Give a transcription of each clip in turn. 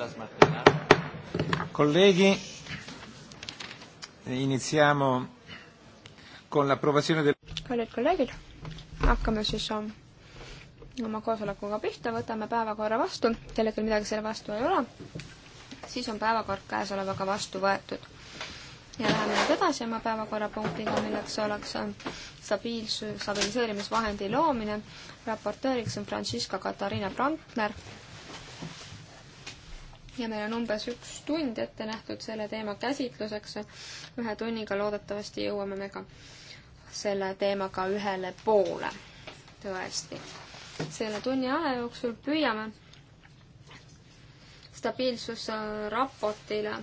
la smattina. Colleghi, iniziamo con l'approvazione del... Kallid kolleegid, hakkame siis ähm, oma koosolekuga pihta, võtame päevakorra vastu, teile küll midagi selle vastu ei ole, siis on päevakord käesolevaga vastu võetud. ja läheme nüüd edasi oma päevakorrapunktiga, milleks oleks ähm, stabiilsus, stabiliseerimisvahendi loomine, raportööriks on Francisca Katariina Brandner ja meil on umbes üks tund ette nähtud selle teema käsitluseks. ühe tunniga loodetavasti jõuame me ka selle teemaga ühele poole. tõesti. selle tunni aja jooksul püüame stabiilsusraportile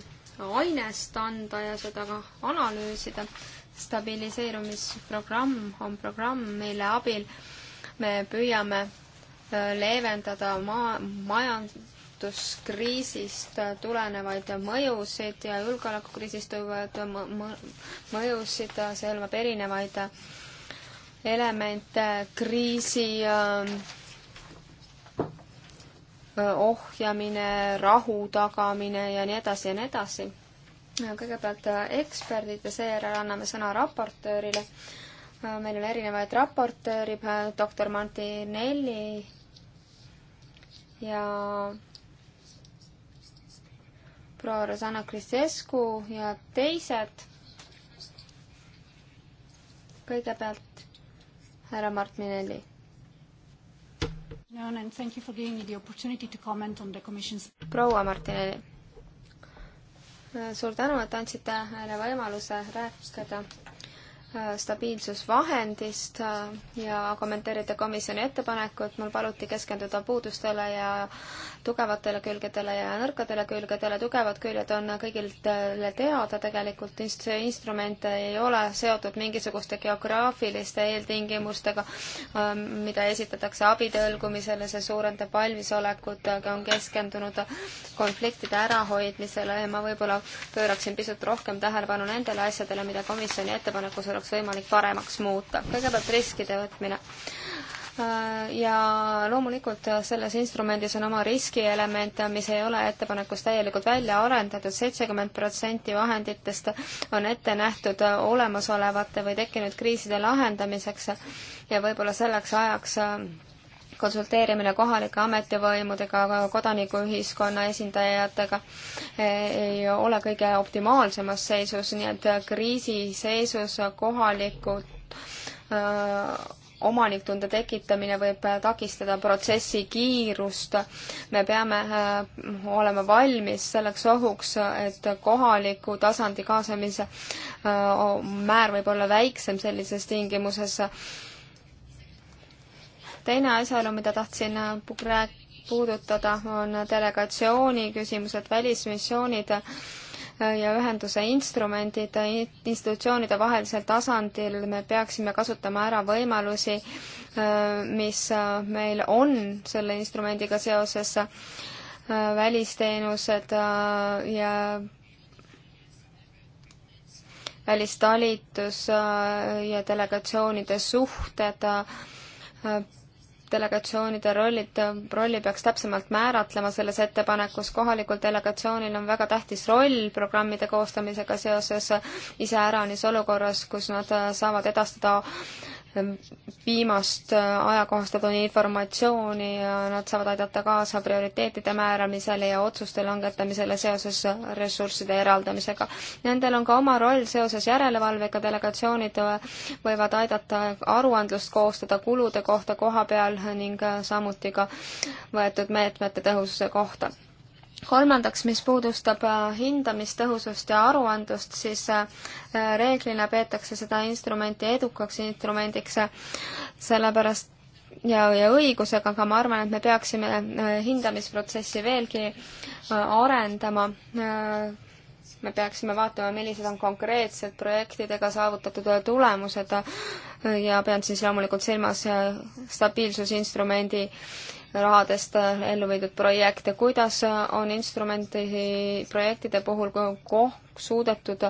ainest anda ja seda ka analüüsida. stabiliseerumisprogramm on programm, mille abil me püüame äh, leevendada maa, majand-, majanduskriisist tulenevaid mõjusid ja julgeolekukriisist tulevad mõjusid, see hõlmab erinevaid elemente, kriisi ohjamine, rahu tagamine ja nii edasi ja nii edasi. kõigepealt äh, eksperdid ja seejärel anname sõna raportöörile äh, meil on erinevaid raportööri, äh, doktor Martinelli ja proua Rosanna Kristescu ja teised. kõigepealt härra Mart Minelli. proua Martinelli. suur tänu, et andsite meile võimaluse rääkida Äh, stabiilsusvahendist äh, ja kommenteerida komisjoni ettepanekut. mul paluti keskenduda puudustele ja tugevatele külgedele ja nõrkadele külgedele. tugevad küljed on kõigile teada tegelikult, see instrument ei ole seotud mingisuguste geograafiliste eeltingimustega, äh, mida esitatakse abitõlgumisele, see suurendab valmisolekut, aga on keskendunud konfliktide ärahoidmisele ja ma võib-olla pööraksin pisut rohkem tähelepanu nendele asjadele, mida komisjoni ettepanekus oleks võimalik paremaks muuta. kõigepealt riskide võtmine. Äh, ja loomulikult selles instrumendis on oma riskielemente, mis ei ole ettepanekus täielikult välja arendatud, seitsekümmend protsenti vahenditest on ette nähtud olemasolevate või tekkinud kriiside lahendamiseks ja võib-olla selleks ajaks äh, konsulteerimine kohalike ametivõimudega, kodanikuühiskonna esindajatega ei ole kõige optimaalsemas seisus, nii et kriisiseisus kohalikud äh, omaniktunde tekitamine võib takistada protsessi kiirust. me peame äh, olema valmis selleks ohuks, et kohaliku tasandi kaasamise äh, määr võib olla väiksem sellises tingimuses teine asjaolu, mida tahtsin äh, puudutada, on delegatsiooni küsimused, välismissioonid äh, ja ühenduse instrumendid institutsioonide vahelisel tasandil, me peaksime kasutama ära võimalusi, äh, mis meil on selle instrumendiga seoses, välisteenused ja välistalitus ja delegatsioonide suhted delegatsioonide rollid, rolli peaks täpsemalt määratlema selles ettepanekus, kohalikul delegatsioonil on väga tähtis roll programmide koostamisega seoses iseäranis olukorras, kus nad saavad edastada viimast äh, ajakohastatud informatsiooni ja nad saavad aidata kaasa prioriteetide määramisele ja otsuste langetamisele seoses ressursside eraldamisega. Nendel on ka oma roll seoses järelevalvega, delegatsioonid äh, võivad aidata aruandlust koostada kulude kohta koha peal ning äh, samuti ka võetud meetmete tõhususe kohta kolmandaks, mis puudustab äh, hindamistõhusust ja aruandlust, siis äh, reeglina peetakse seda instrumenti edukaks instrumendiks, äh, sellepärast ja, ja õigusega, aga ma arvan, et me peaksime hindamisprotsessi veelgi arendama. me peaksime vaatama, millised on konkreetsed projektidega saavutatud tulemused ja pean siis loomulikult silmas stabiilsusinstrumendi rahadest äh, ellu viidud projekte, kuidas äh, on instrumenti äh, projektide puhul koh-, suudetud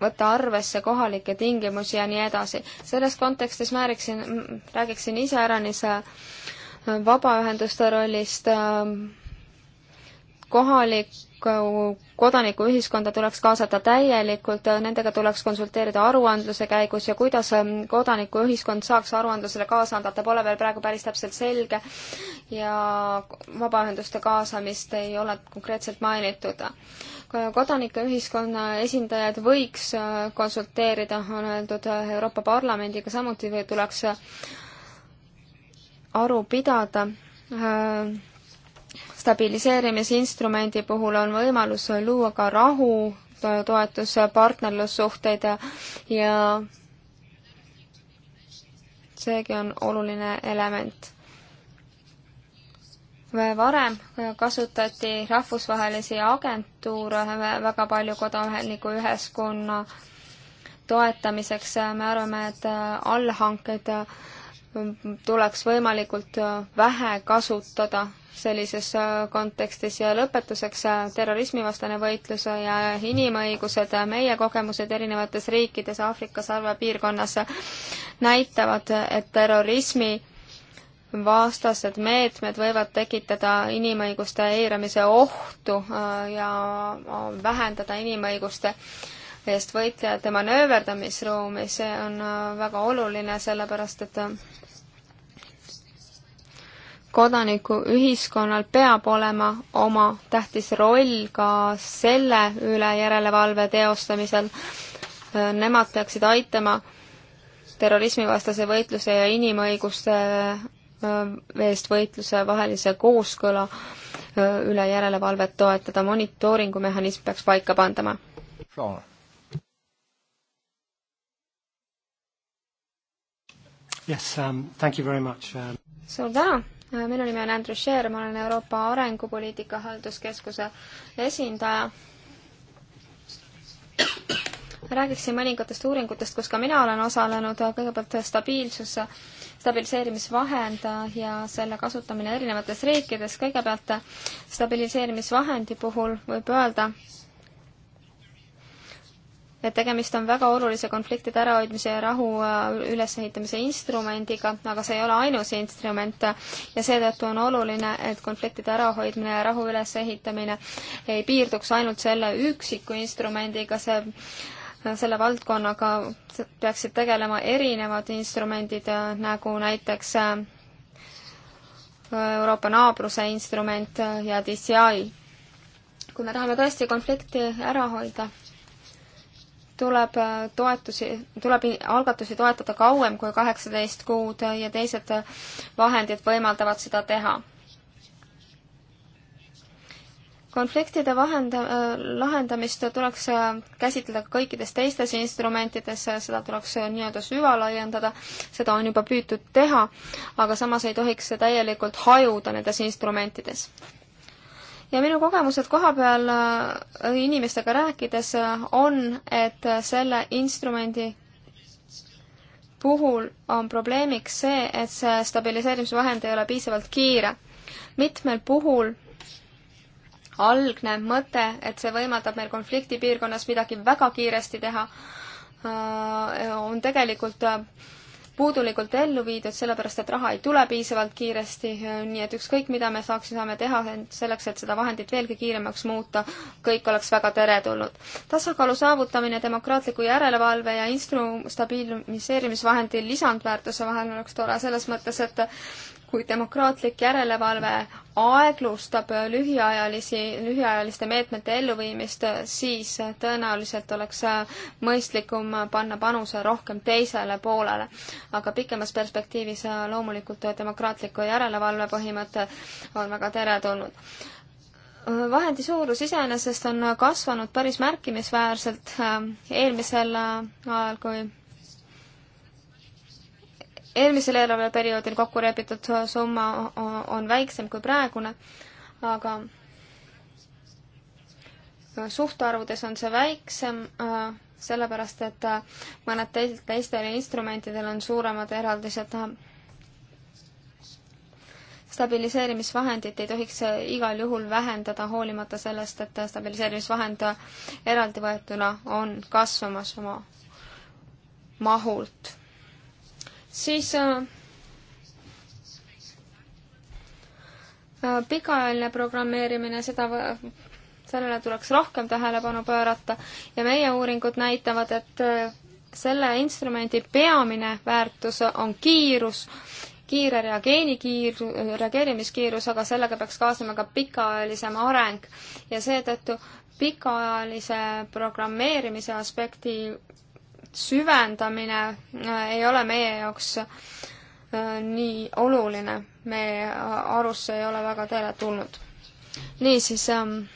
võtta arvesse kohalikke tingimusi ja nii edasi. selles kontekstis määriksin, räägiksin iseäranis vabaühenduste rollist, kohalik kodanikuühiskonda tuleks kaasata täielikult, nendega tuleks konsulteerida aruandluse käigus ja kuidas ähm, kodanikuühiskond saaks aruandlusele kaasa anda, ta pole veel praegu päris täpselt selge ja vabaühenduste kaasamist ei ole konkreetselt mainitud. kodanikeühiskonna esindajad võiks äh, konsulteerida, on öeldud äh, Euroopa Parlamendiga, samuti tuleks äh, aru pidada stabiliseerimisinstrumendi puhul on võimalus luua ka rahu, toetus, partnerlussuhteid ja seegi on oluline element. varem kasutati rahvusvahelisi agentuure väga palju kodanike üheskonna toetamiseks, me arvame, et allhanked tuleks võimalikult äh, vähe kasutada sellises äh, kontekstis ja lõpetuseks äh, terrorismivastane võitlus ja inimõigused, meie kogemused erinevates riikides Aafrika sarvepiirkonnas näitavad, et terrorismi vastased meetmed võivad tekitada inimõiguste eiramise ohtu ja vähendada inimõiguste eest võitlejate manööverdamisruumi, see on väga oluline, sellepärast et kodanikuühiskonnal peab olema oma tähtis roll ka selle üle järelevalve teostamisel. Nemad peaksid aitama terrorismivastase võitluse ja inimõiguste eest võitluse vahelise kooskõla üle järelevalvet toetada, monitooringumehhanism peaks paika pandama. Yes, um, thank you very much um.... suur tänu! Äh, minu nimi on Andrus Scheer, ma olen Euroopa Arengupoliitika Halduskeskuse esindaja. räägiksin mõningatest uuringutest, kus ka mina olen osalenud, kõigepealt stabiilsus, stabiliseerimisvahend ja selle kasutamine erinevates riikides. kõigepealt stabiliseerimisvahendi puhul võib öelda, et tegemist on väga olulise konfliktide ärahoidmise ja rahu äh, ülesehitamise instrumendiga, aga see ei ole ainus instrument ja seetõttu on oluline, et konfliktide ärahoidmine ja rahu ülesehitamine ei piirduks ainult selle üksiku instrumendiga, see selle valdkonnaga peaksid tegelema erinevad instrumendid, äh, nagu näiteks äh, Euroopa naabruse instrument ja DCI. kui me tahame tõesti konflikti ära hoida, tuleb äh, toetusi, tuleb algatusi toetada kauem kui kaheksateist kuud ja teised vahendid võimaldavad seda teha. konfliktide vahend-, lahendamist tuleks äh, käsitleda ka kõikides teistes instrumentides, äh, seda tuleks nii-öelda süvalaiendada, seda on juba püütud teha, aga samas ei tohiks see täielikult hajuda nendes instrumentides ja minu kogemused kohapeal äh, inimestega rääkides äh, on, et selle instrumendi puhul on probleemiks see, et see stabiliseerimisvahend ei ole piisavalt kiire. mitmel puhul algne mõte, et see võimaldab meil konfliktipiirkonnas midagi väga kiiresti teha, äh, on tegelikult puudulikult ellu viidud, sellepärast et raha ei tule piisavalt kiiresti, äh, nii et ükskõik, mida me saaksime teha selleks, et seda vahendit veelgi kiiremaks muuta, kõik oleks väga teretulnud. tasakaalu saavutamine demokraatliku järelevalve ja instru- stabiliseerimisvahendi lisandväärtuse vahel oleks tore selles mõttes, et kui demokraatlik järelevalve aeglustab lühiajalisi, lühiajaliste meetmete elluviimist, siis tõenäoliselt oleks mõistlikum panna panuse rohkem teisele poolele. aga pikemas perspektiivis loomulikult demokraatliku järelevalve põhimõte on väga teretulnud vahendi suurus iseenesest on kasvanud päris märkimisväärselt eelmisel ajal, kui eelmisel eelarveperioodil kokku lepitud summa on väiksem kui praegune, aga suhtarvudes on see väiksem, sellepärast et mõned teised, teistel instrumentidel on suuremad eraldised. stabiliseerimisvahendit ei tohiks igal juhul vähendada, hoolimata sellest, et stabiliseerimisvahend eraldi võetuna on kasvamas oma mahult siis äh, äh, pikaajaline programmeerimine, seda, sellele tuleks rohkem tähelepanu pöörata ja meie uuringud näitavad, et äh, selle instrumendi peamine väärtus on kiirus, kiire reageenikiir, reageerimiskiirus, aga sellega peaks kaasnema ka pikaajalisem areng ja seetõttu pikaajalise programmeerimise aspekti süvendamine äh, ei ole meie jaoks äh, nii oluline, meie äh, arusse ei ole väga teretulnud. niisiis, ähm,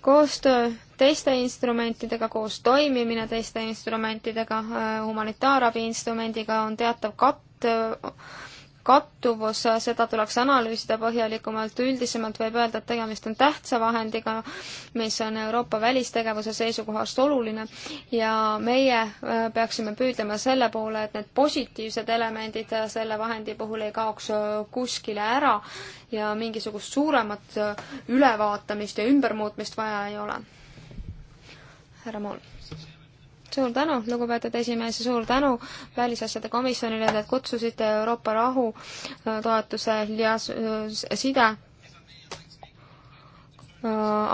koostöö teiste instrumentidega, koos toimimine teiste instrumentidega, humanitaarabi instrumendiga on teatav katt kattuvus, seda tuleks analüüsida põhjalikumalt, üldisemalt võib öelda, et tegemist on tähtsa vahendiga, mis on Euroopa välistegevuse seisukohast oluline ja meie äh, peaksime püüdlema selle poole, et need positiivsed elemendid äh, selle vahendi puhul ei kaoks äh, kuskile ära ja mingisugust suuremat ülevaatamist ja ümbermuutmist vaja ei ole. härra Mool suur tänu, lugupeetud esimees ja suur tänu Välisasjade komisjonile, et kutsusite Euroopa rahu äh, toetuse ja äh, side äh,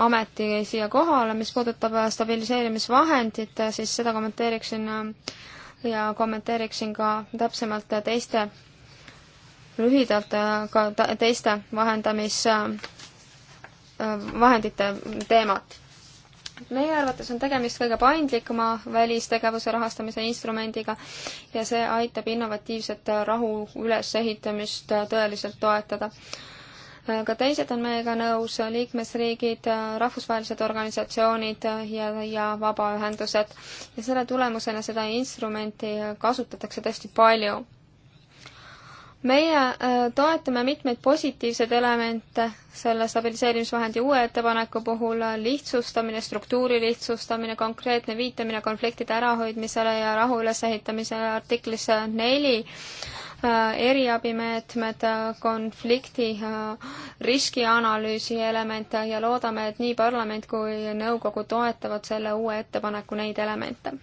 ameti siia kohale, mis puudutab stabiliseerimisvahendit, siis seda kommenteeriksin ja kommenteeriksin ka täpsemalt teiste, lühidalt ka teiste vahendamis, vahendite teemat meie arvates on tegemist kõige paindlikuma välistegevuse rahastamise instrumendiga ja see aitab innovatiivset rahu ülesehitamist tõeliselt toetada. ka teised on meiega nõus, liikmesriigid, rahvusvahelised organisatsioonid ja, ja vabaühendused ja selle tulemusena seda instrumenti kasutatakse tõesti palju meie äh, toetame mitmeid positiivseid elemente selle stabiliseerimisvahendi uue ettepaneku puhul, lihtsustamine, struktuuri lihtsustamine, konkreetne viitamine konfliktide ärahoidmisele ja rahu ülesehitamisele artiklis neli, äh, eriabimeetmed, konflikti äh, riskianalüüsi element ja loodame, et nii parlament kui nõukogu toetavad selle uue ettepaneku neid elemente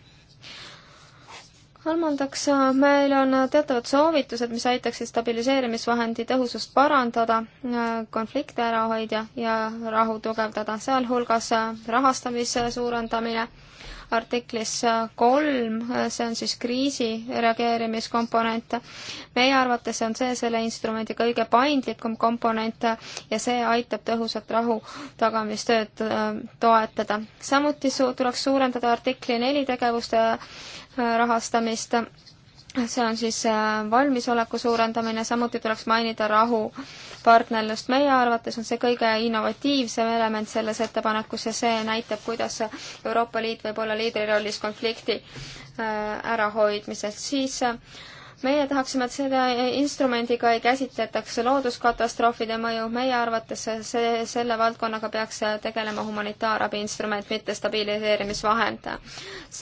kolmandaks, äh, meil on äh, teatavad soovitused, mis aitaksid stabiliseerimisvahendi tõhusust parandada, äh, konflikte ära hoida ja rahu tugevdada, sealhulgas rahastamise suurendamine artiklis kolm, see on siis kriisi reageerimiskomponent. meie arvates on see selle instrumendi kõige paindlikum komponent ja see aitab tõhusat rahu tagamistööd toetada. samuti su-, tuleks suurendada artikli neli tegevuste rahastamist. see on siis äh, valmisoleku suurendamine, samuti tuleks mainida rahu partnerlust. meie arvates on see kõige innovatiivsem element selles ettepanekus ja see näitab, kuidas Euroopa Liit võib olla liidrirollis konflikti äh, ärahoidmisel. siis äh, meie tahaksime, et seda instrumendiga ei käsitletaks looduskatastroofide mõju, meie arvates see, selle valdkonnaga peaks tegelema humanitaarabi instrument, mitte stabiliseerimisvahend.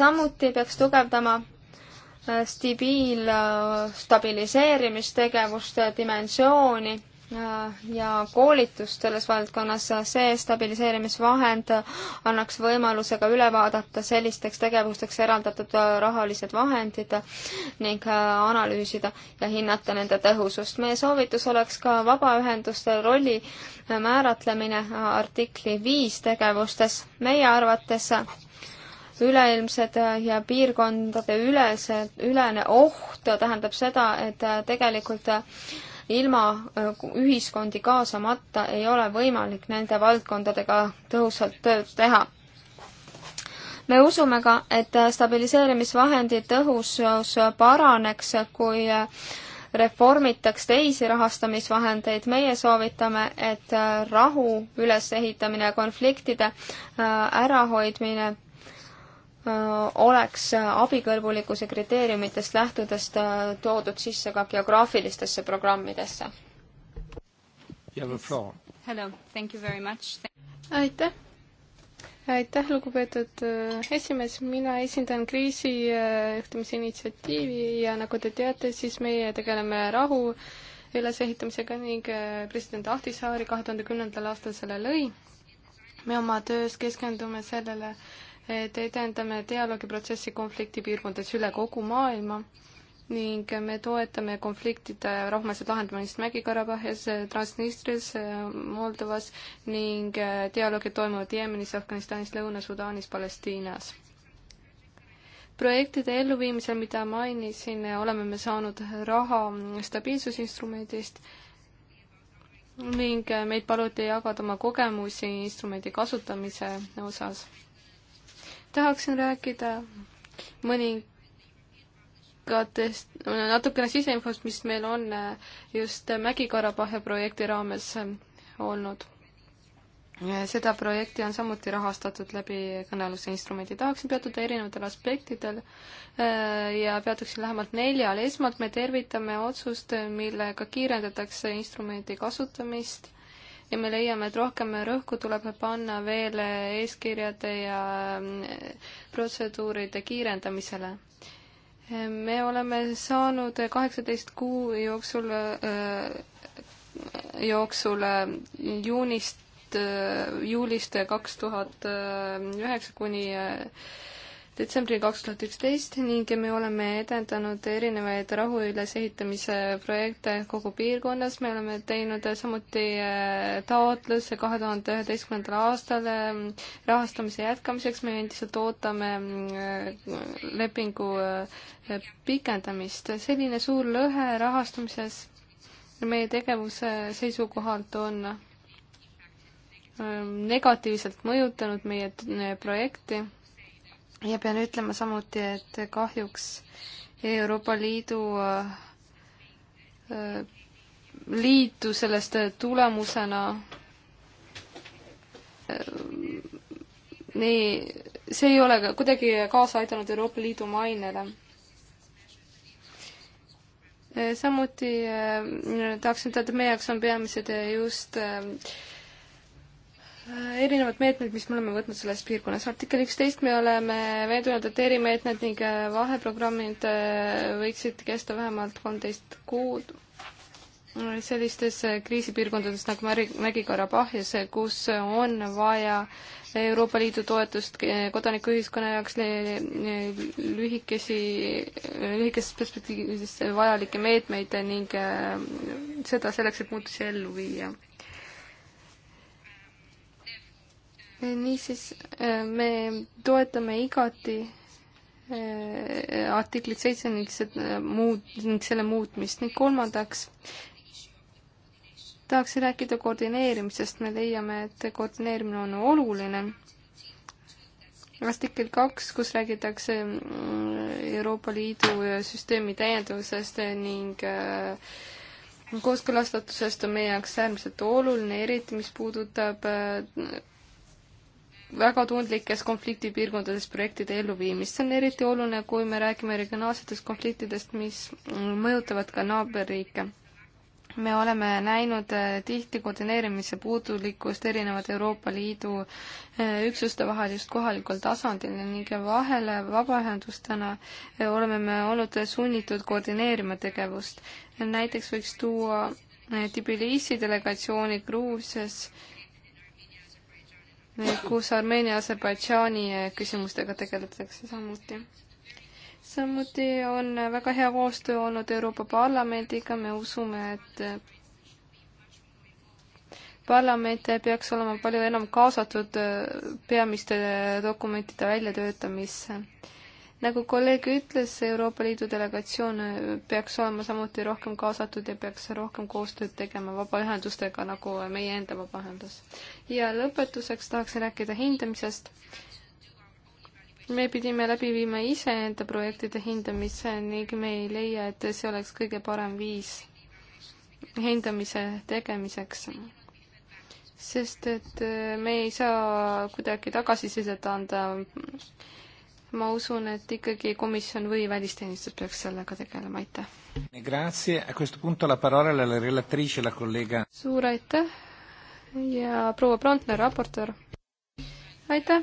samuti peaks tugevdama äh, stabiil-, stabiliseerimistegevust, dimensiooni ja koolitust selles valdkonnas, see stabiliseerimisvahend annaks võimaluse ka üle vaadata sellisteks tegevusteks eraldatud rahalised vahendid ning äh, analüüsida ja hinnata nende tõhusust. meie soovitus oleks ka vabaühenduste rolli äh, määratlemine äh, artikli viis tegevustes. meie arvates üleilmsed ja piirkondade ülesed, ülene oht tähendab seda, et tegelikult ilma ühiskondi kaasamata ei ole võimalik nende valdkondadega tõhusalt tööd teha. me usume ka, et stabiliseerimisvahendi tõhusus paraneks, kui reformitaks teisi rahastamisvahendeid, meie soovitame, et rahu ülesehitamine, konfliktide ärahoidmine Äh, oleks abikõlbulikkuse kriteeriumitest lähtudes äh, toodud sisse ka geograafilistesse programmidesse. aitäh! aitäh, lugupeetud äh, esimees, mina esindan kriisijuhtimise initsiatiivi ja nagu te teate, siis meie tegeleme rahu ülesehitamisega ning president Ahtisaari kahe tuhande kümnendal aastal selle lõi. me oma töös keskendume sellele, et edendame dialoogiprotsessi konfliktipiirkondades üle kogu maailma ning me toetame konfliktide rahumeelset lahendamist Mägi-Karabahhis, Transnistrias, Moldovas ning dialoogid toimuvad Jeemenis, Afganistanis, Lõuna-Sudaanis, Palestiinas. projektide elluviimisel, mida mainisin, oleme me saanud raha stabiilsusinstrumendist ning meid paluti jagada oma kogemusi instrumendi kasutamise osas tahaksin rääkida mõningatest, natukene siseinfost, mis meil on eh, just Mägi-Karabahhi projekti raames eh, olnud. seda projekti on samuti rahastatud läbi kõneluse instrumendi. tahaksin peatuda erinevatel aspektidel eh, ja peatuksin lähemalt neljal. esmalt me tervitame otsust, millega kiirendatakse instrumendi kasutamist ja me leiame, et rohkem rõhku tuleb panna veel eeskirjade ja mm, protseduuride kiirendamisele. me oleme saanud kaheksateist kuu jooksul, äh, jooksul äh, juunist, äh, juulist kaks tuhat üheksa kuni detsembril kaks tuhat üksteist ning me oleme edendanud erinevaid rahu ülesehitamise projekte kogu piirkonnas, me oleme teinud samuti äh, taotluse kahe tuhande üheteistkümnendal aastal äh, rahastamise jätkamiseks, me endiselt ootame äh, lepingu pikendamist. selline suur lõhe rahastamises meie tegevuse seisukohalt on negatiivselt mõjutanud meie projekti ja pean ütlema samuti, et kahjuks Euroopa Liidu äh, liitu sellest tulemusena äh, nii, see ei ole kuidagi kaasa aidanud Euroopa Liidu mainele äh, samuti tahaksin ütelda, et meie jaoks on peamised just Äh, erinevad meetmed, mis me oleme võtnud selles piirkonnas. artikkel üksteist me oleme veendunud, et erimeetmed ning äh, vaheprogrammid äh, võiksid kesta vähemalt kolmteist kuud sellistes kriisipiirkondades nagu Mägi-Karabahhis, kus on vaja Euroopa Liidu toetust kodanikuühiskonna jaoks lühikesi, lühikeses perspektiivis vajalikke meetmeid ning seda selleks, et muutusi ellu viia Eh, niisiis, eh, me toetame igati eh, artiklit seitse ning seda muud, ning selle muutmist ning kolmandaks tahaksin rääkida koordineerimisest, me leiame, et koordineerimine on oluline. artikkel kaks, kus räägitakse mm, Euroopa Liidu süsteemi täiendavusest ning kooskõlastatusest on meie jaoks äärmiselt oluline, eriti mis puudutab väga tundlikes konfliktipiirkondades projektide elluviimist. see on eriti oluline, kui me räägime regionaalsetest konfliktidest, mis mõjutavad ka naaberriike. me oleme näinud äh, tihti koordineerimise puudulikkust erinevate Euroopa Liidu äh, üksuste vahel just kohalikul tasandil ning vahel vabaühendustena äh, oleme me olnud sunnitud koordineerima tegevust. näiteks võiks tuua Tbilisi delegatsiooni Gruusias, kus Armeenia ja Aserbaidžaani küsimustega tegeletakse samuti. samuti on väga hea koostöö olnud Euroopa Parlamendiga, me usume, et parlament peaks olema palju enam kaasatud peamiste dokumentide väljatöötamisse nagu kolleeg ütles, Euroopa Liidu delegatsioon peaks olema samuti rohkem kaasatud ja peaks rohkem koostööd tegema vabaühendustega, nagu meie enda vabaühendus. ja lõpetuseks tahaksin rääkida hindamisest. me pidime läbi viima iseenda projektide hindamise ning me ei leia, et see oleks kõige parem viis hindamise tegemiseks. sest et me ei saa kuidagi tagasisidet anda ma usun, et ikkagi komisjon või välisteenistus peaks sellega tegelema, aitäh. suur aitäh ja proua Brandner, raportöör. aitäh.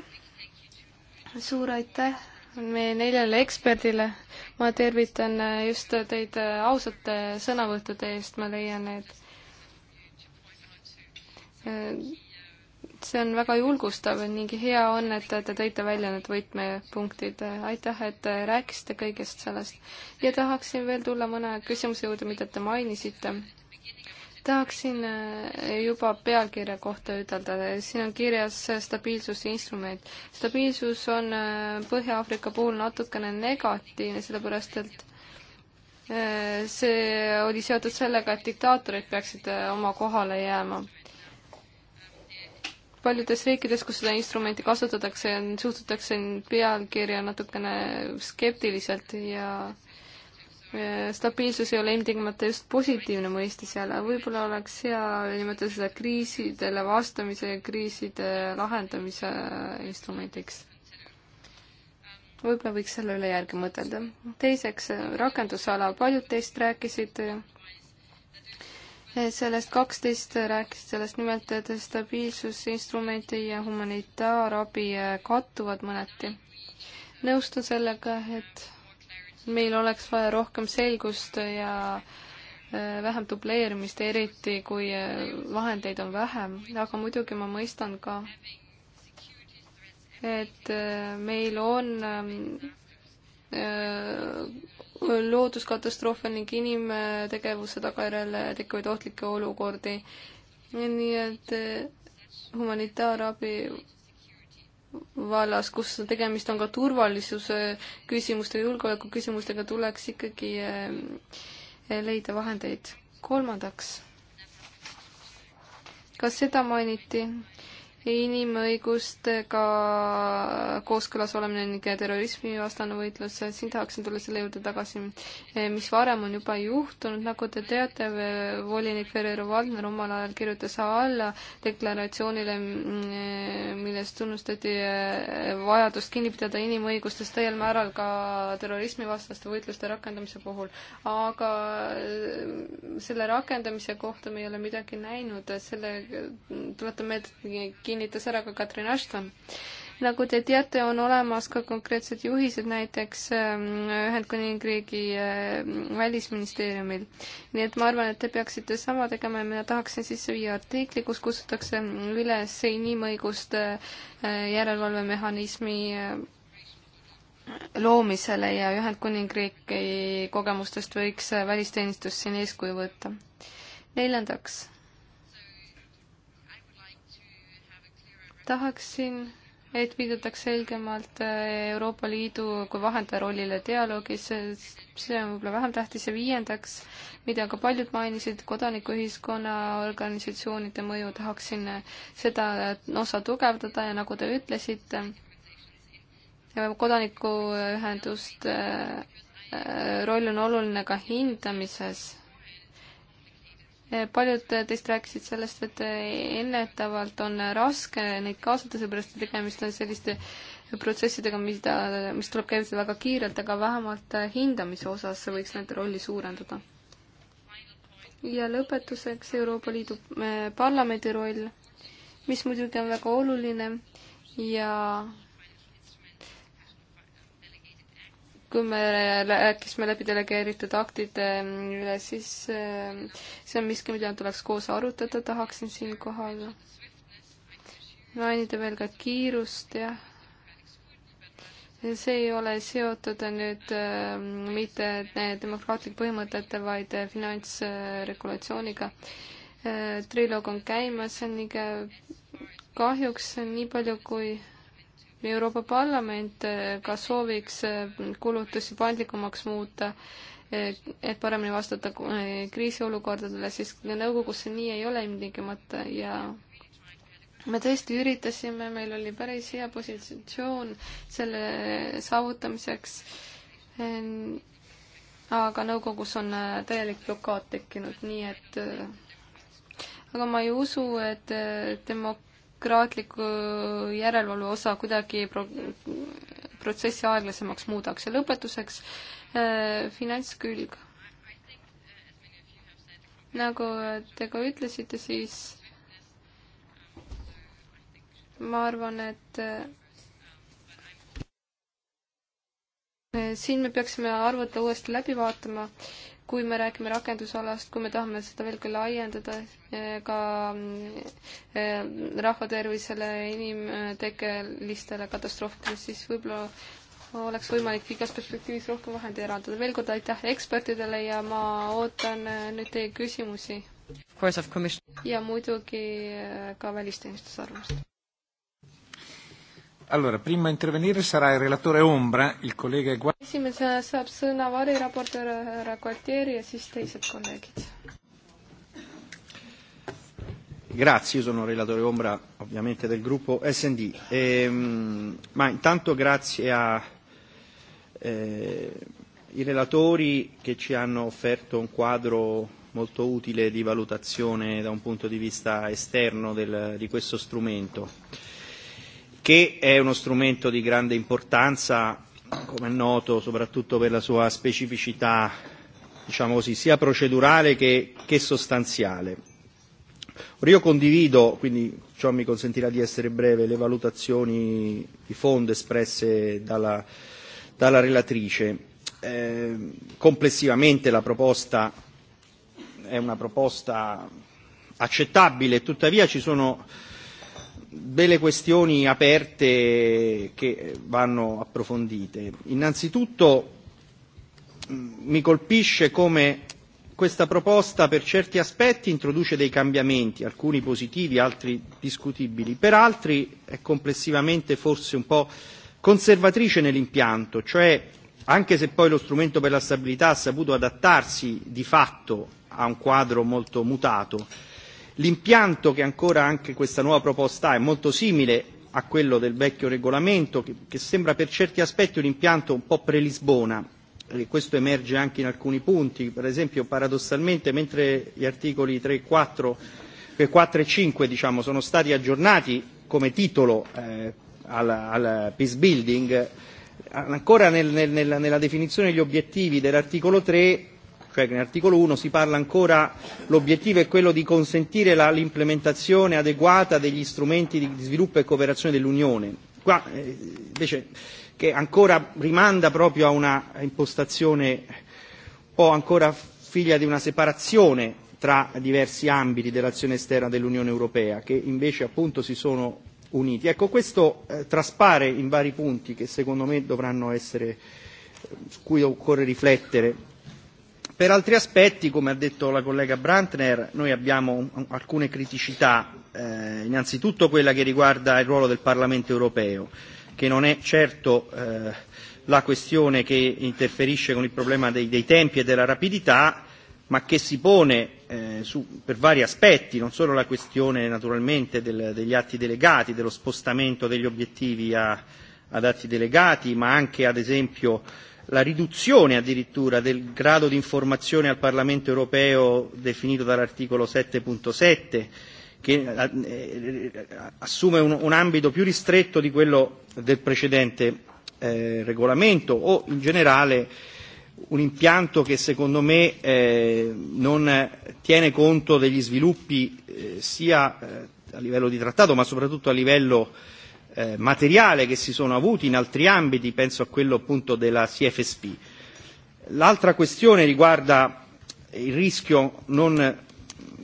suur aitäh meie neljale eksperdile. ma tervitan just teid ausate sõnavõttude eest, ma leian, et see on väga julgustav ning hea on, et te tõite välja need võtmepunktid. aitäh, et te rääkisite kõigest sellest. ja tahaksin veel tulla mõne küsimuse juurde, mida te mainisite. tahaksin eh, juba pealkirja kohta ütelda, siin on kirjas stabiilsusinstrument. stabiilsus on eh, Põhja-Aafrika puhul natukene negatiivne, sellepärast et eh, see oli seotud sellega, et diktaatorid peaksid oma kohale jääma paljudes riikides, kus seda instrumenti kasutatakse, suhtutakse pealkirja natukene skeptiliselt ja stabiilsus ei ole ilmtingimata just positiivne mõiste seal, aga võib-olla oleks hea nimetada seda kriisidele vastamise ja kriiside lahendamise instrumendiks. võib-olla võiks selle üle järgi mõtelda. teiseks, rakendusala, paljud teist rääkisid sellest kaksteist rääkis sellest nimelt, et stabiilsusinstrumenti ja humanitaarabi äh, kattuvad mõneti. nõustun sellega, et meil oleks vaja rohkem selgust ja äh, vähem dubleerimist, eriti kui äh, vahendeid on vähem, aga muidugi ma mõistan ka, et meil on ähm, looduskatastroofe ning inimtegevuse tagajärjel tekkivaid ohtlikke olukordi. nii et eh, humanitaarabi vallas, kus tegemist on ka turvalisuse küsimuste, julgeoleku küsimustega, tuleks ikkagi eh, leida vahendeid. kolmandaks, kas seda mainiti? inimõigustega kooskõlas olemine ning terrorismi vastane võitlus, siin tahaksin tulla selle juurde tagasi, eh, mis varem on juba juhtunud, nagu te teate, eh, volinik Ferrero Valdner omal ajal kirjutas alla deklaratsioonile, mm, eh, milles tunnustati vajadust kinni pidada inimõigustest täiel määral ka terrorismivastaste võitluste rakendamise puhul. aga selle rakendamise kohta me ei ole midagi näinud, selle tuletan meelde, kinnitas ära ka Katrin Ashton nagu te teate, on olemas ka konkreetsed juhised näiteks ähm, Ühendkuningriigi äh, välisministeeriumil. nii et ma arvan, et te peaksite sama tegema ja mina tahaksin sisse viia artikli, kus kutsutakse üles inimõiguste äh, järelevalvemehhanismi äh, loomisele ja Ühendkuningriigi kogemustest võiks välisteenistus siin eeskuju võtta. neljandaks tahaksin, et viidataks selgemalt äh, Euroopa Liidu kui vahendaja rollile dialoogis, see on võib-olla vähem tähtis, ja viiendaks, mida ka paljud mainisid, kodanikuühiskonna organisatsioonide mõju, tahaksin seda äh, osa tugevdada ja nagu te ütlesite, äh, kodanikuühenduste roll on oluline ka hindamises paljud teist rääkisid sellest, et ennetavalt on raske neid kaasata, seepärast et tegemist on selliste protsessidega, mida, mis tuleb käivitada väga kiirelt, aga vähemalt hindamise osas võiks nende rolli suurendada. ja lõpetuseks Euroopa Liidu eh, Parlamendi roll, mis muidugi on väga oluline ja kui me rääkisime läbi delegeeritud aktide mm, üle, siis ähm, see on miski, mida tuleks koos arutada, tahaksin siinkohal mainida veel ka kiirust, jah. see ei ole seotud nüüd ähm, mitte demokraatlike põhimõtete, vaid äh, finantsregulatsiooniga. Äh, triloog on käimas ning kahjuks nii palju, kui Euroopa Parlament eh, ka sooviks eh, kulutusi paindlikumaks muuta, eh, et paremini vastata kriisiolukordadele, siis nõukogus see nii ei ole ilmtingimata ja me tõesti üritasime, meil oli päris hea positsioon selle saavutamiseks. aga nõukogus on täielik blokaad tekkinud, nii et aga ma ei usu, et demok-, bürokraatliku järelevalve osa kuidagi pro protsessi aeglasemaks muudaks ja lõpetuseks äh, finantskülg. nagu te ka ütlesite, siis ma arvan, et äh, siin me peaksime arvete uuesti läbi vaatama kui me räägime rakendusalast, kui me tahame seda veelgi laiendada eh, ka mm, eh, rahvatervisele, inimtegelistele katastroofidele, siis võib-olla oleks võimalik pikas perspektiivis rohkem vahendeid eraldada. veel kord aitäh ekspertidele ja ma ootan eh, nüüd teie küsimusi. ja muidugi ka välisteenistuse arvamust. Allora, prima intervenire sarà il relatore Ombra, il collega Gual... esimesena saab sõna variraportöör härra Gualtieri ja siis teised kolleegid. Grazie, io sono relatore Ombra ovviamente del gruppo SD. Ehm, ma intanto grazie a eh, i relatori che ci hanno offerto un quadro molto utile di valutazione da un punto di vista esterno del, di questo strumento che è uno strumento di grande importanza, come è noto, soprattutto per la sua specificità, diciamo così, sia procedurale che, che sostanziale. Ora io condivido, quindi ciò mi consentirà di essere breve, le valutazioni di fondo espresse dalla, dalla relatrice. Eh, complessivamente la proposta è una proposta accettabile, tuttavia ci sono eh, delle questioni aperte che vanno approfondite. Innanzitutto mm, mi colpisce come questa proposta per certi aspetti introduce dei cambiamenti, alcuni positivi, altri discutibili, per altri è complessivamente forse un po' conservatrice nell'impianto, cioè anche se poi lo strumento per la stabilità ha saputo adattarsi di fatto a un quadro molto mutato, L'impianto che ancora anche questa nuova proposta ha è molto simile a quello del vecchio regolamento, che, che sembra per certi aspetti un impianto un po' pre-Lisbona, e questo emerge anche in alcuni punti, per esempio paradossalmente mentre gli articoli 3 e 4, 4 e 5 diciamo, sono stati aggiornati come titolo eh, al, al peace building, ancora nel, nel, nella definizione degli obiettivi dell'articolo 3 cioè che nell'articolo 1 si parla ancora, l'obiettivo è quello di consentire la, l'implementazione adeguata degli strumenti di sviluppo e cooperazione dell'Unione. Qua eh, invece che ancora rimanda proprio a una impostazione un po' ancora figlia di una separazione tra diversi ambiti dell'azione esterna dell'Unione Europea, che invece appunto si sono uniti. Ecco, questo eh, traspare in vari punti che secondo me dovranno essere, eh, su cui occorre riflettere Per altri aspetti, come ha detto la collega Brantner, noi abbiamo alcune criticità, eh, innanzitutto quella che riguarda il ruolo del Parlamento europeo, che non è certo eh, la questione che interferisce con il problema dei, dei tempi e della rapidità, ma che si pone eh, su, per vari aspetti, non solo la questione naturalmente del, degli atti delegati, dello spostamento degli obiettivi a, ad atti delegati, ma anche ad esempio la riduzione addirittura del grado di informazione al Parlamento europeo definito dall'articolo 7.7 che eh, eh, assume un, un ambito più ristretto di quello del precedente eh, regolamento o in generale un impianto che secondo me eh, non tiene conto degli sviluppi eh, sia eh, a livello di trattato ma soprattutto a livello eh, eh, materiale che si sono avuti in altri ambiti, penso a quello appunto della CFSP. L'altra questione riguarda il rischio non,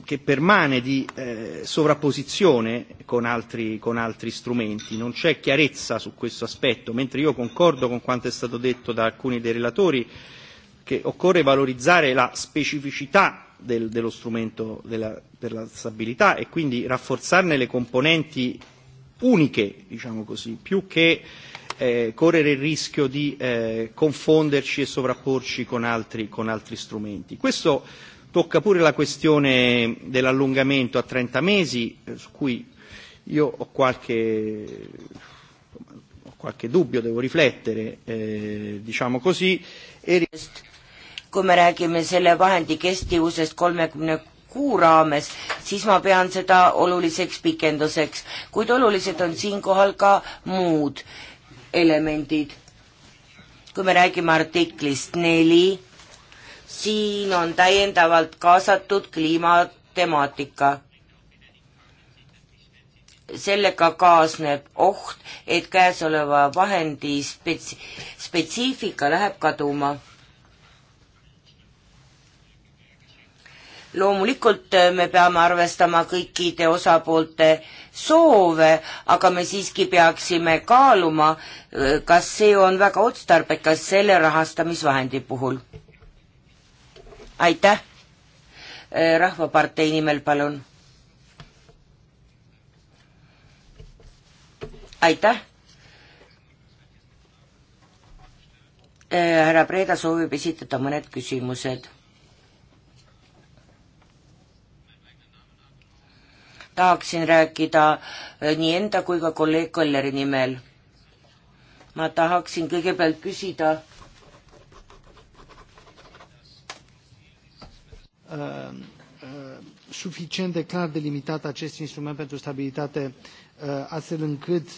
che permane di eh, sovrapposizione con altri, con altri strumenti, non c'è chiarezza su questo aspetto, mentre io concordo con quanto è stato detto da alcuni dei relatori che occorre valorizzare la specificità del, dello strumento della, per la stabilità e quindi rafforzarne le componenti uniche, diciamo così, più che eh, correre il rischio di eh, confonderci e sovrapporci con altri, con altri strumenti. Questo tocca pure la questione dell'allungamento a 30 mesi, eh, su cui io ho qualche, ho qualche dubbio, devo riflettere, eh, diciamo così. E... kui e me räägime selle vahendi kestivusest kolmekümne kuu raames, siis ma pean seda oluliseks pikenduseks, kuid olulised on siinkohal ka muud elemendid. kui me räägime artiklist neli, siin on täiendavalt kaasatud kliimatemaatika sellega kaasneb oht, et käesoleva vahendi spetsi-, spetsiifika läheb kaduma loomulikult äh, me peame arvestama kõikide osapoolte soove, aga me siiski peaksime kaaluma, äh, kas see on väga otstarbekas selle rahastamisvahendi puhul. aitäh. Äh, rahvapartei nimel, palun. aitäh. härra Preeda soovib esitada mõned küsimused tahaksin rääkida eh, nii enda kui ka kolleeg Kolleri nimel. ma tahaksin kõigepealt küsida uh, uh, suficient de clar delimitat acest instrument pentru stabilitate uh, astfel încât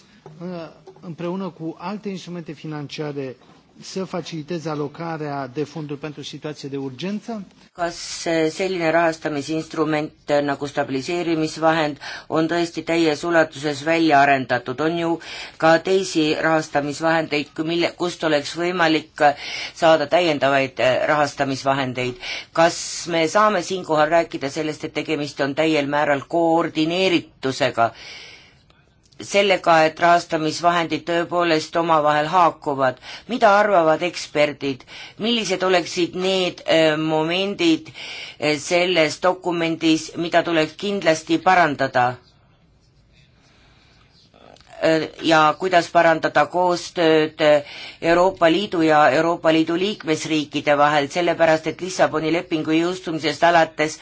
împreună cu alte instrumente financiare să faciliteze alocarea de fonduri pentru situație de urgență. Kas eh, selline rahastamisinstrument nagu stabiliseerimisvahend on tõesti täies ulatuses välja arendatud, on ju ka teisi rahastamisvahendeid, mille, kust oleks võimalik eh, saada täiendavaid eh, rahastamisvahendeid. kas me saame siinkohal rääkida sellest, et tegemist on täiel määral koordineeritusega? sellega, et rahastamisvahendid tõepoolest omavahel haakuvad. mida arvavad eksperdid, millised oleksid need äh, momendid äh, selles dokumendis, mida tuleks kindlasti parandada? Äh, ja kuidas parandada koostööd Euroopa Liidu ja Euroopa Liidu liikmesriikide vahel, sellepärast et Lissaboni lepingu jõustumisest alates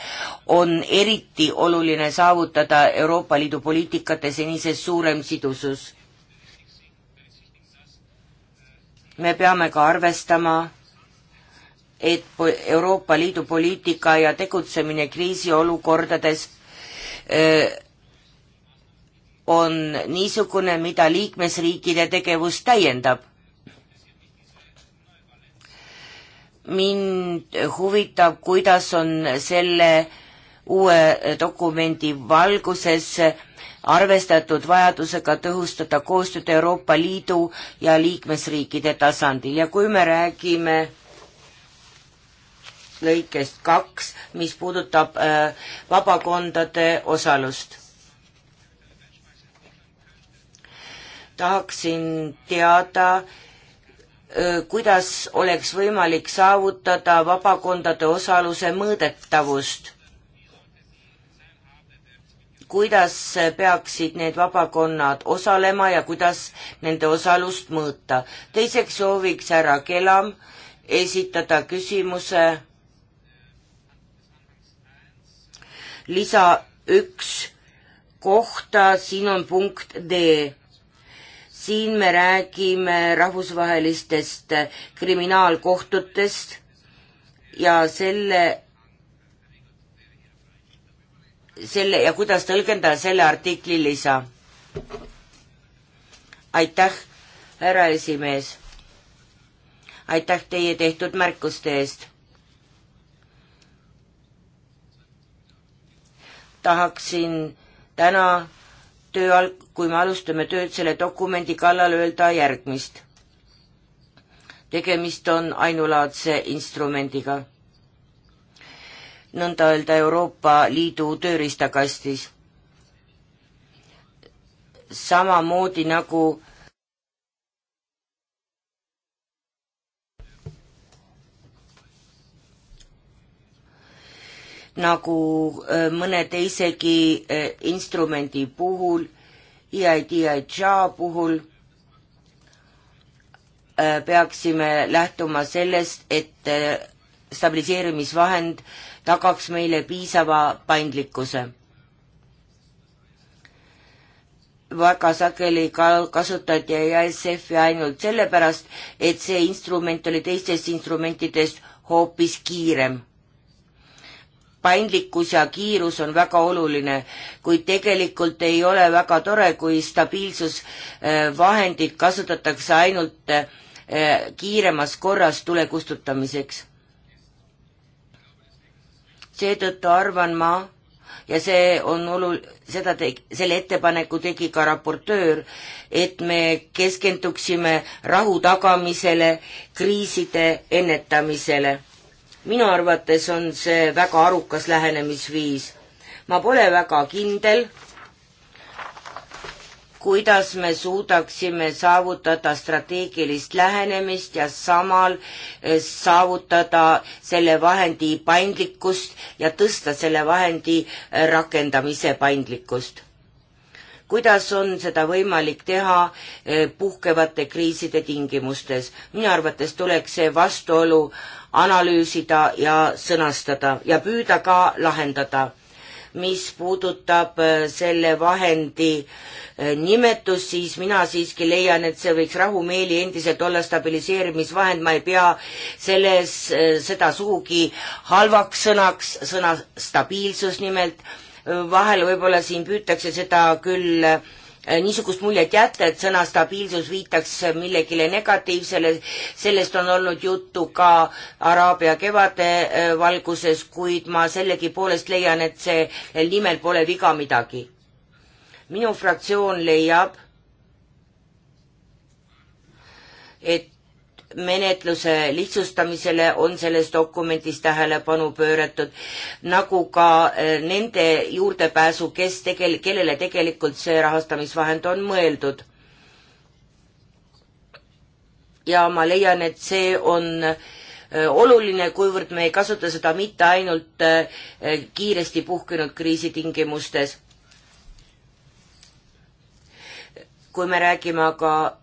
on eriti oluline saavutada Euroopa Liidu poliitikate senisest suurem sidusus. me peame ka arvestama, et Euroopa Liidu poliitika ja tegutsemine kriisiolukordades öö, äh, on niisugune, mida liikmesriikide tegevus täiendab. mind huvitab, kuidas on selle uue dokumendi valguses arvestatud vajadusega tõhustada koostööd Euroopa Liidu ja liikmesriikide tasandil ja kui me räägime lõikest kaks, mis puudutab äh, vabakondade osalust tahaksin teada, kuidas oleks võimalik saavutada vabakondade osaluse mõõdetavust. kuidas peaksid need vabakonnad osalema ja kuidas nende osalust mõõta. teiseks sooviks härra Kelam esitada küsimuse lisa üks kohta, siin on punkt D siin me räägime rahvusvahelistest kriminaalkohtutest ja selle, selle ja kuidas tõlgendada selle artikli lisa. aitäh, härra esimees. aitäh teie tehtud märkuste eest. tahaksin täna töö al-, kui me alustame tööd selle dokumendi kallal, öelda järgmist. tegemist on ainulaadse instrumendiga. nõnda öelda Euroopa Liidu tööriistakastis. samamoodi nagu nagu äh, mõne teisegi äh, instrumendi puhul, EIDIHA puhul, äh, peaksime lähtuma sellest, et stabiliseerimisvahend tagaks meile piisava paindlikkuse. väga sageli ka kasutati EASF-i ainult sellepärast, et see instrument oli teistest instrumentidest hoopis kiirem paindlikkus ja kiirus on väga oluline, kuid tegelikult ei ole väga tore, kui stabiilsusvahendid äh, kasutatakse ainult äh, kiiremas korras tule kustutamiseks. seetõttu arvan ma, ja see on olul-, seda teg-, selle ettepaneku tegi ka raportöör, et me keskenduksime rahu tagamisele, kriiside ennetamisele minu arvates on see väga arukas lähenemisviis. ma pole väga kindel, kuidas me suudaksime saavutada strateegilist lähenemist ja samal eh, saavutada selle vahendi paindlikkust ja tõsta selle vahendi eh, rakendamise paindlikkust. kuidas on seda võimalik teha eh, puhkevate kriiside tingimustes? minu arvates tuleks see vastuolu analüüsida ja sõnastada ja püüda ka lahendada. mis puudutab äh, selle vahendi äh, nimetust, siis mina siiski leian, et see võiks rahumeeli endiselt olla stabiliseerimisvahend, ma ei pea selles, äh, seda sugugi halvaks sõnaks, sõna stabiilsus nimelt, vahel võib-olla siin püütakse seda küll äh, Äh, niisugust muljet jätta, et sõna stabiilsus viitaks millegile negatiivsele, sellest on olnud juttu ka Araabia kevade äh, valguses, kuid ma sellegipoolest leian, et see nimel pole viga midagi. minu fraktsioon leiab, et menetluse lihtsustamisele on selles dokumendis tähelepanu pööratud, nagu ka eh, nende juurdepääsu, kes tegel-, kellele tegelikult see rahastamisvahend on mõeldud. ja ma leian, et see on eh, oluline, kuivõrd me ei kasuta seda mitte ainult eh, kiiresti puhkenud kriisi tingimustes. kui me räägime aga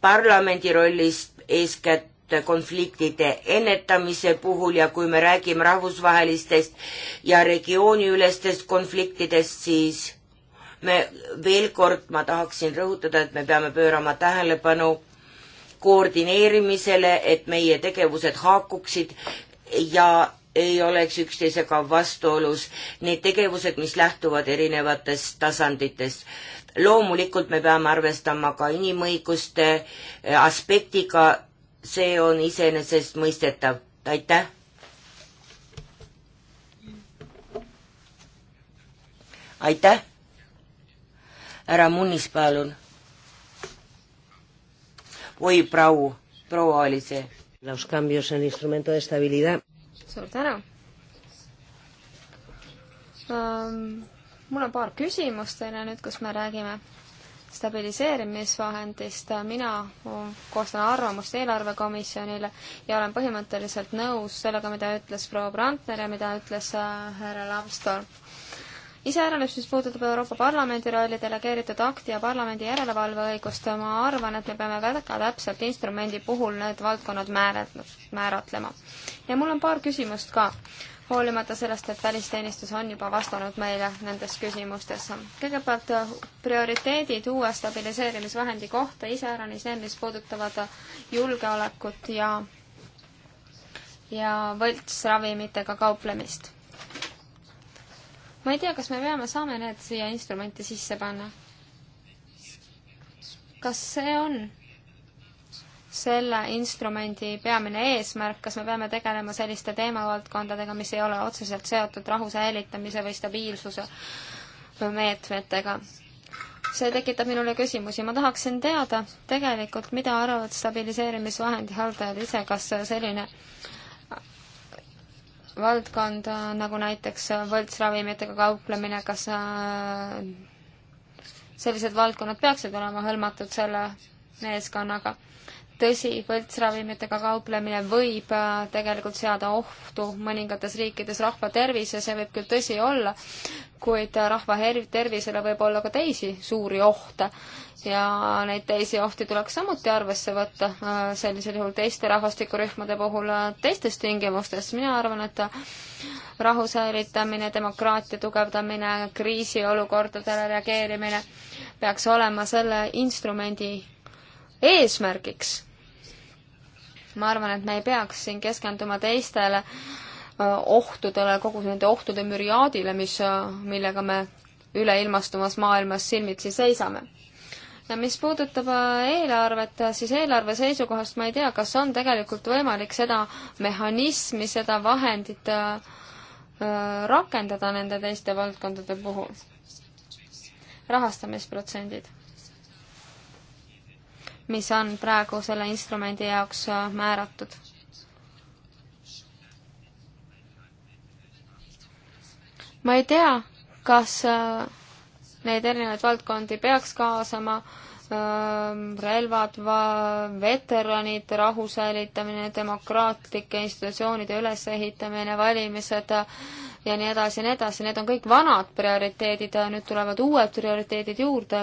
parlamendi rollist, eeskätt konfliktide ennetamise puhul ja kui me räägime rahvusvahelistest ja regiooniülestest konfliktidest, siis me veel kord, ma tahaksin rõhutada, et me peame pöörama tähelepanu koordineerimisele, et meie tegevused haakuksid ja ei oleks üksteisega vastuolus need tegevused, mis lähtuvad erinevatest tasanditest loomulikult me peame arvestama ka inimõiguste eh, aspektiga, see on iseenesestmõistetav, aitäh. aitäh. härra Munnis, palun. oi, prau, proua oli see. Los cambios en instrumento de estabilidad. suur tänu um mul on paar küsimust teile nüüd, kus me räägime stabiliseerimisvahendist, mina koostan arvamust eelarvekomisjonile ja olen põhimõtteliselt nõus sellega, mida ütles proua Brandner ja mida ütles äh, härra Lavstorm. iseäranis, mis puudutab Euroopa Parlamendi rolli, delegeeritud akti ja parlamendi järelevalveõigust, ma arvan, et me peame väga täpselt instrumendi puhul need valdkonnad määrat-, määratlema. ja mul on paar küsimust ka hoolimata sellest, et välisteenistus on juba vastanud meile nendes küsimustes. kõigepealt äh, prioriteedid uue stabiliseerimisvahendi kohta, iseäranis need, mis puudutavad julgeolekut ja, ja võltsravimitega kauplemist. ma ei tea, kas me peame, saame need siia instrumenti sisse panna. kas see on selle instrumendi peamine eesmärk, kas me peame tegelema selliste teemavaldkondadega, mis ei ole otseselt seotud rahu säilitamise või stabiilsuse meetmetega? see tekitab minule küsimusi, ma tahaksin teada tegelikult, mida arvavad stabiliseerimisvahendi haldajad ise, kas selline valdkond nagu näiteks võltsravimitega kauplemine, kas äh, sellised valdkonnad peaksid olema hõlmatud selle meeskonnaga tõsi, võltsravimitega kauplemine võib äh, tegelikult seada ohtu mõningates riikides rahva tervise, see võib küll tõsi olla, kuid äh, rahva tervisele võib olla ka teisi suuri ohte ja neid teisi ohti tuleks samuti arvesse võtta äh, sellisel juhul teiste rahvastikurühmade puhul teistes tingimustes. mina arvan, et rahu säilitamine, demokraatia tugevdamine, kriisiolukordadele reageerimine peaks olema selle instrumendi eesmärgiks ma arvan, et me ei peaks siin keskenduma teistele ohtudele, kogu nende ohtude müriaadile, mis, millega me üleilmastumas maailmas silmitsi seisame ja mis puudutab eelarvet, siis eelarve seisukohast ma ei tea, kas on tegelikult võimalik seda mehhanismi, seda vahendit rakendada nende teiste valdkondade puhul. rahastamisprotsendid mis on praegu selle instrumendi jaoks äh, määratud. ma ei tea, kas äh, neid erinevaid valdkondi peaks kaasama, ähm, relvad, veteranid, rahu säilitamine, demokraatlike institutsioonide ülesehitamine, valimised, äh, ja nii edasi ja nii edasi, need on kõik vanad prioriteedid, nüüd tulevad uued prioriteedid juurde,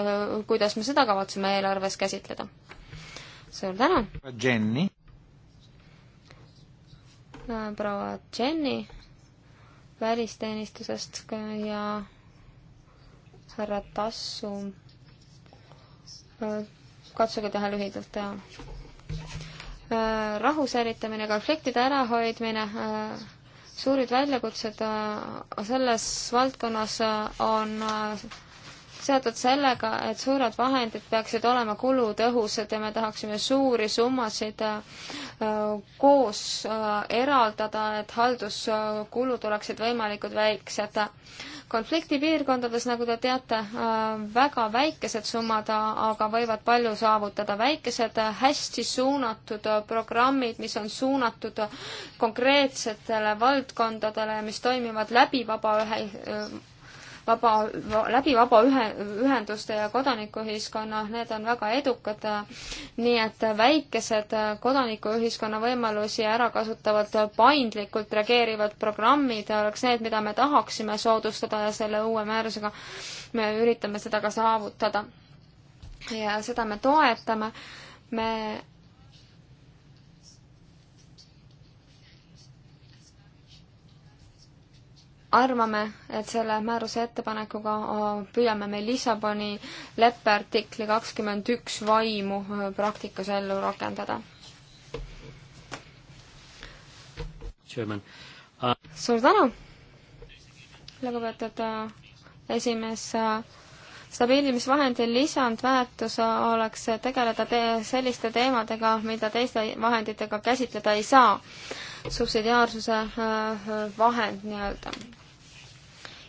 kuidas me seda kavatseme eelarves käsitleda? suur tänu! Jenny. proua Jenny välisteenistusest ja härra Tassu katsuge teha lühidalt teha. rahu säilitamine, konfliktide ärahoidmine äh,, suured väljakutsed äh, selles valdkonnas äh, on äh, seotud sellega, et suured vahendid peaksid olema kulutõhusad ja me tahaksime suuri summasid koos eraldada, et halduskulud oleksid võimalikult väiksed konfliktipiirkondades, nagu te teate, äh, väga väikesed summad, aga võivad palju saavutada. väikesed äh, hästi suunatud äh, programmid, mis on suunatud konkreetsetele valdkondadele, mis toimivad läbi vabaühe vaba, läbi vabaühenduste ja kodanikuühiskonna, need on väga edukad. nii et väikesed kodanikuühiskonna võimalusi ära kasutavad paindlikult reageerivad programmid oleks need, mida me tahaksime soodustada ja selle uue määrusega me üritame seda ka saavutada. ja seda me toetame. me arvame, et selle määruse ettepanekuga äh, püüame me Lissaboni leppe artikli kakskümmend üks vaimu äh, praktikas ellu rakendada. Uh, suur tänu, lugupeetud äh, esimees stabiilimisvahendi lisandväärtus oleks tegeleda te selliste teemadega, mida teiste vahenditega käsitleda ei saa. subsidiaarsuse vahend nii-öelda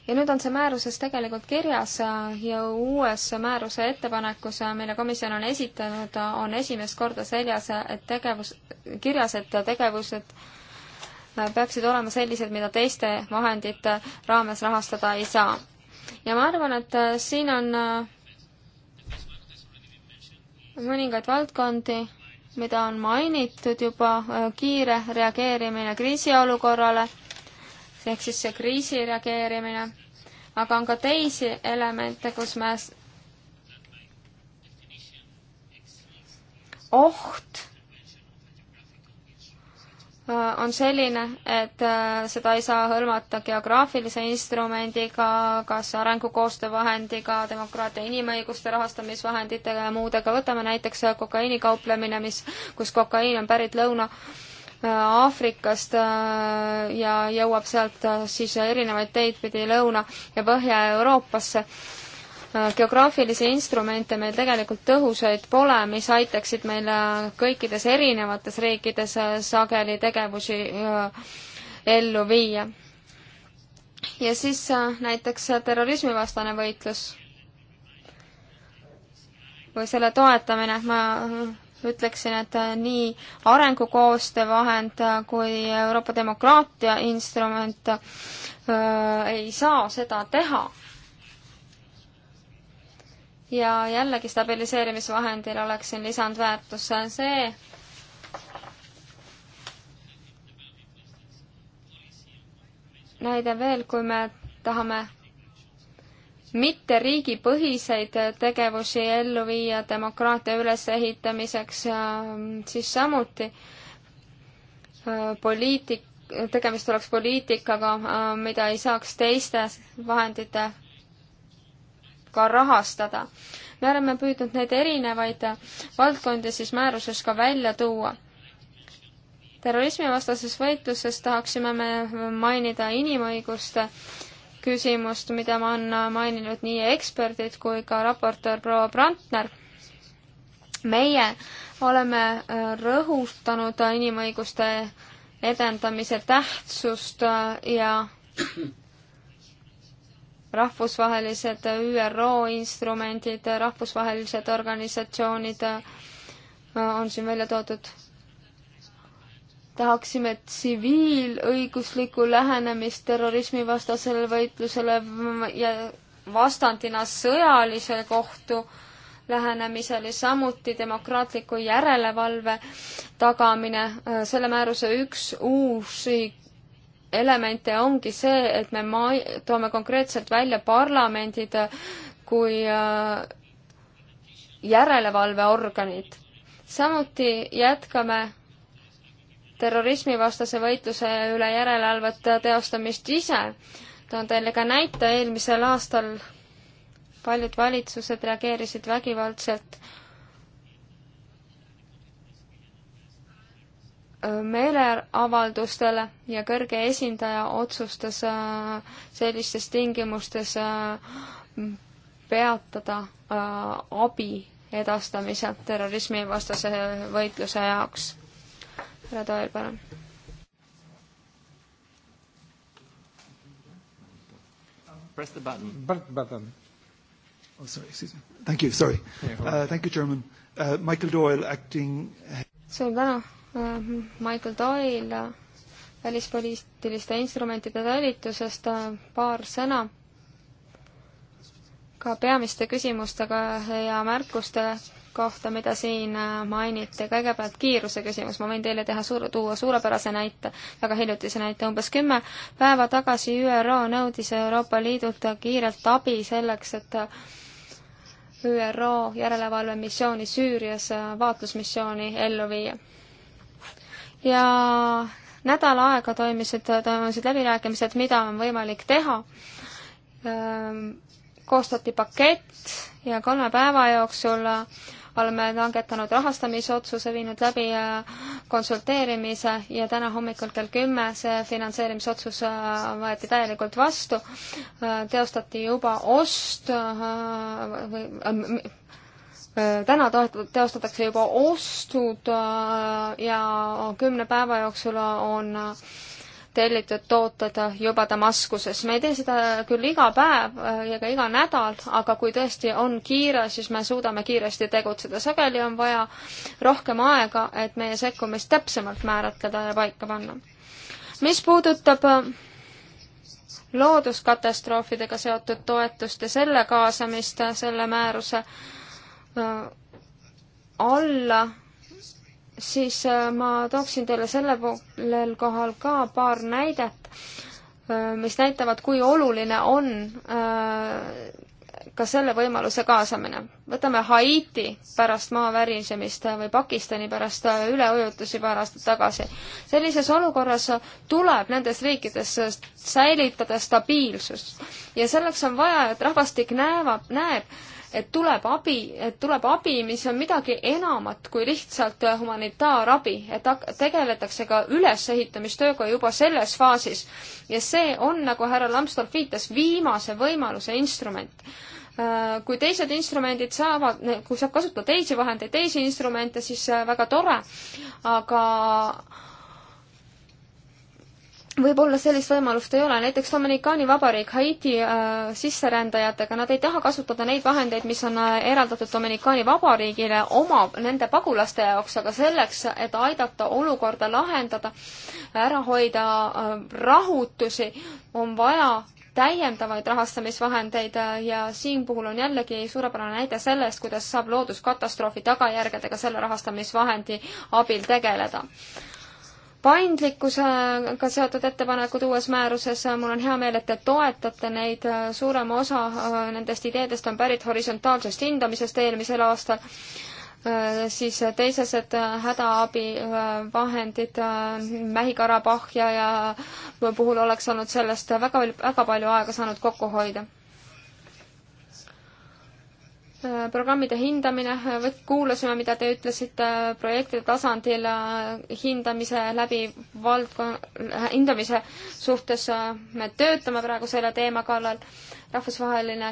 ja nüüd on see määruses tegelikult kirjas äh, ja uues määruse ettepanekus, äh, mille komisjon on esitanud, äh, on esimest korda seljas, et tegevus, kirjas, et tegevused peaksid olema sellised, mida teiste vahendite raames rahastada ei saa. ja ma arvan, et siin on mõningaid valdkondi, mida on mainitud juba, kiire reageerimine kriisiolukorrale ehk siis see kriisi reageerimine, aga on ka teisi elemente, kus me oht äh, on selline, et äh, seda ei saa hõlmata geograafilise instrumendiga, kas arengukoostöö vahendiga, demokraatia inimõiguste rahastamisvahenditega ja muudega. võtame näiteks kokaiini kauplemine, mis, kus kokaiin on pärit Lõuna- Aafrikast äh, ja jõuab sealt äh, siis erinevaid teid pidi Lõuna- ja Põhja-Euroopasse. Äh, geograafilisi instrumente meil tegelikult tõhusaid pole, mis aitaksid meil kõikides erinevates riikides sageli tegevusi ellu viia. ja siis näiteks terrorismivastane võitlus või selle toetamine, ma ütleksin, et äh, nii arengukoostöö vahend äh, kui Euroopa demokraatia instrument öö, äh, ei saa seda teha. ja jällegi stabiliseerimisvahendil oleks siin lisandväärtus see, näide veel, kui me tahame mitte riigipõhiseid tegevusi ellu viia demokraatia ülesehitamiseks, äh, siis samuti äh, poliitik, tegemist oleks poliitikaga, äh, mida ei saaks teiste vahenditega rahastada. me oleme püüdnud neid erinevaid valdkondi siis määruses ka välja tuua terrorismivastases võitluses tahaksime me mainida inimõiguste küsimust, mida ma on maininud nii eksperdid kui ka raportöör proua Brandner. meie oleme äh, rõhutanud inimõiguste edendamise tähtsust äh, ja rahvusvahelised ÜRO instrumendid, rahvusvahelised organisatsioonid äh, on siin välja toodud tahaksime tsiviilõiguslikku lähenemist terrorismivastasele võitlusele ja vastandina sõjalise kohtu lähenemisele, samuti demokraatliku järelevalve tagamine. Äh, selle määruse üks uusi elemente ongi see, et me ma-, toome konkreetselt välja parlamendid äh, kui äh, järelevalveorganid. samuti jätkame terrorismivastase võitluse üle järelevalvet teostamist ise. toon teile ka näite, eelmisel aastal paljud valitsused reageerisid vägivaldselt meeleavaldustele ja kõrge esindaja otsustas äh, sellistes tingimustes äh, peatada äh, abi edastamise terrorismivastase võitluse jaoks härra Toel, palun. Press the button. But, button. Oh, sorry, excuse me. Thank you, sorry uh,. Thank you, German uh,. Michael Doyle acting. suur tänu uh,, Michael Doyle uh, välispoliitiliste instrumentide talitusest uh, paar sõna ka peamiste küsimustega ja märkustega kohta, mida siin äh, mainiti, kõigepealt kiiruse küsimus, ma võin teile teha suur, tuua suurepärase näite, väga hiljutise näite, umbes kümme päeva tagasi ÜRO nõudis Euroopa Liidult kiirelt abi selleks, et äh, ÜRO järelevalvemissiooni Süürias äh, vaatlusmissiooni ellu viia. ja nädal aega toimisid, toimusid läbirääkimised, mida on võimalik teha. koostati pakett ja kolme päeva jooksul oleme langetanud rahastamisotsuse, viinud läbi äh, konsulteerimise ja täna hommikul kell kümme see finantseerimisotsus äh, võeti täielikult vastu. Äh, teostati juba ost või ähm, täna teostatakse juba ostud ja kümne päeva jooksul on tellitud tooted juba Damaskuses. me ei tee seda küll iga päev ja äh, ka iga nädal, aga kui tõesti on kiire, siis me suudame kiiresti tegutseda. sageli on vaja rohkem aega, et meie sekkumist täpsemalt määratleda ja paika panna. mis puudutab äh, looduskatastroofidega seotud toetust ja selle kaasamist äh, selle määruse alla siis äh, ma tooksin teile sellel kohal ka paar näidet, äh, mis näitavad, kui oluline on äh, ka selle võimaluse kaasamine. võtame Haiti pärast maavärisemist või Pakistani pärast üleujutusi paar aastat tagasi. sellises olukorras tuleb nendes riikides säilitada stabiilsust ja selleks on vaja, et rahvastik näeva, näeb, et tuleb abi, et tuleb abi, mis on midagi enamat kui lihtsalt humanitaarabi, et tegeletakse ka ülesehitamistööga juba selles faasis. ja see on, nagu härra Lambsdorff viitas, viimase võimaluse instrument äh, kui teised instrumendid saavad, kui saab kasutada teisi vahendeid, teisi instrumente, siis äh, väga tore, aga võib-olla sellist võimalust ei ole, näiteks Dominikaani Vabariik Haiti äh, sisserändajatega, nad ei taha kasutada neid vahendeid, mis on äh, eraldatud Dominikaani Vabariigile oma, nende pagulaste jaoks, aga selleks, et aidata olukorda lahendada, ära hoida äh, rahutusi, on vaja täiendavaid rahastamisvahendeid äh, ja siin puhul on jällegi suurepärane näide sellest, kuidas saab looduskatastroofi tagajärgedega selle rahastamisvahendi abil tegeleda paindlikkusega seotud ettepanekud uues määruses, mul on hea meel, et te toetate neid, suurem osa äh, nendest ideedest on pärit horisontaalsest hindamisest eelmisel aastal, äh, siis teised äh, hädaabivahendid Mähi-Karabahhi ja puhul oleks olnud sellest väga, väga palju aega saanud kokku hoida programmide hindamine, kuulasime, mida te ütlesite projektide tasandil äh, hindamise läbi valdkon-, äh, hindamise suhtes. Äh, me töötame praegu selle teema kallal, rahvusvaheline,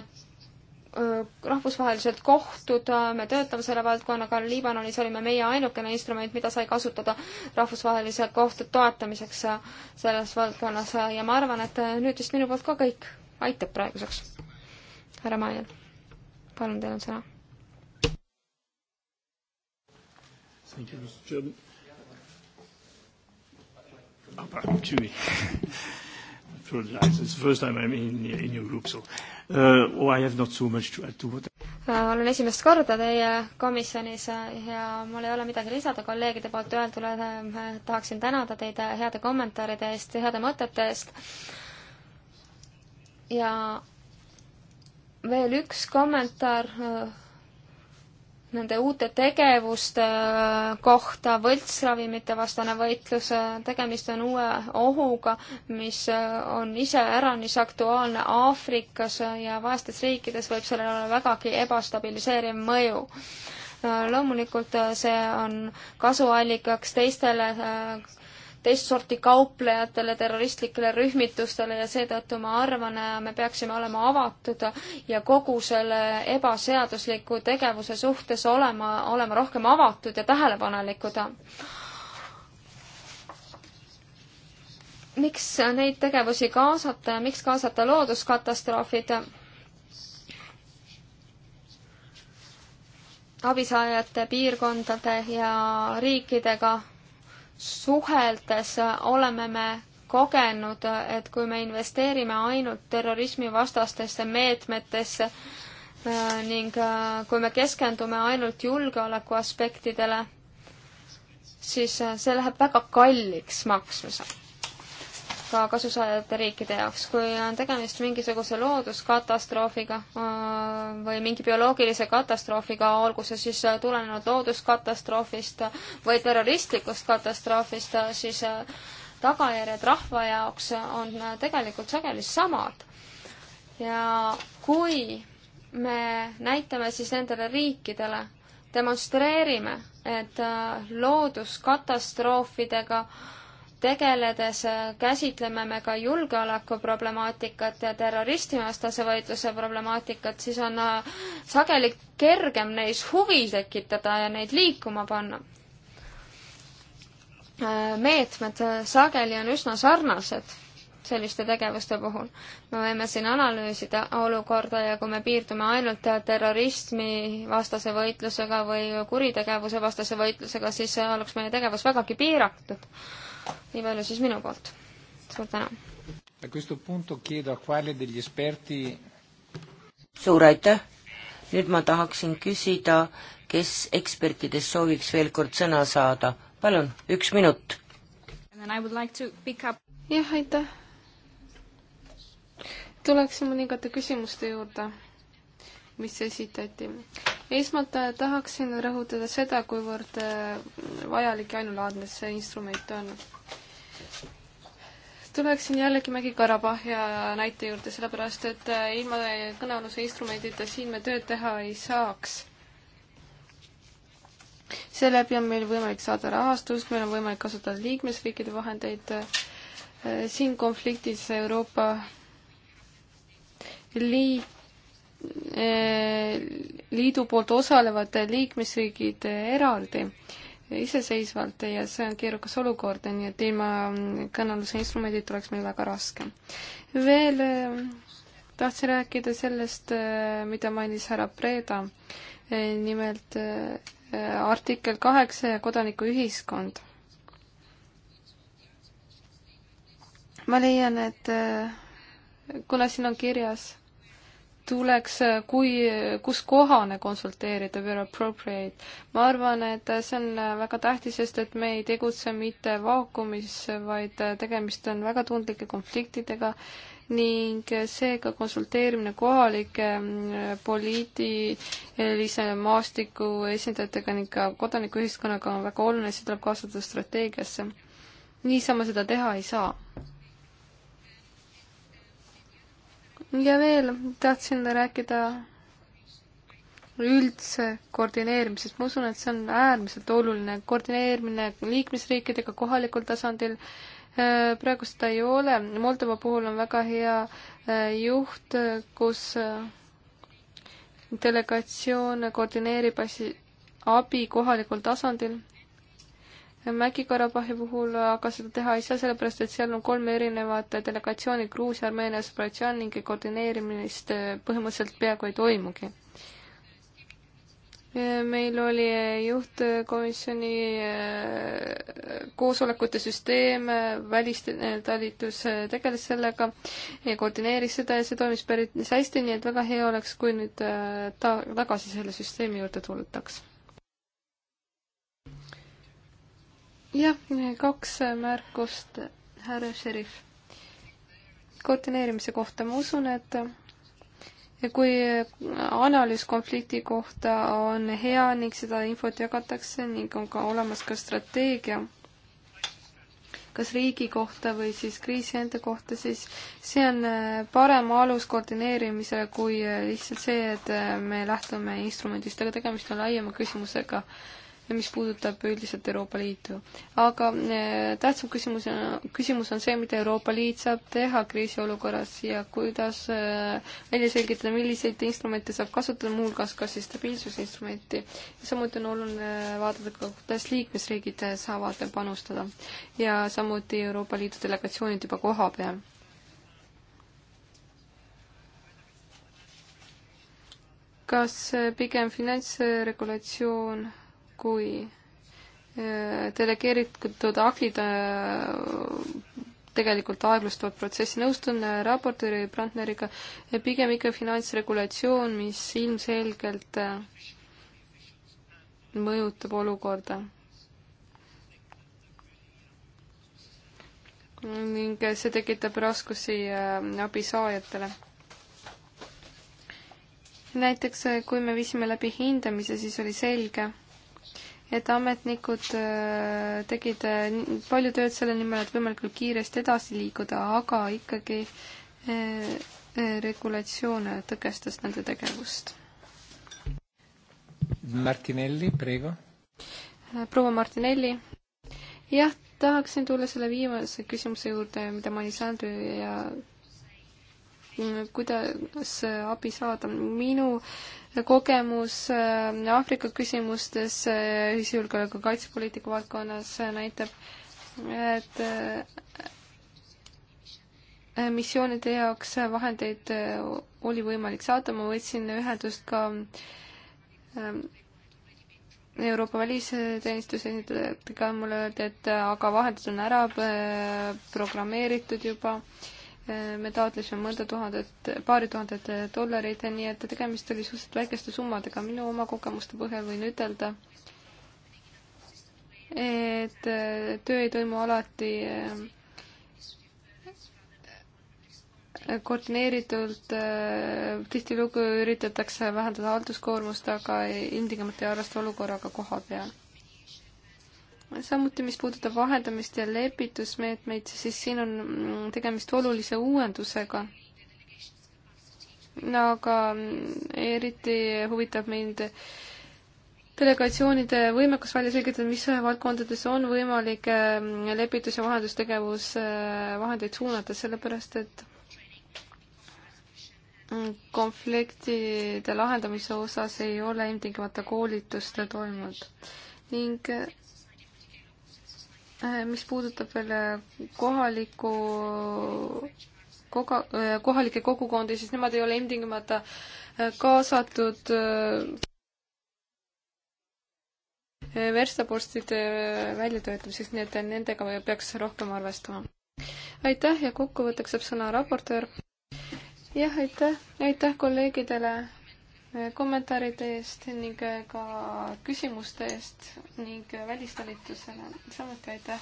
rahvusvahelised kohtud, me töötame selle valdkonna kallal. Liibanonis olime meie ainukene instrument, mida sai kasutada rahvusvahelise kohtu toetamiseks selles valdkonnas ja ma arvan, et nüüd vist minu poolt ka kõik aitab praeguseks. härra Maier palun, teil on sõna. Thank you, Mr. Chairman. Oh, pardon, Chewy. Apologize. It's the first time I'm in, in your group, so uh, oh, I have not so much to add to what äh, olen esimest korda teie komisjonis äh, ja mul ei ole midagi lisada kolleegide poolt öeldule. Äh, tahaksin tänada teid heade kommentaaride eest ja heade mõtete eest. ja veel üks kommentaar äh, nende uute tegevuste äh, kohta, võltsravimite vastane võitlus, äh, tegemist on uue ohuga, mis on iseäranis aktuaalne Aafrikas ja vaestes riikides võib sellel olla vägagi ebastabiliseeriv mõju. loomulikult see on kasuallikaks teistele teist sorti kauplejatele, terroristlikele rühmitustele ja seetõttu ma arvan, äh, me peaksime olema avatud ja kogu selle ebaseadusliku tegevuse suhtes olema, olema rohkem avatud ja tähelepanelikud. miks neid tegevusi kaasata ja miks kaasata looduskatastroofid? abisaajate piirkondade ja riikidega suheldes oleme me kogenud, et kui me investeerime ainult terrorismivastastesse meetmetesse äh, ning äh, kui me keskendume ainult julgeoleku aspektidele, siis äh, see läheb väga kalliks maksma ka kasusaajate riikide jaoks. kui on tegemist mingisuguse looduskatastroofiga äh, või mingi bioloogilise katastroofiga, olgu see siis tulenenud looduskatastroofist või terroristlikust katastroofist, siis äh, tagajärjed rahva jaoks on äh, tegelikult sageli samad. ja kui me näitame siis nendele riikidele, demonstreerime, et looduskatastroofidega äh, tegeledes käsitleme me ka julgeoleku problemaatikat ja terrorismivastase võitluse problemaatikat, siis on äh, sageli kergem neis huvi tekitada ja neid liikuma panna. Äh, meetmed äh, sageli on üsna sarnased selliste tegevuste puhul. me võime siin analüüsida olukorda ja kui me piirdume ainult terrorismi vastase võitlusega või kuritegevuse vastase võitlusega, siis oleks meie tegevus vägagi piiratud nii palju siis minu poolt. suur tänu. suur aitäh. nüüd ma tahaksin küsida, kes ekspertidest sooviks veel kord sõna saada. palun, üks minut. jah, aitäh. tuleksin mõningate küsimuste juurde, mis esitati esmalt äh, tahaksin rõhutada seda, kuivõrd äh, vajalik ja ainulaadne see instrument on tuleksin jällegi Mägi-Karabahhi näite juurde, sellepärast et äh, ilma kõnealuse instrumendita siin me tööd teha ei saaks. seeläbi on meil võimalik saada rahastust, meil on võimalik kasutada liikmesriikide vahendeid. Äh, siin konfliktis Euroopa Liit äh, liidu poolt osalevad liikmesriigid eraldi iseseisvalt ja see on keerukas olukord, nii et ilma kõneluse instrumendita oleks meil väga raske. veel äh, tahtsin rääkida sellest, äh, mida mainis härra Preda, äh, nimelt artikkel kaheksa ja kodanikuühiskond. ma leian, et kuna siin on kirjas tuleks, äh, kui, kus kohane konsulteerida where appropriate. ma arvan, et see on äh, väga tähtis, sest et me ei tegutse mitte vaakumis, vaid äh, tegemist on väga tundlike konfliktidega ning seega konsulteerimine kohalike mm, poliitilise maastiku esindajatega ning ka kodanikuühiskonnaga on väga oluline, see tuleb kaasata strateegiasse. niisama seda teha ei saa ja veel tahtsin rääkida üldse koordineerimisest, ma usun, et see on äärmiselt oluline, koordineerimine liikmesriikidega kohalikul tasandil, äh, praegu seda ei ole, Moldova puhul on väga hea äh, juht, kus äh, delegatsioon koordineerib asi, abi kohalikul tasandil Mägi-Karabahhi puhul aga seda teha ei saa, sellepärast et seal on kolm erinevat delegatsiooni Gruusia, Armeenia, Aserbaidžaan ning koordineerimist eh, põhimõtteliselt peaaegu ei toimugi. Eh, meil oli juhtkomisjoni eh, koosolekute süsteem, välistalitus tegeles sellega ja koordineeris seda ja see toimis päris hästi, nii et väga hea oleks, kui nüüd ta tagasi selle süsteemi juurde tuldaks jah, kaks märkust, härra šerif. koordineerimise kohta ma usun, et ja kui analüüs konflikti kohta on hea ning seda infot jagatakse ning on ka olemas ka strateegia, kas riigi kohta või siis kriisi enda kohta, siis see on parem alus koordineerimisele kui lihtsalt see, et me lähtume instrumendist, aga tegemist on laiema küsimusega mis puudutab üldiselt Euroopa Liitu. aga eh, tähtsam küsimus on, küsimus on see, mida Euroopa Liit saab teha kriisiolukorras ja kuidas eh, välja selgitada, milliseid instrumente saab kasutada, muuhulgas ka siis stabiilsusinstrumenti. samuti on oluline vaadata ka, kuidas liikmesriigid saavad panustada ja samuti Euroopa Liidu delegatsioonid juba koha peal kas eh, pigem finantsregulatsioon kui äh, delegeeritud aktid äh, tegelikult aeglustavad protsessi. nõustun äh, raportööri Brandneriga, pigem ikka finantsregulatsioon, mis ilmselgelt mõjutab olukorda. ning see tekitab raskusi abisaajatele. näiteks kui me viisime läbi hindamise, siis oli selge et ametnikud äh, tegid äh, palju tööd selle nimel, et võimalikult kiiresti edasi liikuda, aga ikkagi äh, regulatsioon tõkestas nende tegevust. Martinelli, Priigo. proua Martinelli. jah, tahaksin tulla selle viimase küsimuse juurde, mida mainis Andrew ja kuidas abi saada. minu kogemus äh, Aafrika küsimustes, äh, ühisjulgeoleku kaitsepoliitika valdkonnas äh, näitab, et missioonide jaoks vahendeid oli võimalik saada, ma võtsin ühendust ka ähm, Euroopa välisteenistuse esindajatega mulle öeldi, et aga vahendid on ära programmeeritud juba äh, me taotlesime mõnda tuhandet, paari tuhandet dollarit, nii et tegemist oli suhteliselt väikeste summadega. minu oma kogemuste põhjal võin ütelda, et äh, töö ei toimu alati äh, koordineeritult, äh, tihtilugu üritatakse vähendada halduskoormust, aga ilmtingimata ei arvesta olukorraga koha peal samuti, mis puudutab vahendamist ja lepitusmeetmeid, siis siin on tegemist olulise uuendusega. aga eriti huvitab mind delegatsioonide võimekus välja selgitada, mis valdkondades on võimalik äh, lepitus- ja vahendustegevus äh, vahendeid suunata, sellepärast et konfliktide lahendamise osas ei ole ilmtingimata koolitust toimunud ning äh, Äh, mis puudutab veel äh, kohaliku koga-, äh, kohalikke kogukondi, siis nemad ei ole ilmtingimata kaasatud verstapostide väljatöötamiseks, nii et nendega peaks rohkem arvestama. aitäh ja kokkuvõtteks saab sõna raportöör. jah, aitäh, aitäh kolleegidele kommentaaride eest ning äh, ka küsimuste eest ning välistalitusele samuti aitäh.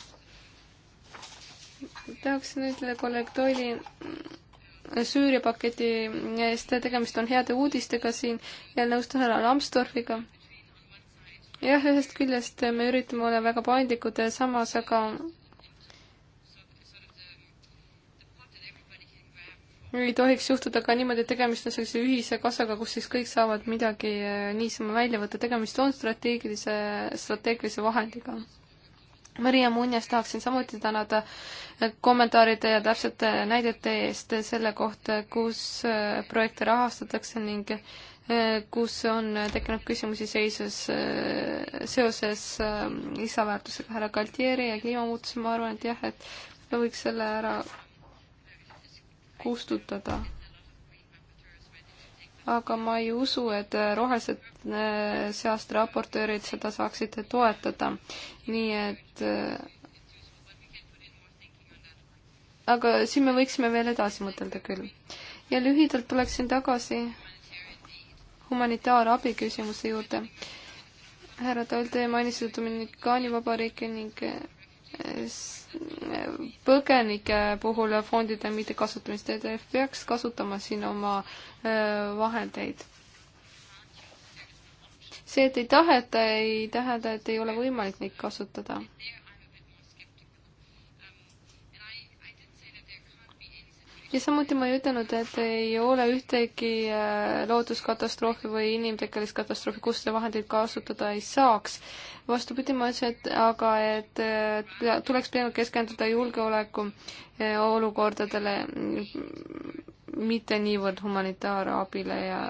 tahaksin ütelda kolleeg Toili mm, Süüria paketi eest, tegemist on heade uudistega siin ja nõustun härra Lambsdorfiga. jah, ühest küljest me üritame olla väga paindlikud, samas aga ei tohiks juhtuda ka niimoodi, et tegemist on sellise ühise kassaga, kus siis kõik saavad midagi eh, niisama välja võtta, tegemist on strateegilise, strateegilise vahendiga. Maria Munjas tahaksin samuti tänada eh, kommentaaride ja täpsete näidete eest selle kohta, kus eh, projekte rahastatakse ning kus on tekkinud küsimusi seisus, seoses lisaväärtusega härra Galtieri ja kliimamuutuse, ma arvan, et jah, et võiks selle ära kustutada. aga ma ei usu, et äh, rohesed äh, seast raportöörid seda saaksid toetada. nii et äh, aga siin me võiksime veel edasi mõtelda küll. ja lühidalt tuleksin tagasi humanitaarabi küsimuse juurde. härra Tolte mainis Dominikaani vabariiki ning põgenike puhul fondide mittekasutamist, EDF peaks kasutama siin oma vahendeid. see, et ei taheta, ei tähenda, et ei ole võimalik neid kasutada. ja samuti ma ei ütelnud, et ei ole ühtegi looduskatastroofi või inimtekkelist katastroofi, kus seda vahendeid kasutada ei saaks vastupidi, ma ütlesin, et aga et äh, tuleks pigem keskenduda julgeoleku äh, olukordadele, mitte niivõrd humanitaarabile ja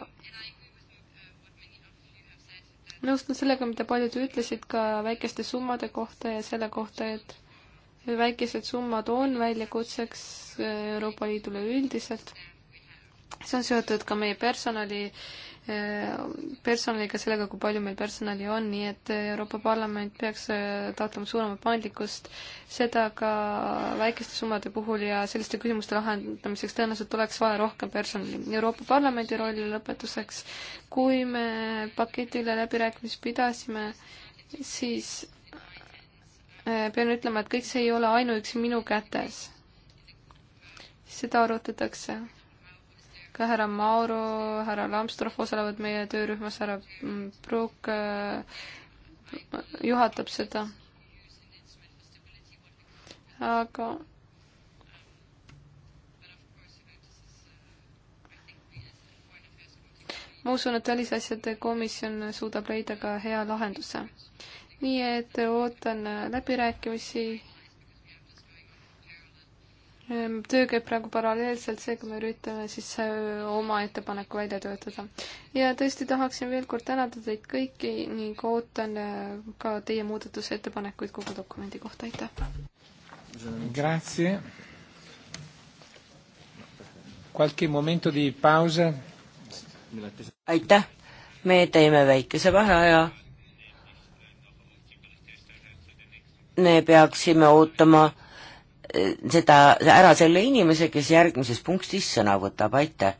nõustun sellega, mida paljud ütlesid ka väikeste summade kohta ja selle kohta, et väikesed summad on väljakutseks äh, Euroopa Liidule üldiselt. see on seotud ka meie personali äh, personaliga, sellega, kui palju meil personali on, nii et Euroopa Parlament peaks äh, taotlema suuremat paindlikkust, seda ka väikeste summade puhul ja selliste küsimuste lahendamiseks tõenäoliselt oleks vaja rohkem personali. Euroopa Parlamendi rolli lõpetuseks, kui me paketi üle läbirääkimisi pidasime, siis äh, pean ütlema, et kõik see ei ole ainuüksi minu kätes. seda arutatakse ka härra Mauro, härra Lambsdorff osalevad meie töörühmas, härra Pruuk äh, juhatab seda. aga ma usun, et välisasjade komisjon suudab leida ka hea lahenduse. nii et ootan läbirääkimisi Ehm, töö käib praegu paralleelselt, seega me üritame siis äh, oma ettepaneku välja töötada. ja tõesti tahaksin veel kord tänada teid kõiki ning ootan äh, ka teie muudatusettepanekuid kogu dokumendi kohta, aitäh! Grazie! Qualche momento di pausa? aitäh! me teeme väikese vaheaja. me peaksime ootama seda ära selle inimese, kes järgmises punktis sõna võtab, aitäh!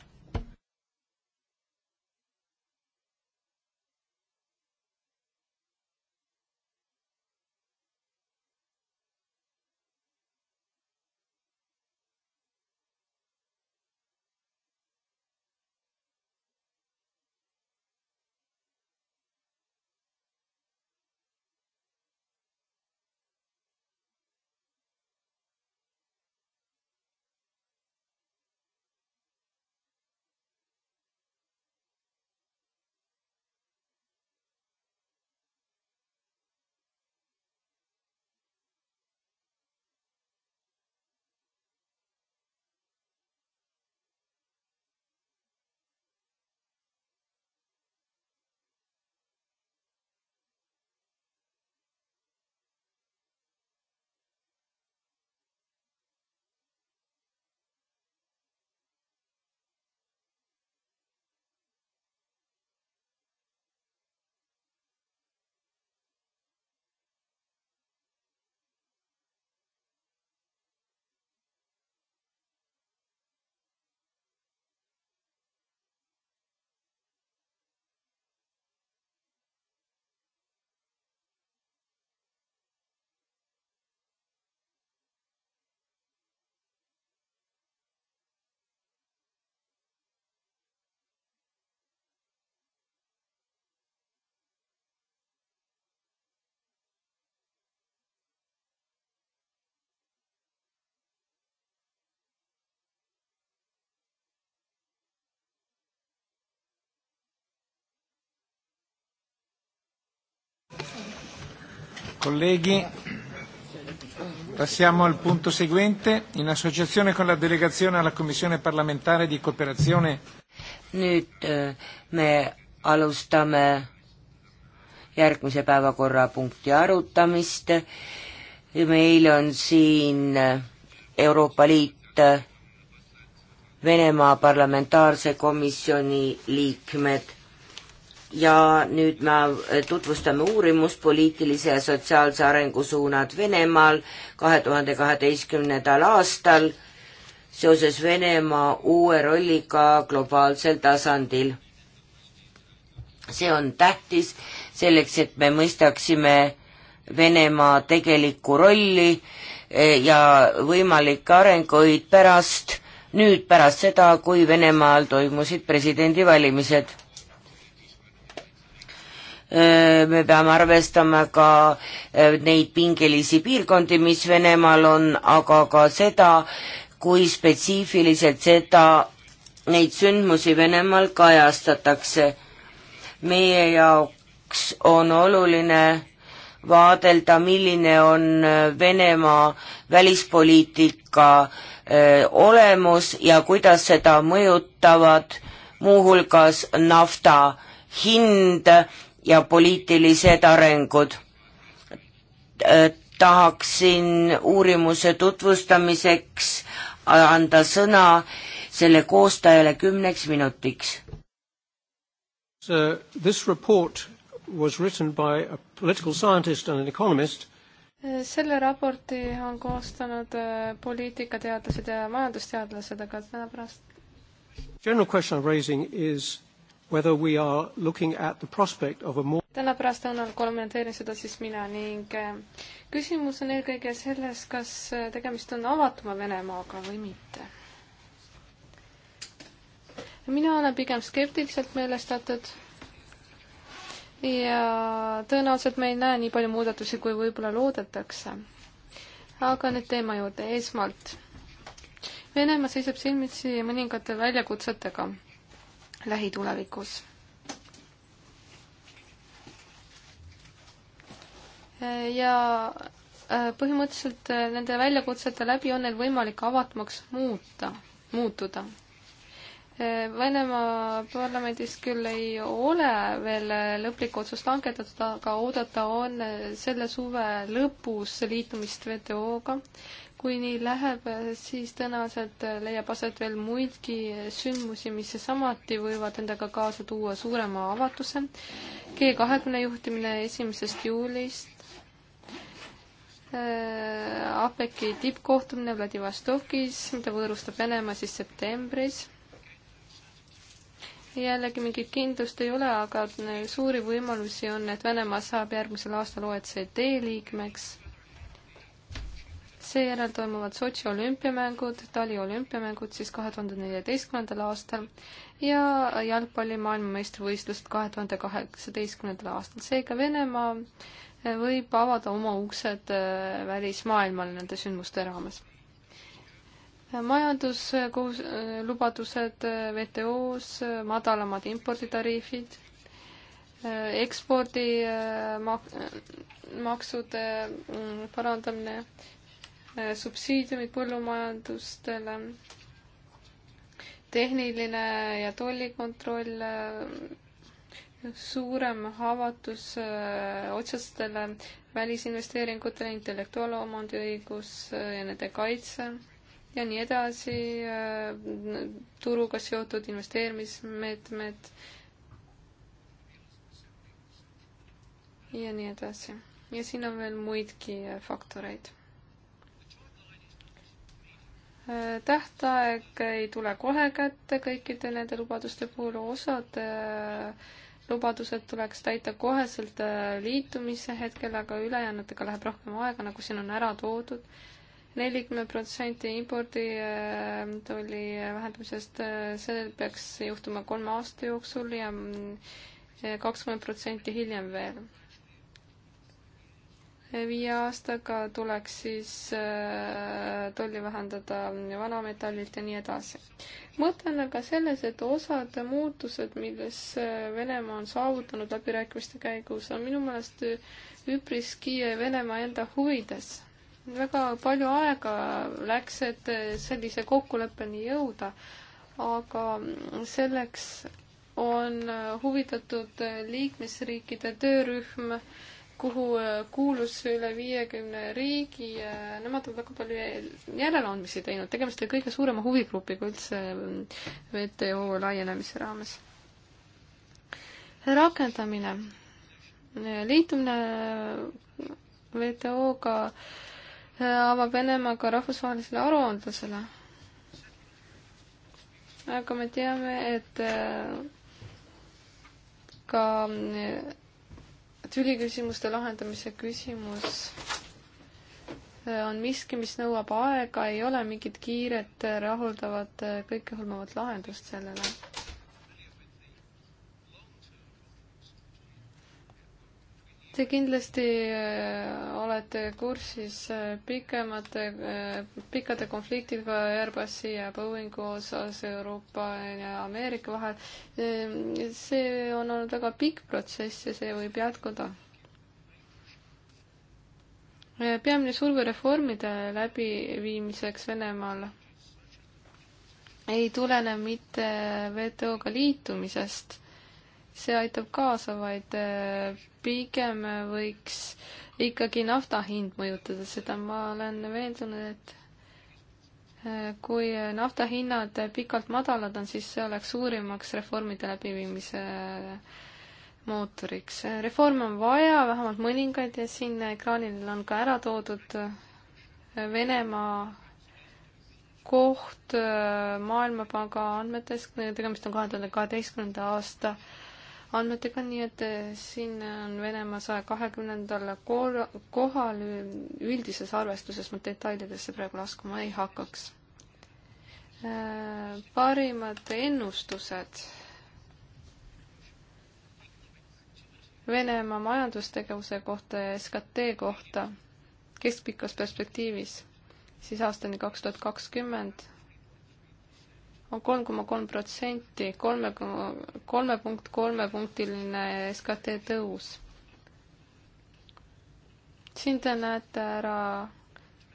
Colleghi, passiamo al punto seguente. In associazione con la delegazione alla Commissione parlamentare di cooperazione. Nüüd eh, me alustame järgmise päevakorrapunkti arutamist. Meil on siin eh, Euroopa Liit eh, Venemaa parlamentaarse komisjoni liikmed ja nüüd me äh, tutvustame uurimust poliitilise ja sotsiaalse arengu suunad Venemaal kahe tuhande kaheteistkümnendal aastal seoses Venemaa uue rolliga globaalsel tasandil. see on tähtis selleks, et me mõistaksime Venemaa tegelikku rolli äh, ja võimalikke arenguid pärast, nüüd pärast seda, kui Venemaal toimusid presidendivalimised Äh, me peame arvestama ka äh, neid pingelisi piirkondi, mis Venemaal on, aga ka seda, kui spetsiifiliselt seda, neid sündmusi Venemaal kajastatakse. meie jaoks on oluline vaadelda, milline on äh, Venemaa välispoliitika olemus ja kuidas seda mõjutavad muuhulgas nafta hind ja poliitilised arengud. Äh, tahaksin uurimuse tutvustamiseks anda sõna selle koostajale kümneks minutiks. So this report was written by a political scientist and an economist selle raporti on koostanud äh, poliitikateadlased ja majandusteadlased, aga täna pärast. General question I am raising is whether we are looking at the prospect of a more täna pärast annan, kommenteerin seda siis mina ning äh, küsimus on eelkõige selles, kas äh, tegemist on avatuma Venemaaga või mitte. mina olen pigem skeptiliselt meelestatud ja tõenäoliselt me ei näe nii palju muudatusi, kui võib-olla loodetakse. aga nüüd teema juurde, esmalt. Venemaa seisab silmitsi mõningate väljakutsetega lähitulevikus. ja äh, põhimõtteliselt äh, nende väljakutsete läbi on neil võimalik avatumaks muuta, muutuda. Äh, Venemaa parlamendis küll ei ole veel lõplikku otsust langetatud, aga oodata on selle suve lõpus liitumist WTO-ga kui nii läheb, siis tõenäoliselt leiab aset veel muidki sündmusi, mis samuti võivad endaga kaasa tuua suurema avatuse. G kahekümne juhtimine esimesest juulist, äh, APEC-i tippkohtumine Vladivostokis, mida võõrustab Venemaa siis septembris jällegi mingit kindlust ei ole, aga suuri võimalusi on, et Venemaa saab järgmisel aastal OECD liikmeks seejärel toimuvad Sotši olümpiamängud, tali olümpiamängud siis kahe tuhande neljateistkümnendal aastal ja jalgpalli maailmameistrivõistlust kahe tuhande kaheksateistkümnendal aastal. seega Venemaa eh, võib avada oma uksed eh, välismaailmale nende sündmuste raames. majanduskohus-, eh, lubadused WTO-s, madalamad imporditariifid, ekspordimak-, maksude mm, parandamine Äh, subsiidiumid põllumajandustele, tehniline ja tollikontroll, äh, suurem avatus äh, otsestele välisinvesteeringutele, intellektuaalomandi õigus ja nende kaitse ja nii edasi, turuga seotud investeerimismeetmed ja nii edasi. ja siin on veel muidki faktoreid tähtaeg ei tule kohe kätte kõikide nende lubaduste puhul, osad äh, lubadused tuleks täita koheselt äh, liitumise hetkel, aga ülejäänutega läheb rohkem aega, nagu siin on ära toodud. nelikümmend protsenti impordi äh, tolli vähendamisest, see peaks juhtuma kolme aasta jooksul ja mm, kakskümmend protsenti hiljem veel viie aastaga tuleks siis äh, tolli vähendada vanametallilt ja nii edasi. mõte on aga selles, et osad muutused, milles äh, Venemaa on saavutanud läbirääkimiste käigus, on minu meelest üpriski Venemaa enda huvides. väga palju aega läks, et äh, sellise kokkuleppeni jõuda, aga selleks on huvitatud liikmesriikide töörühm, kuhu äh, kuulus üle viiekümne riigi ja nemad on väga palju järeleandmisi teinud. tegemist oli kõige suurema huvigrupiga üldse ähm, WTO laienemise raames. rakendamine. liitumine äh, WTO-ga äh, avab Venemaaga rahvusvahelisele aruandlusele. aga me teame, et ka tüliküsimuste lahendamise küsimus äh, on miski, mis nõuab aega, ei ole mingit kiiret, äh, rahuldavat, äh, kõikehõlmavat lahendust sellele Te kindlasti äh, olete kursis äh, pikemate, äh, pikkade konfliktidega Airbusi ja Boeingu osas Euroopa ja Ameerika vahel. see on olnud väga pikk protsess ja see võib jätkuda. peamine surve reformide läbiviimiseks Venemaal ei tulene mitte WTO-ga liitumisest see aitab kaasa vaid pigem võiks ikkagi nafta hind mõjutada seda, ma olen veendunud, et äh, kui naftahinnad pikalt madalad on, siis see oleks suurimaks reformide läbiviimise äh, mootoriks. reforme on vaja, vähemalt mõningaid ja siin ekraanil on ka ära toodud äh, Venemaa koht Maailmapanga andmetes, tegemist on kahe tuhande kaheteistkümnenda aasta äh, andmetega, nii et eh, siin on Venemaa saja kahekümnendal kohal üldises arvestuses, ma detailidesse praegu laskuma ei hakkaks. Eh, parimad ennustused. Venemaa majandustegevuse kohta ja SKT kohta keskpikas perspektiivis, siis aastani kaks tuhat kakskümmend on kolm koma kolm protsenti, kolme, kolme punkt kolmepunktiline SKT tõus. siin te näete ära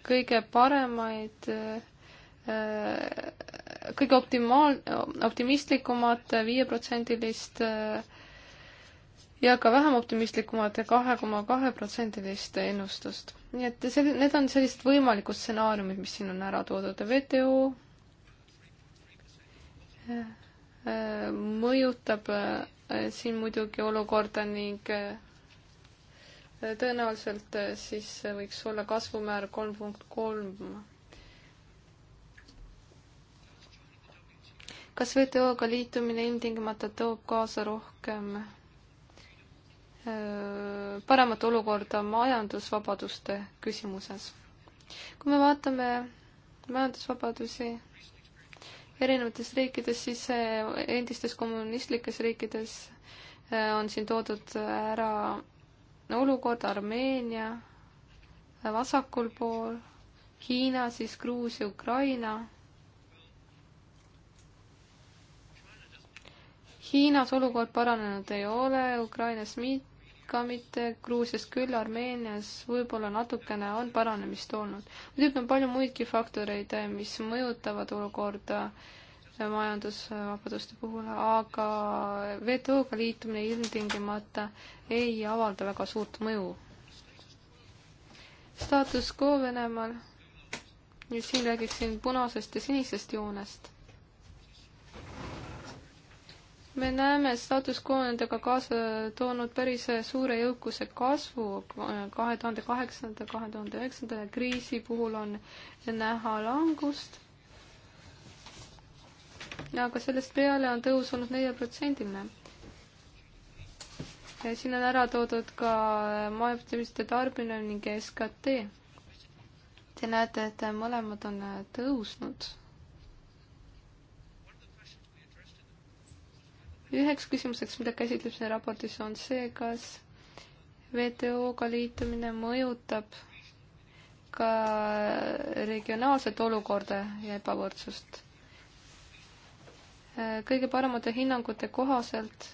kõige paremaid, äh, kõige optimaal-, optimistlikumat viieprotsendilist äh, ja ka vähem optimistlikumate kahe koma kahe protsendilist ennustust. nii et see, need on sellised võimalikud stsenaariumid, mis siin on ära toodud ja WTO mõjutab äh, siin muidugi olukorda ning äh, tõenäoliselt äh, siis võiks olla kasvumäär kolm punkt kolm. kas WTO-ga liitumine ilmtingimata toob kaasa rohkem paremat olukorda majandusvabaduste küsimuses? kui me vaatame majandusvabadusi, erinevates riikides, siis endistes kommunistlikes riikides äh, on siin toodud ära olukord Armeenia äh, vasakul pool, Hiina, siis Gruusia, Ukraina. Hiinas olukord paranenud ei ole, Ukrainas mitte ka mitte Gruusias, küll Armeenias võib-olla natukene on paranemist olnud. muidugi on palju muidki faktoreid, mis mõjutavad olukorda majandusvabaduste puhul, aga WTO-ga liitumine ilmtingimata ei avalda väga suurt mõju. staatus quo Venemaal, nüüd siin räägiksin punasest ja sinisest joonest me näeme status quo endaga kaasa toonud päris suure jõukuse kasvu kahe tuhande kaheksanda, kahe tuhande üheksanda kriisi puhul on näha langust. aga sellest peale on tõus olnud neljaprotsendiline Ja siin on ära toodud ka majapidamiste tarbimine ning SKT. Te näete, et mõlemad on tõusnud. üheks küsimuseks, mida käsitleb see raportis, on see, kas WTO-ga liitumine mõjutab ka regionaalset olukorda ja ebavõrdsust. kõige paremate hinnangute kohaselt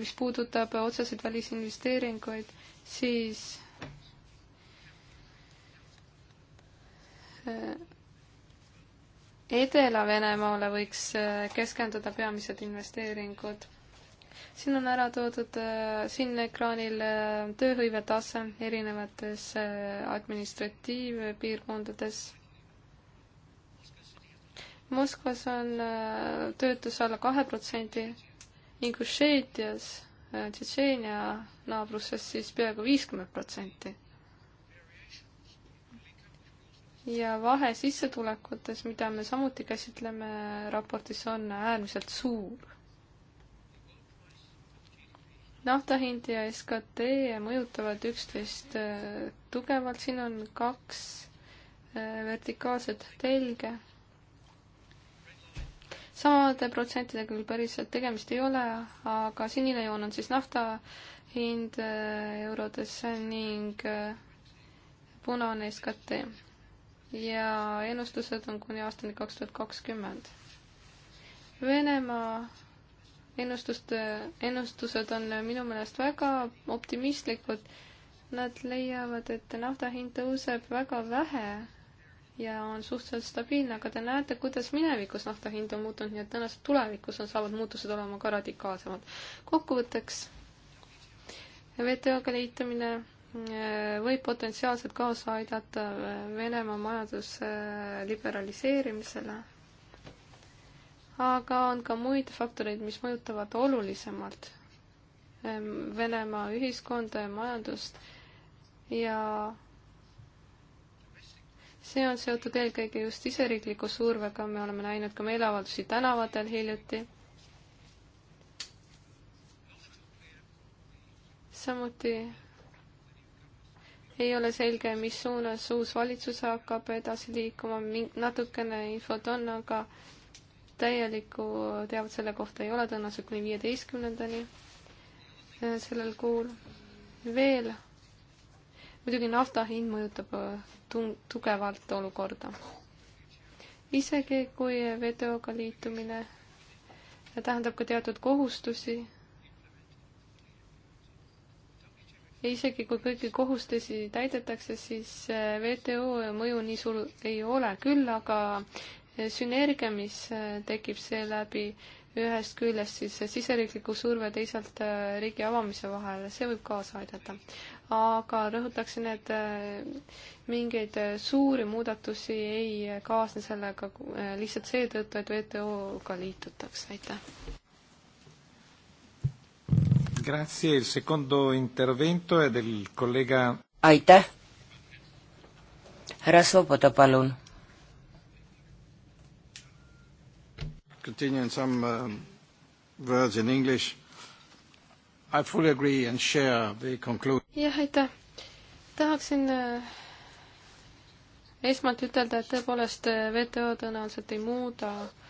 mis puudutab otseseid välisinvesteeringuid, siis Edela-Venemaale võiks äh, keskenduda peamised investeeringud. siin on ära toodud äh, siin ekraanil äh, tööhõive tase erinevates administratiivpiirkondades. Moskvas on töötus alla kahe protsendi, Ingušeetias Tšetšeenia naabruses siis peaaegu viiskümmend protsenti ja vahe sissetulekutes, mida me samuti käsitleme raportis, on äärmiselt suur. nafta hind ja SKT mõjutavad üksteist äh, tugevalt, siin on kaks äh, vertikaalset telge. samade protsentidega küll päriselt tegemist ei ole, aga sinine joon on siis nafta hind äh, eurodes ning punane SKT ja ennustused on kuni aastani kaks tuhat kakskümmend. Venemaa ennustuste, ennustused on minu meelest väga optimistlikud. Nad leiavad, et nafta hind tõuseb väga vähe ja on suhteliselt stabiilne, aga te näete, kuidas minevikus nafta hind on muutunud, nii et tõenäoliselt tulevikus on, saavad muutused olema ka radikaalsemad. kokkuvõtteks, WTO-ga liitumine võib potentsiaalselt kaasa aidata Venemaa majanduse liberaliseerimisele, aga on ka muid faktoreid, mis mõjutavad olulisemalt ehm, Venemaa ühiskonda ja majandust ja see on seotud eelkõige just siseriikliku survega, me oleme näinud ka meeleavaldusi tänavatel hiljuti. samuti ei ole selge, mis suunas uus valitsus hakkab edasi liikuma, natukene infot on, aga täielikku teavet selle kohta ei ole tõenäoliselt kuni viieteistkümnendani äh, sellel kuul. veel muidugi nafta hind mõjutab äh, tung-, tugevalt olukorda. isegi kui WTO-ga liitumine äh, tähendab ka teatud kohustusi ja isegi kui kõiki kohustusi täidetakse, siis eh, WTO mõju nii suur ei ole, küll aga eh, sünergia, mis eh, tekib seeläbi ühest küljest siis siseriikliku surve, teisalt riigi avamise vahel, see võib kaasa aidata. aga rõhutaksin, et mingeid suuri muudatusi ei kaasne sellega lihtsalt seetõttu, et WTO-ga liitutakse, aitäh aitäh. härra Svoboda, palun. Continuing some uh, words in english. I fully agree and share the conclusion. jah, aitäh. tahaksin uh, esmalt ütelda, et tõepoolest äh, WTO tõenäoliselt ei muuda uh,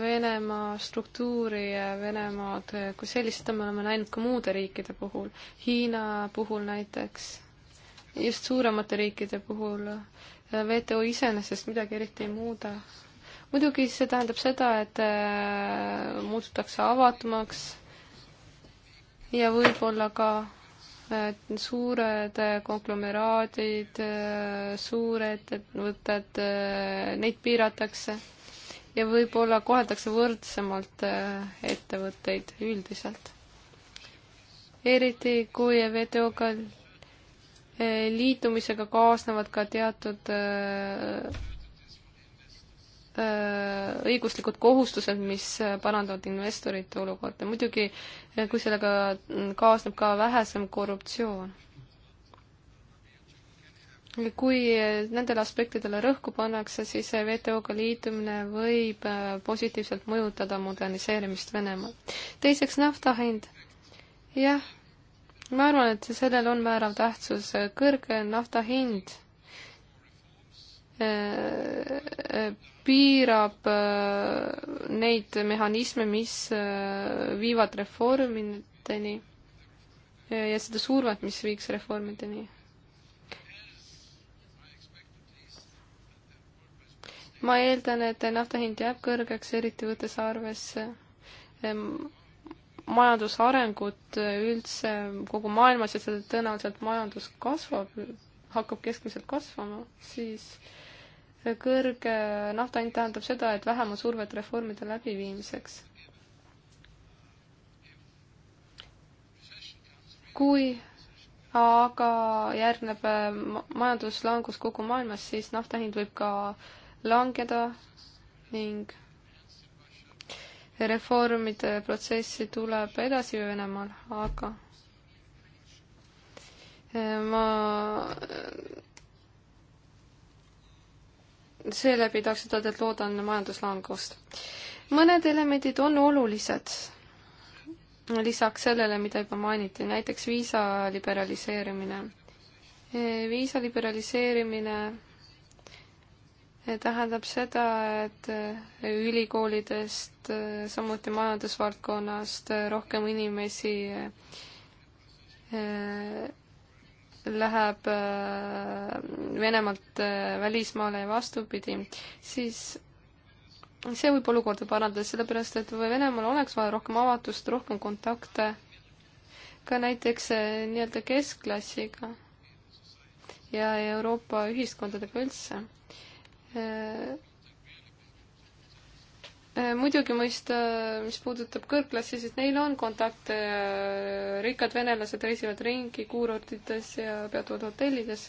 Venemaa struktuuri ja Venemaad kui sellist, seda me oleme näinud ka muude riikide puhul, Hiina puhul näiteks, just suuremate riikide puhul, WTO iseenesest midagi eriti ei muuda. muidugi see tähendab seda, et äh, muututakse avatumaks ja võib-olla ka äh, suured äh, konglomeraadid, suurettevõtted, neid piiratakse ja võib-olla koheldakse võrdsemalt äh, ettevõtteid üldiselt. eriti kui WTO-ga äh, liitumisega kaasnevad ka teatud äh, õiguslikud kohustused, mis parandavad investorite olukorda. muidugi, kui sellega mm, kaasneb ka vähesem korruptsioon kui eh, nendele aspektidele rõhku pannakse, siis WTO-ga liitumine võib eh, positiivselt mõjutada moderniseerimist Venemaal. teiseks nafta hind. jah, ma arvan, et sellel on määrav tähtsus, kõrge nafta hind eh, piirab neid mehhanisme, mis viivad reformideni ja seda survet, mis viiks reformideni ma eeldan, et nafta hind jääb kõrgeks, eriti võttes arvesse majandusarengut eh, üldse kogu maailmas ja seda tõenäoliselt majandus kasvab, hakkab keskmiselt kasvama, siis eh, kõrge nafta hind tähendab seda, et vähem on survet reformide läbiviimiseks kui aga järgneb eh, majanduslangus kogu maailmas, siis nafta hind võib ka langeda ning reformide protsessi tuleb edasi Venemaal, aga eh, ma seeläbi tahaks ütelda, et loodan majanduslangust. mõned elemendid on olulised lisaks sellele, mida juba mainiti, näiteks viisa liberaliseerimine. Eh, viisa liberaliseerimine tähendab seda, et äh, ülikoolidest, äh, samuti majandusvaldkonnast äh, rohkem inimesi läheb Venemaalt välismaale ja vastupidi, siis see võib olukorda parandada, sellepärast et Venemaal oleks vaja rohkem avatust, rohkem kontakte ka näiteks nii-öelda keskklassiga ja Euroopa ühiskondadega üldse Äh, äh, muidugi mõista, mis puudutab kõrgklassi, siis neil on kontakte, äh, rikkad venelased reisivad ringi kuurortites ja peatuvad hotellides,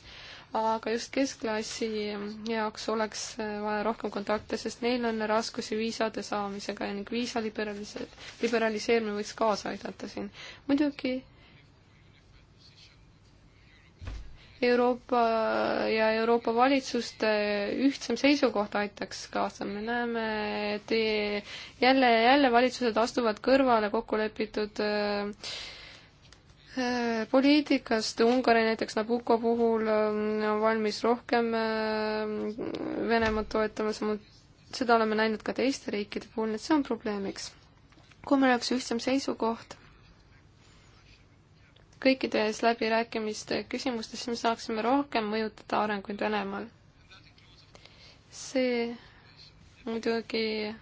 aga just keskklassi jaoks oleks vaja rohkem kontakte, sest neil on raskusi viisade saamisega ja ning viisa liberalise-, liberaliseerimine võiks kaasa aidata siin. muidugi Euroopa ja Euroopa valitsuste ühtsem seisukoht aitaks kaasa. me näeme, et jälle ja jälle valitsused astuvad kõrvale kokkulepitud äh, äh, poliitikast, Ungari näiteks Nabucco puhul äh, on valmis rohkem Venemaad toetama, samuti seda oleme näinud ka teiste riikide puhul, nii et see on probleemiks. kui meil oleks ühtsem seisukoht kõikides läbirääkimiste küsimustes, siis me saaksime rohkem mõjutada arenguid Venemaal. see muidugi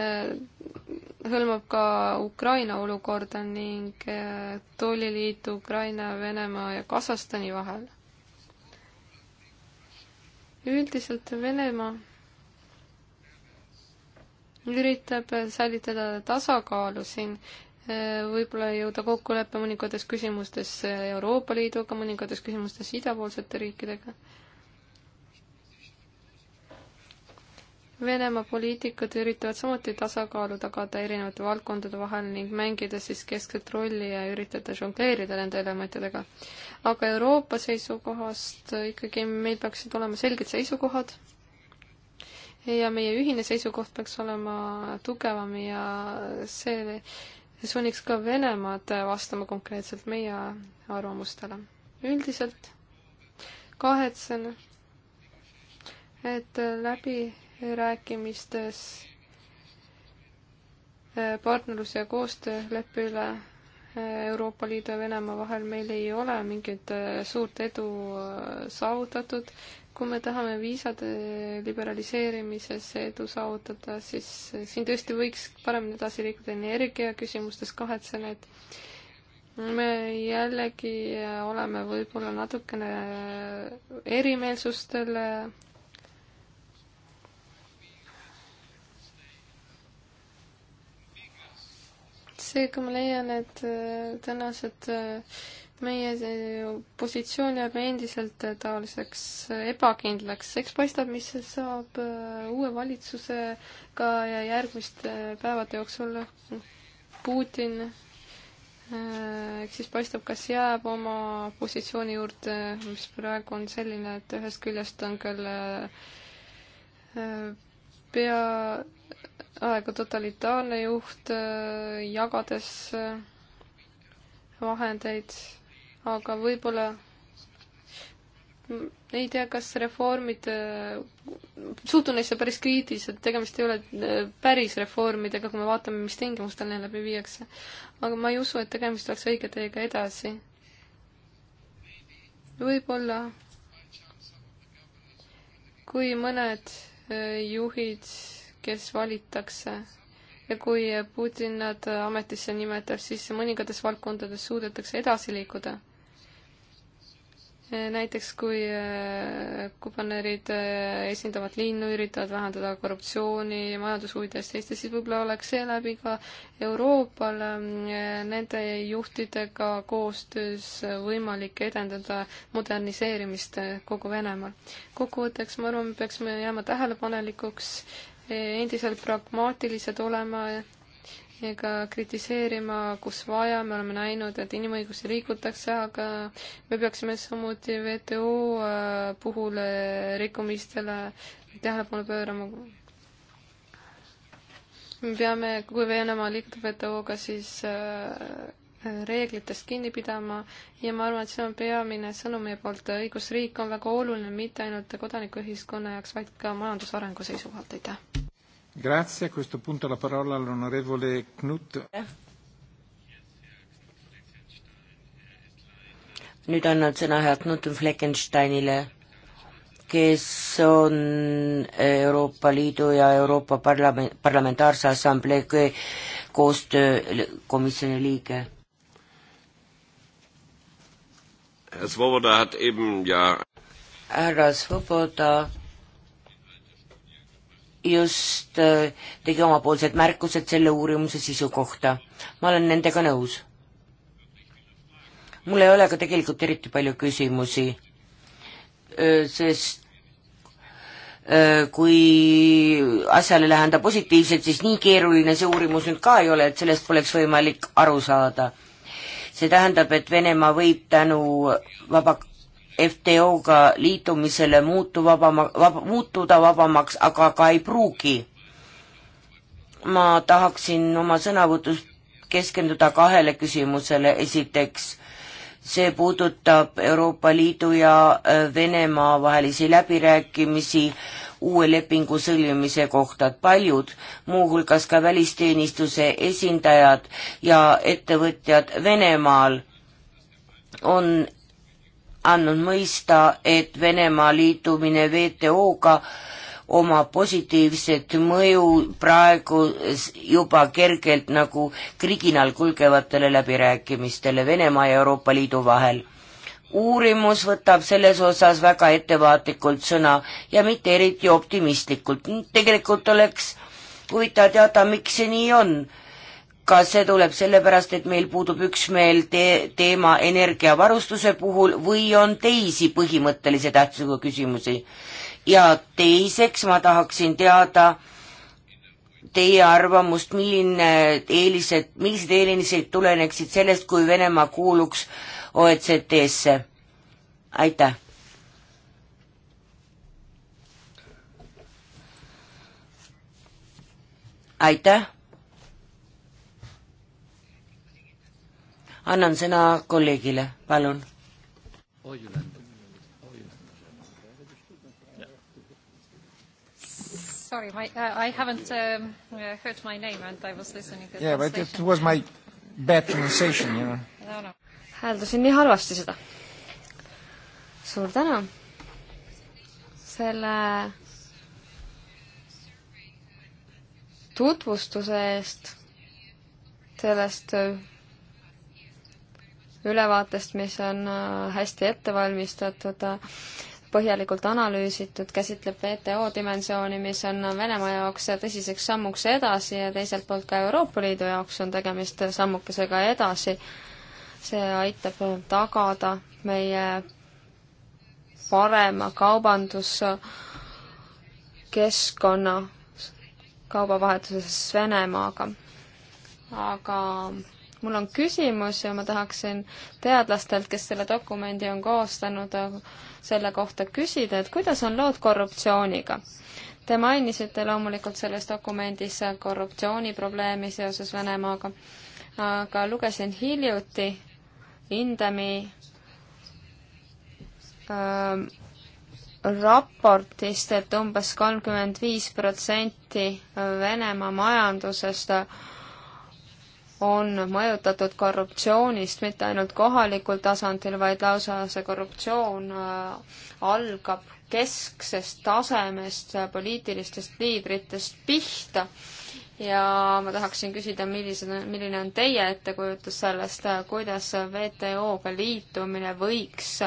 äh, hõlmab ka Ukraina olukorda ning äh, tolliliitu Ukraina, Venemaa ja Kasahstani vahel. üldiselt Venemaa üritab säilitada tasakaalu siin Äh, võib-olla jõuda kokkuleppe mõningates küsimustes äh, Euroopa Liiduga, mõningates küsimustes idapoolsete riikidega. Venemaa poliitikud üritavad samuti tasakaalu tagada erinevate valdkondade vahel ning mängida siis keskset rolli ja üritada žongleerida nende elementidega. aga Euroopa seisukohast ikkagi meil peaksid olema selged seisukohad ja meie ühine seisukoht peaks olema tugevam ja see sunniks ka Venemaad äh, vastama konkreetselt meie arvamustele. üldiselt kahetsen, et äh, läbirääkimistes äh, partnerluse ja koostööleppe üle Euroopa Liidu ja Venemaa vahel meil ei ole mingit suurt edu saavutatud kui me tahame viisade liberaliseerimises edu saavutada, siis siin tõesti võiks paremini edasi liikuda energiaküsimustes, kahetsen, et me jällegi oleme võib-olla natukene erimeelsustel. seega ma leian, et tänased meie positsioon jääb endiselt taoliseks ebakindlaks, eks paistab, mis saab äh, uue valitsusega ja järgmiste äh, päevade jooksul noh, Putin äh, eks siis paistab, kas jääb oma positsiooni juurde, mis praegu on selline, et ühest küljest on küll peaaegu totalitaarne juht, jagades vahendeid aga võib-olla ei tea, kas reformid, suhtun neisse päris kriitiliselt, tegemist ei ole äh, päris reformidega, kui me vaatame, mis tingimustel neid läbi viiakse. aga ma ei usu, et tegemist oleks õige teega edasi. võib-olla kui mõned äh, juhid, kes valitakse ja kui Putin nad ametisse nimetab, siis mõningates valdkondades suudetakse edasi liikuda Eh, näiteks kui eh, kupanerid eh, esindavad linnu, üritavad vähendada korruptsiooni ja majandushuvidest Eestis, siis võib-olla oleks seeläbi ka Euroopal nende juhtidega koostöös võimalik edendada moderniseerimist kogu Venemaal. kokkuvõtteks ma arvan, me peaksime jääma tähelepanelikuks, endiselt pragmaatilised olema ega kritiseerima, kus vaja, me oleme näinud, et inimõigusi rikutakse, aga me peaksime samuti WTO äh, puhul äh, rikkumistele tähelepanu pöörama. me peame, kui Venemaa liitub WTO-ga, siis äh, reeglitest kinni pidama ja ma arvan, et see on peamine sõnum meie poolt, õigusriik on väga oluline mitte ainult kodanikuühiskonna jaoks, vaid ka majandusarengu seisukohalt, aitäh! Grazie, a questo punto la parola all'onorevole Knut. nüüd annan sõna head Knut Fleckensteinile, kes on Euroopa Liidu ja Euroopa Parlament, Parlamentaarse Assamblee koostöökomisjoni liige. härra Svoboda just äh, tegi omapoolsed märkused selle uurimuse sisu kohta. ma olen nendega nõus. mul ei ole ka tegelikult eriti palju küsimusi, äh, sest äh, kui asjale läheneda positiivselt, siis nii keeruline see uurimus nüüd ka ei ole, et sellest poleks võimalik aru saada. see tähendab, et Venemaa võib tänu vaba FTO-ga liitumisele muutu vabama, vab, muutuda vabamaks, aga ka ei pruugi. ma tahaksin oma sõnavõtus keskenduda kahele küsimusele, esiteks see puudutab Euroopa Liidu ja äh, Venemaa vahelisi läbirääkimisi uue lepingu sõlmimise kohta. paljud, muuhulgas ka välisteenistuse esindajad ja ettevõtjad Venemaal on andnud mõista, et Venemaa liitumine WTO-ga omab positiivset mõju praegu juba kergelt nagu kriginal kulgevatele läbirääkimistele Venemaa ja Euroopa Liidu vahel. uurimus võtab selles osas väga ettevaatlikult sõna ja mitte eriti optimistlikult. tegelikult oleks huvitav teada, miks see nii on ka see tuleb sellepärast, et meil puudub üksmeel te teema energiavarustuse puhul või on teisi põhimõttelise tähtsusega küsimusi. ja teiseks ma tahaksin teada teie arvamust, milline eelised, millised eelised tuleneksid sellest, kui Venemaa kuuluks OECD-sse? aitäh. aitäh annan sõna kolleegile, palun. Sorry, my, uh, I haven't um, uh, heard my name and I was listening to yeah, but it was my bad pronunciation, you know. No, no. hääldasin nii halvasti seda. suur tänu selle tutvustuse eest sellest ülevaatest, mis on äh, hästi ette valmistatud, äh, põhjalikult analüüsitud, käsitleb WTO dimensiooni, mis on Venemaa jaoks tõsiseks sammuks edasi ja teiselt poolt ka Euroopa Liidu jaoks on tegemist sammukesega edasi. see aitab tagada meie parema kaubanduskeskkonna kaubavahetuses Venemaaga. aga mul on küsimus ja ma tahaksin teadlastelt, kes selle dokumendi on koostanud, selle kohta küsida, et kuidas on lood korruptsiooniga? Te mainisite loomulikult selles dokumendis korruptsiooniprobleemi seoses Venemaaga, aga lugesin hiljuti Indami ähm, raportist, et umbes kolmkümmend viis protsenti Venemaa majandusest äh, on mõjutatud korruptsioonist mitte ainult kohalikul tasandil, vaid lausa see korruptsioon äh, algab kesksest tasemest, äh, poliitilistest liidritest pihta. ja ma tahaksin küsida, millised, milline on teie ettekujutus sellest, äh, kuidas WTO-ga liitumine võiks,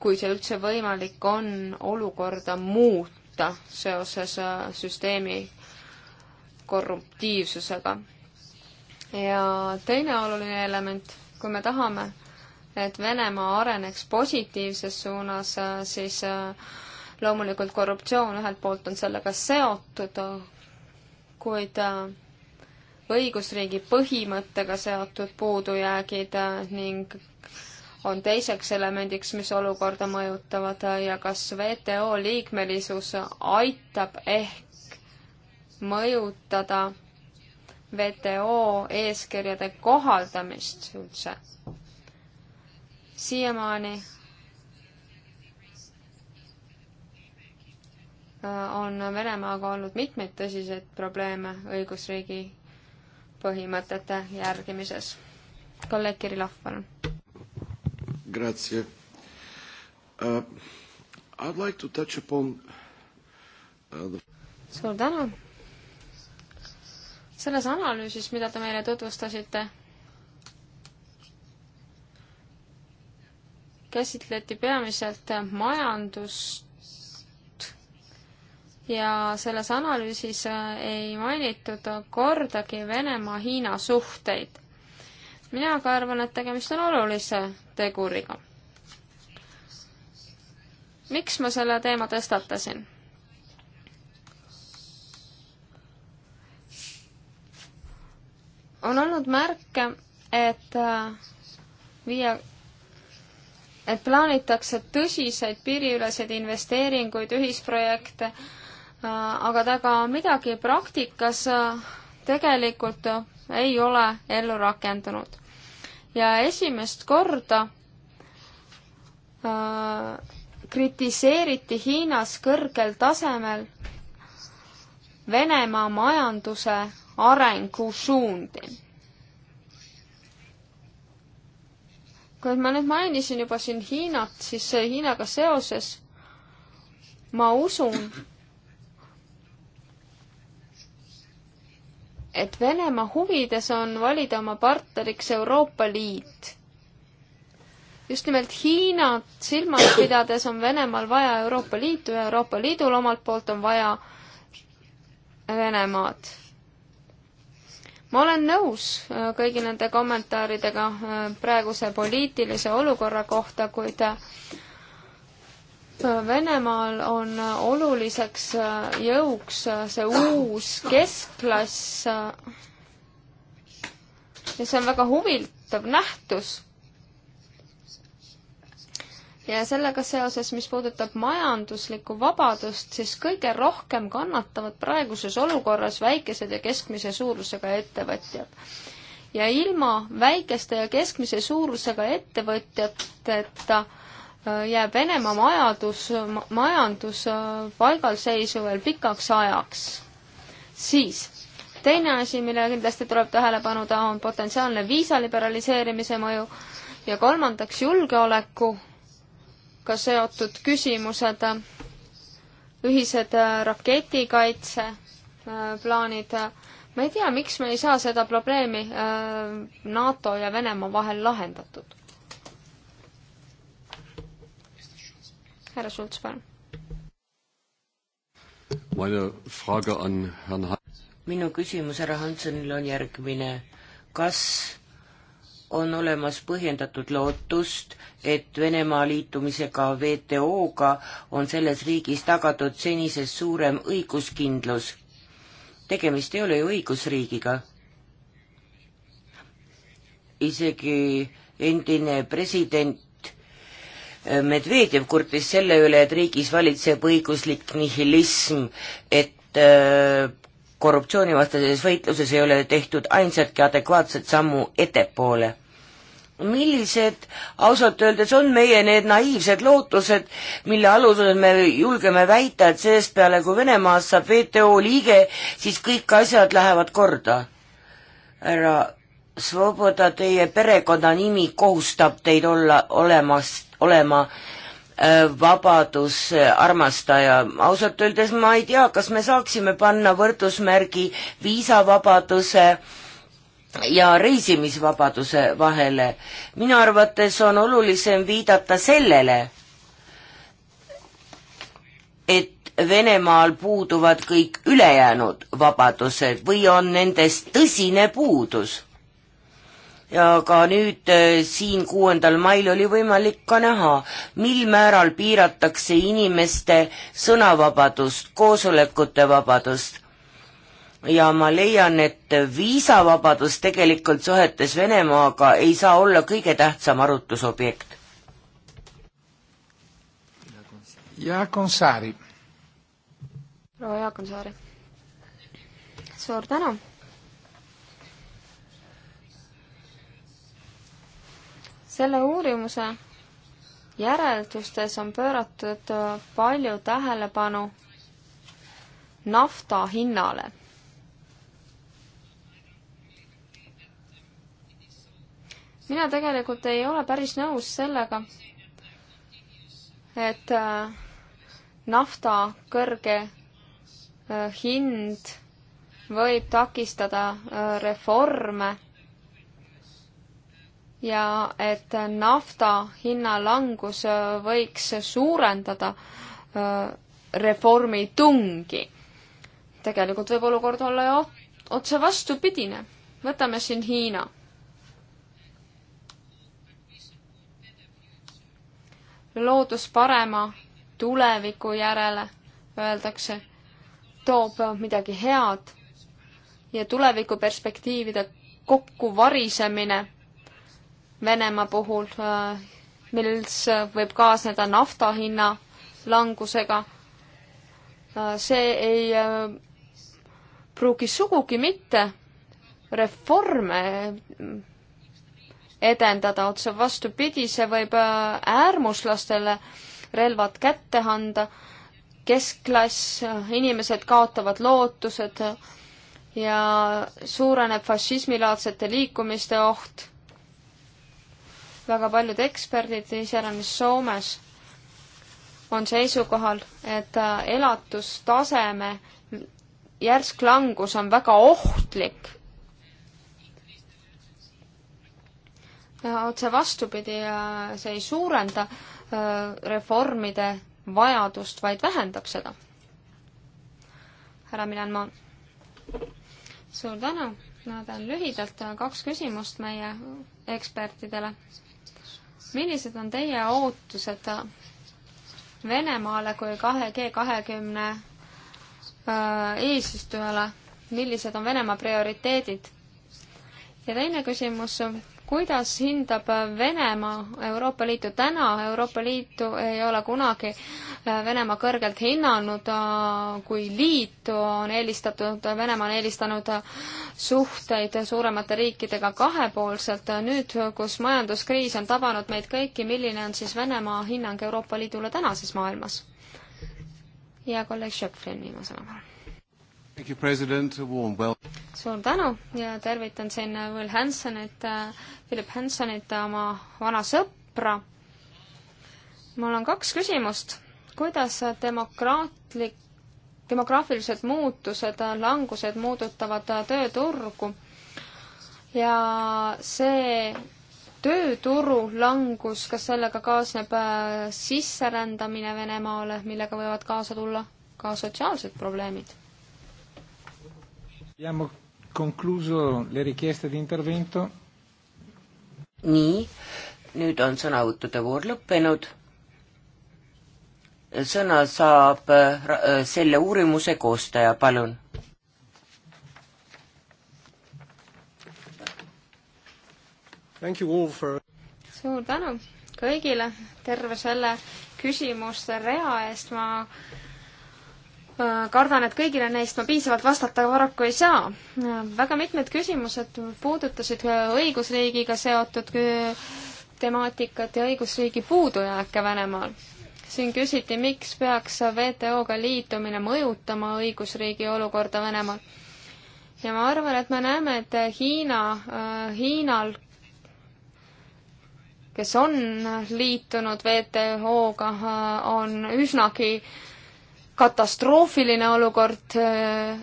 kui see üldse võimalik on, olukorda muuta seoses süsteemi korruptiivsusega ja teine oluline element, kui me tahame, et Venemaa areneks positiivses suunas, siis äh, loomulikult korruptsioon ühelt poolt on sellega seotud, kuid äh, õigusriigi põhimõttega seotud puudujäägid äh, ning on teiseks elemendiks, mis olukorda mõjutavad ja kas WTO liikmelisus aitab ehk mõjutada WTO eeskirjade kohaldamist üldse. siiamaani äh, on Venemaaga olnud mitmeid tõsiseid probleeme õigusriigi põhimõtete järgimises. kolleeg Kirillov, palun. Grazie uh,. I'd like to touch upon uh, the... suur tänu selles analüüsis, mida te meile tutvustasite, käsitleti peamiselt majandust ja selles analüüsis äh, ei mainitud kordagi Venemaa-Hiina suhteid. mina aga arvan, et tegemist on olulise teguriga. miks ma selle teema tõstatasin? on olnud märke, et äh, viia, et plaanitakse tõsiseid piiriüleseid investeeringuid, ühisprojekte, äh, aga taga midagi praktikas äh, tegelikult ei ole ellu rakendunud. ja esimest korda kritiseeriti Hiinas kõrgel tasemel Venemaa majanduse arengusuundi. kui ma nüüd mainisin juba siin Hiinat, siis Hiinaga seoses ma usun, et Venemaa huvides on valida oma partneriks Euroopa Liit just nimelt Hiinat silmas pidades on Venemaal vaja Euroopa Liitu ja Euroopa Liidul omalt poolt on vaja Venemaad ma olen nõus äh, kõigi nende kommentaaridega äh, praeguse poliitilise olukorra kohta, kuid äh, Venemaal on oluliseks jõuks see uus keskklass ja see on väga huvitav nähtus ja sellega seoses, mis puudutab majanduslikku vabadust, siis kõige rohkem kannatavad praeguses olukorras väikesed ja keskmise suurusega ettevõtjad. ja ilma väikeste ja keskmise suurusega ettevõtjateta äh, jääb Venemaa majandus, majandus äh, palgalseisu veel pikaks ajaks. siis teine asi, millele kindlasti tuleb tähelepanu taha, on potentsiaalne viisa liberaliseerimise mõju ja kolmandaks julgeoleku ka seotud küsimused, ühised äh, raketikaitseplaanid. Äh, ma ei tea, miks me ei saa seda probleemi äh, NATO ja Venemaa vahel lahendatud. härra Schultz, palun. minu küsimus härra Hansonile on järgmine. kas on olemas põhjendatud lootust, et Venemaa liitumisega WTO-ga on selles riigis tagatud senisest suurem õiguskindlus. tegemist ei ole ju õigusriigiga. isegi endine president äh, Medvedjev kurtis selle üle, et riigis valitseb õiguslik nihilism, et äh, korruptsioonivastases võitluses ei ole tehtud ainsatki adekvaatset sammu ettepoole millised ausalt öeldes on meie need naiivsed lootused, mille alusel me julgeme väita, et sellest peale, kui Venemaast saab WTO liige, siis kõik asjad lähevad korda? härra Svoboda, teie perekonnanimi kohustab teid olla, olemas, olema äh, vabaduse armastaja. ausalt öeldes ma ei tea, kas me saaksime panna võrdusmärgi viisavabaduse äh, ja reisimisvabaduse vahele. minu arvates on olulisem viidata sellele, et Venemaal puuduvad kõik ülejäänud vabadused või on nendest tõsine puudus. ja ka nüüd eh, siin kuuendal mail oli võimalik ka näha, mil määral piiratakse inimeste sõnavabadust, koosolekute vabadust ja ma leian, et viisavabadus tegelikult suhetes Venemaaga ei saa olla kõige tähtsam arutlusobjekt. Jaakon Saari. proua Jaakon Saari. suur tänu. selle uurimuse järeldustes on pööratud palju tähelepanu nafta hinnale mina tegelikult ei ole päris nõus sellega, et äh, nafta kõrge äh, hind võib takistada äh, reforme ja et nafta hinna langus võiks suurendada reformi tungi. tegelikult võib olukord olla ju otse vastupidine. võtame siin Hiina loodus parema tuleviku järele, öeldakse, toob midagi head ja tulevikuperspektiivide kokkuvarisemine Venemaa puhul, äh, mis võib kaasneda nafta hinna langusega, äh, see ei äh, pruugi sugugi mitte reforme edendada, otse vastupidi, see võib äh, äärmuslastele relvad kätte anda, keskklass, äh, inimesed kaotavad lootused ja suureneb fašismilaadsete liikumiste oht. väga paljud eksperdid, iseäranis Soomes, on seisukohal, et äh, elatustaseme järsk langus on väga ohtlik otse vastupidi, see ei suurenda äh, reformide vajadust, vaid vähendab seda. härra Milan-Maan. suur tänu, ma teen lühidalt äh, kaks küsimust meie ekspertidele. millised on teie ootused äh, Venemaale kui kahe G kahekümne eesistujale, millised on Venemaa prioriteedid? ja teine küsimus kuidas hindab Venemaa Euroopa Liitu täna, Euroopa Liitu ei ole kunagi äh, Venemaa kõrgelt hinnanud äh, kui liitu, on eelistatud, Venemaa on eelistanud äh, suhteid suuremate riikidega kahepoolselt, nüüd kus majanduskriis on tabanud meid kõiki, milline on siis Venemaa hinnang Euroopa Liidule tänases maailmas? ja kolleeg Šeflin viimasena suur tänu ja tervitan siin Will Hansonit, äh, Philip Hansonit, oma vana sõpra. mul on kaks küsimust. kuidas demokraatlik, demograafilised muutused, langused muudutavad tööturgu ja see tööturu langus, kas sellega kaasneb äh, sisserändamine Venemaale, millega võivad kaasa tulla ka sotsiaalsed probleemid? Abbiamo concluso le richieste di intervento. nii, nüüd on sõnavõttude voor lõppenud. sõna saab äh, selle uurimuse koostaja, palun For... suur tänu kõigile terve selle küsimuste rea eest, ma Äh, kardan, et kõigile neist ma piisavalt vastata paraku ei saa. Äh, väga mitmed küsimused puudutasid äh, õigusriigiga seotud temaatikat ja õigusriigi puudujääke Venemaal. siin küsiti, miks peaks WTO-ga liitumine mõjutama õigusriigi olukorda Venemaal. ja ma arvan, et me näeme, et Hiina, Hiinal kes on liitunud WTO-ga, on üsnagi äh, katastroofiline olukord äh,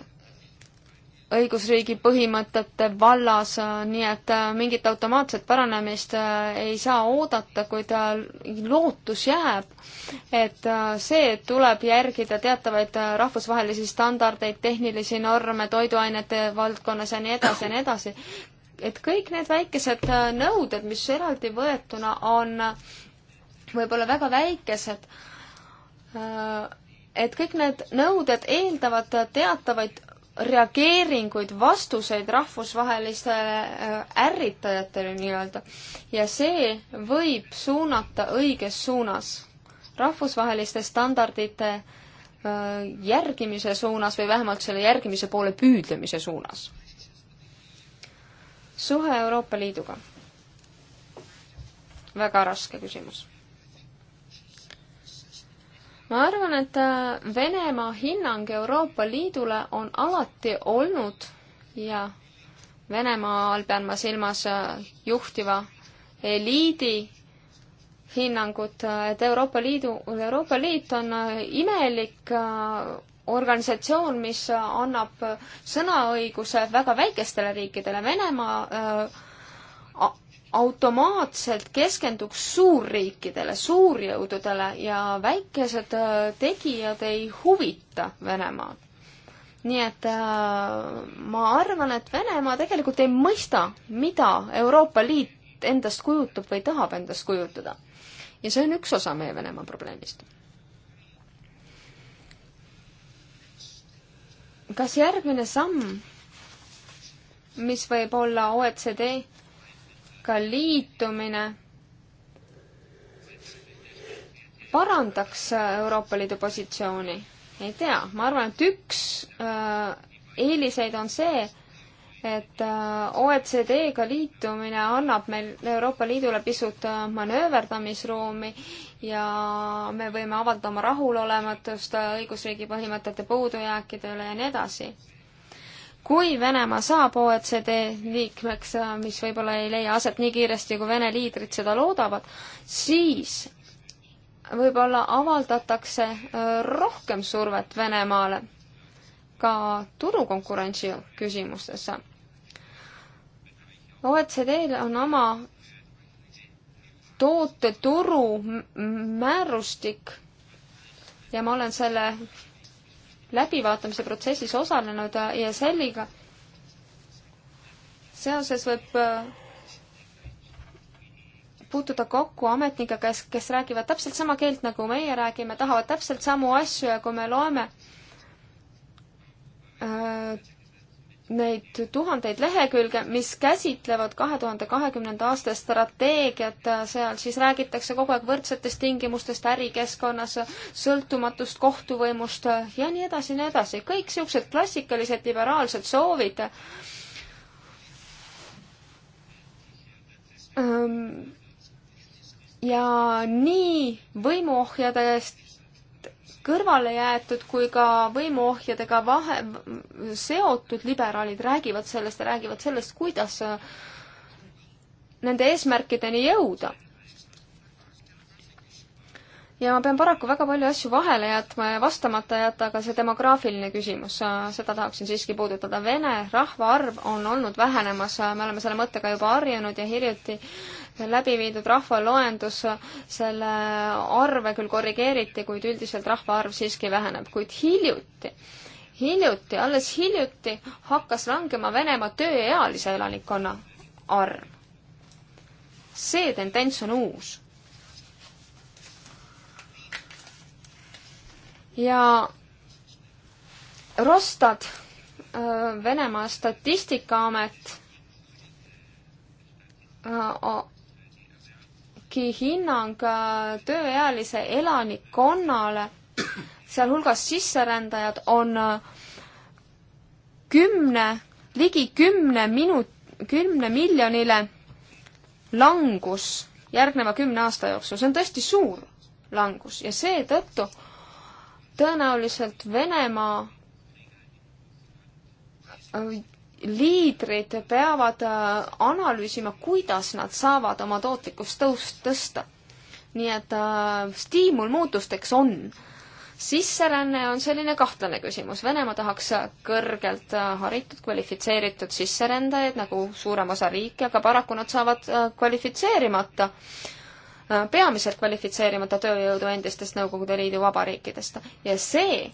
õigusriigi põhimõtete vallas, äh, nii et äh, mingit automaatset paranemist ei saa oodata, kuid lootus jääb, et see, et tuleb järgida teatavaid rahvusvahelisi standardeid, tehnilisi norme toiduainete valdkonnas ja nii edasi ja nii edasi, et kõik need väikesed nõuded, mis eraldi võetuna on võib-olla väga väikesed, et kõik need nõuded eeldavad teatavaid reageeringuid, vastuseid rahvusvahelistele äh, ärritajatele nii-öelda. ja see võib suunata õiges suunas, rahvusvaheliste standardite äh, järgimise suunas või vähemalt selle järgimise poole püüdlemise suunas. suhe Euroopa Liiduga. väga raske küsimus ma arvan, et äh, Venemaa hinnang Euroopa Liidule on alati olnud ja Venemaal pean ma silmas äh, juhtiva eliidi hinnangut, äh, et Euroopa Liidu, Euroopa Liit on imelik organisatsioon, mis annab sõnaõiguse väga väikestele riikidele. Venemaa automaatselt keskenduks suurriikidele, suurjõududele ja väikesed äh, tegijad ei huvita Venemaad. nii et äh, ma arvan, et Venemaa tegelikult ei mõista, mida Euroopa Liit endast kujutab või tahab endast kujutada. ja see on üks osa meie Venemaa probleemist. kas järgmine samm, mis võib olla OECD Liiduga liitumine parandaks Euroopa Liidu positsiooni? ei tea, ma arvan, et üks äh, eeliseid on see, et äh, OECD-ga liitumine annab meil Euroopa Liidule pisut äh, manööverdamisruumi ja me võime avaldada oma rahulolematust äh, õigusriigi põhimõtete puudujääkide üle ja nii edasi kui Venemaa saab OECD liikmeks, äh, mis võib-olla ei leia aset nii kiiresti, kui Vene liidrid seda loodavad, siis võib-olla avaldatakse äh, rohkem survet Venemaale ka turukonkurentsi küsimustes. OECD-l on oma tooteturu määrustik ja ma olen selle läbivaatamise protsessis osalenud ja äh, e selliga seoses võib äh, puutuda kokku ametnikega, kes, kes räägivad täpselt sama keelt, nagu meie räägime, tahavad täpselt samu asju ja kui me loeme öö, äh, neid tuhandeid lehekülge, mis käsitlevad kahe tuhande kahekümnenda aasta strateegiat, seal siis räägitakse kogu aeg võrdsetest tingimustest ärikeskkonnas, sõltumatust kohtuvõimust ja nii edasi ja nii edasi. kõik niisugused klassikalised liberaalsed soovid ähm, ja nii võimuohjade eest kõrvale jäetud kui ka võimuohjadega vahe, seotud liberaalid räägivad sellest ja räägivad sellest, kuidas äh, nende eesmärkideni jõuda. ja ma pean paraku väga palju asju vahele jätma ja vastamata jätta ka see demograafiline küsimus, äh, seda tahaksin siiski puudutada. Vene rahvaarv on olnud vähenemas, äh, me oleme selle mõttega juba harjunud ja hiljuti läbi viidud rahvaloendus, selle arve küll korrigeeriti, kuid üldiselt rahvaarv siiski väheneb, kuid hiljuti hiljuti, alles hiljuti hakkas langema Venemaa tööealise elanikkonna arv. see tendents on uus ja Rostad, Venemaa statistikaamet riigi hinnang äh, tööealise elanikkonnale, sealhulgas sisserändajad, on äh, kümne, ligi kümne minut-, kümne miljonile langus järgneva kümne aasta jooksul, see on tõesti suur langus ja seetõttu tõenäoliselt Venemaa äh, liidrid peavad äh, analüüsima, kuidas nad saavad oma tootlikkust tõust-, tõsta. nii et äh, stiimul muutusteks on. sisseränne on selline kahtlane küsimus. Venemaa tahaks kõrgelt äh, haritud, kvalifitseeritud sisserändajaid, nagu suurem osa riike, aga paraku nad saavad äh, kvalifitseerimata peamiselt kvalifitseerimata tööjõudu endistest Nõukogude Liidu vabariikidest ja see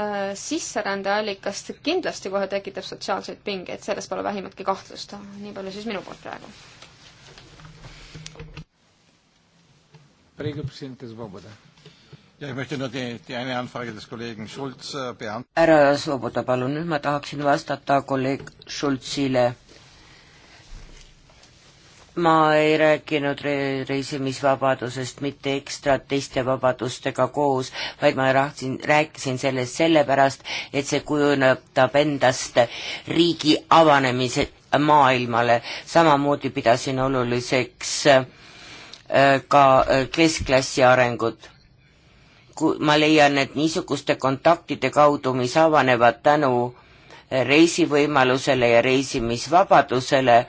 Äh, sisserändeallikast kindlasti kohe tekitab sotsiaalseid pingeid, selles pole vähimatki kahtlust. nii palju siis minu poolt praegu. Äh, härra Svoboda, palun, nüüd ma tahaksin vastata kolleeg Schultzile ma ei rääkinud re reisimisvabadusest mitte ekstra teiste vabadustega koos, vaid ma rahtsin, rääkisin sellest sellepärast, et see kujunetab endast riigi avanemise maailmale, samamoodi pidasin oluliseks äh, ka äh, keskklassi arengut. ma leian, et niisuguste kontaktide kaudu, mis avanevad tänu reisivõimalusele ja reisimisvabadusele,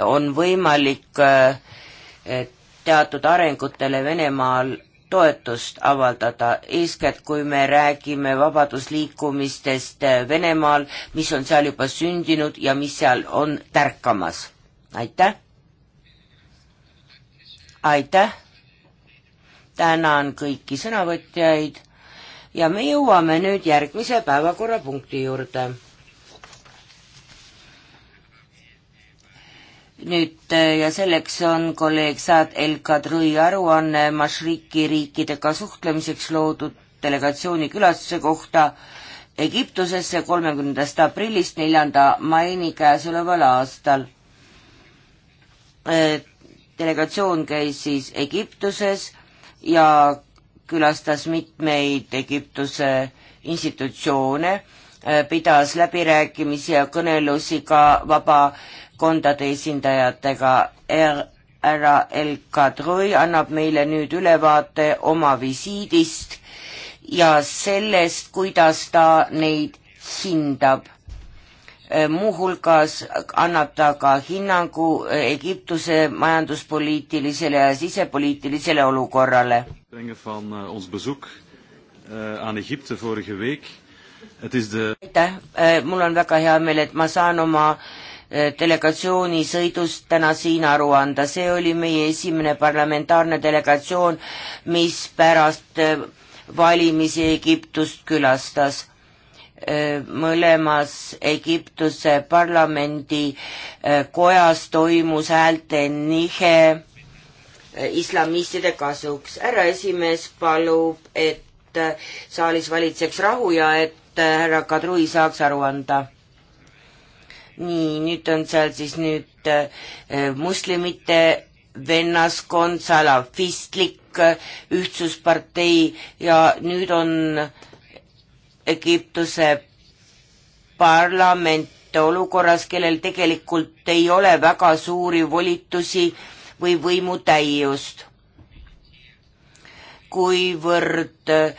on võimalik äh, teatud arengutele Venemaal toetust avaldada, eeskätt kui me räägime vabadusliikumistest äh, Venemaal, mis on seal juba sündinud ja mis seal on tärkamas. aitäh! aitäh! tänan kõiki sõnavõtjaid ja me jõuame nüüd järgmise päevakorrapunkti juurde nüüd äh, ja selleks on kolleeg Saad El-Kadri aruanne Mašriki riikidega suhtlemiseks loodud delegatsiooni külastuse kohta Egiptusesse kolmekümnendast aprillist neljanda maini käesoleval aastal. Äh, delegatsioon käis siis Egiptuses ja külastas mitmeid Egiptuse institutsioone, äh, pidas läbirääkimisi ja kõnelusi ka vaba valdkondade esindajatega. härra er-, El Kadri annab meile nüüd ülevaate oma visiidist ja sellest, kuidas ta neid hindab. Äh, muuhulgas annab ta ka hinnangu äh, Egiptuse majanduspoliitilisele ja sisepoliitilisele olukorrale. Äh, aitäh, mul on väga hea meel, et ma saan oma delegatsiooni sõidust täna siin aru anda. see oli meie esimene parlamentaarne delegatsioon, mis pärast äh, valimisi Egiptust külastas. Äh, mõlemas Egiptuse parlamendikojas äh, toimus häälte nihe islamistide kasuks. härra esimees palub, et saalis valitseks rahu ja et härra Kadri saaks aru anda nii, nüüd on seal siis nüüd äh, moslemite vennaskond, salafistlik äh, ühtsuspartei ja nüüd on Egiptuse parlament olukorras, kellel tegelikult ei ole väga suuri volitusi või võimutäiust. kuivõrd äh,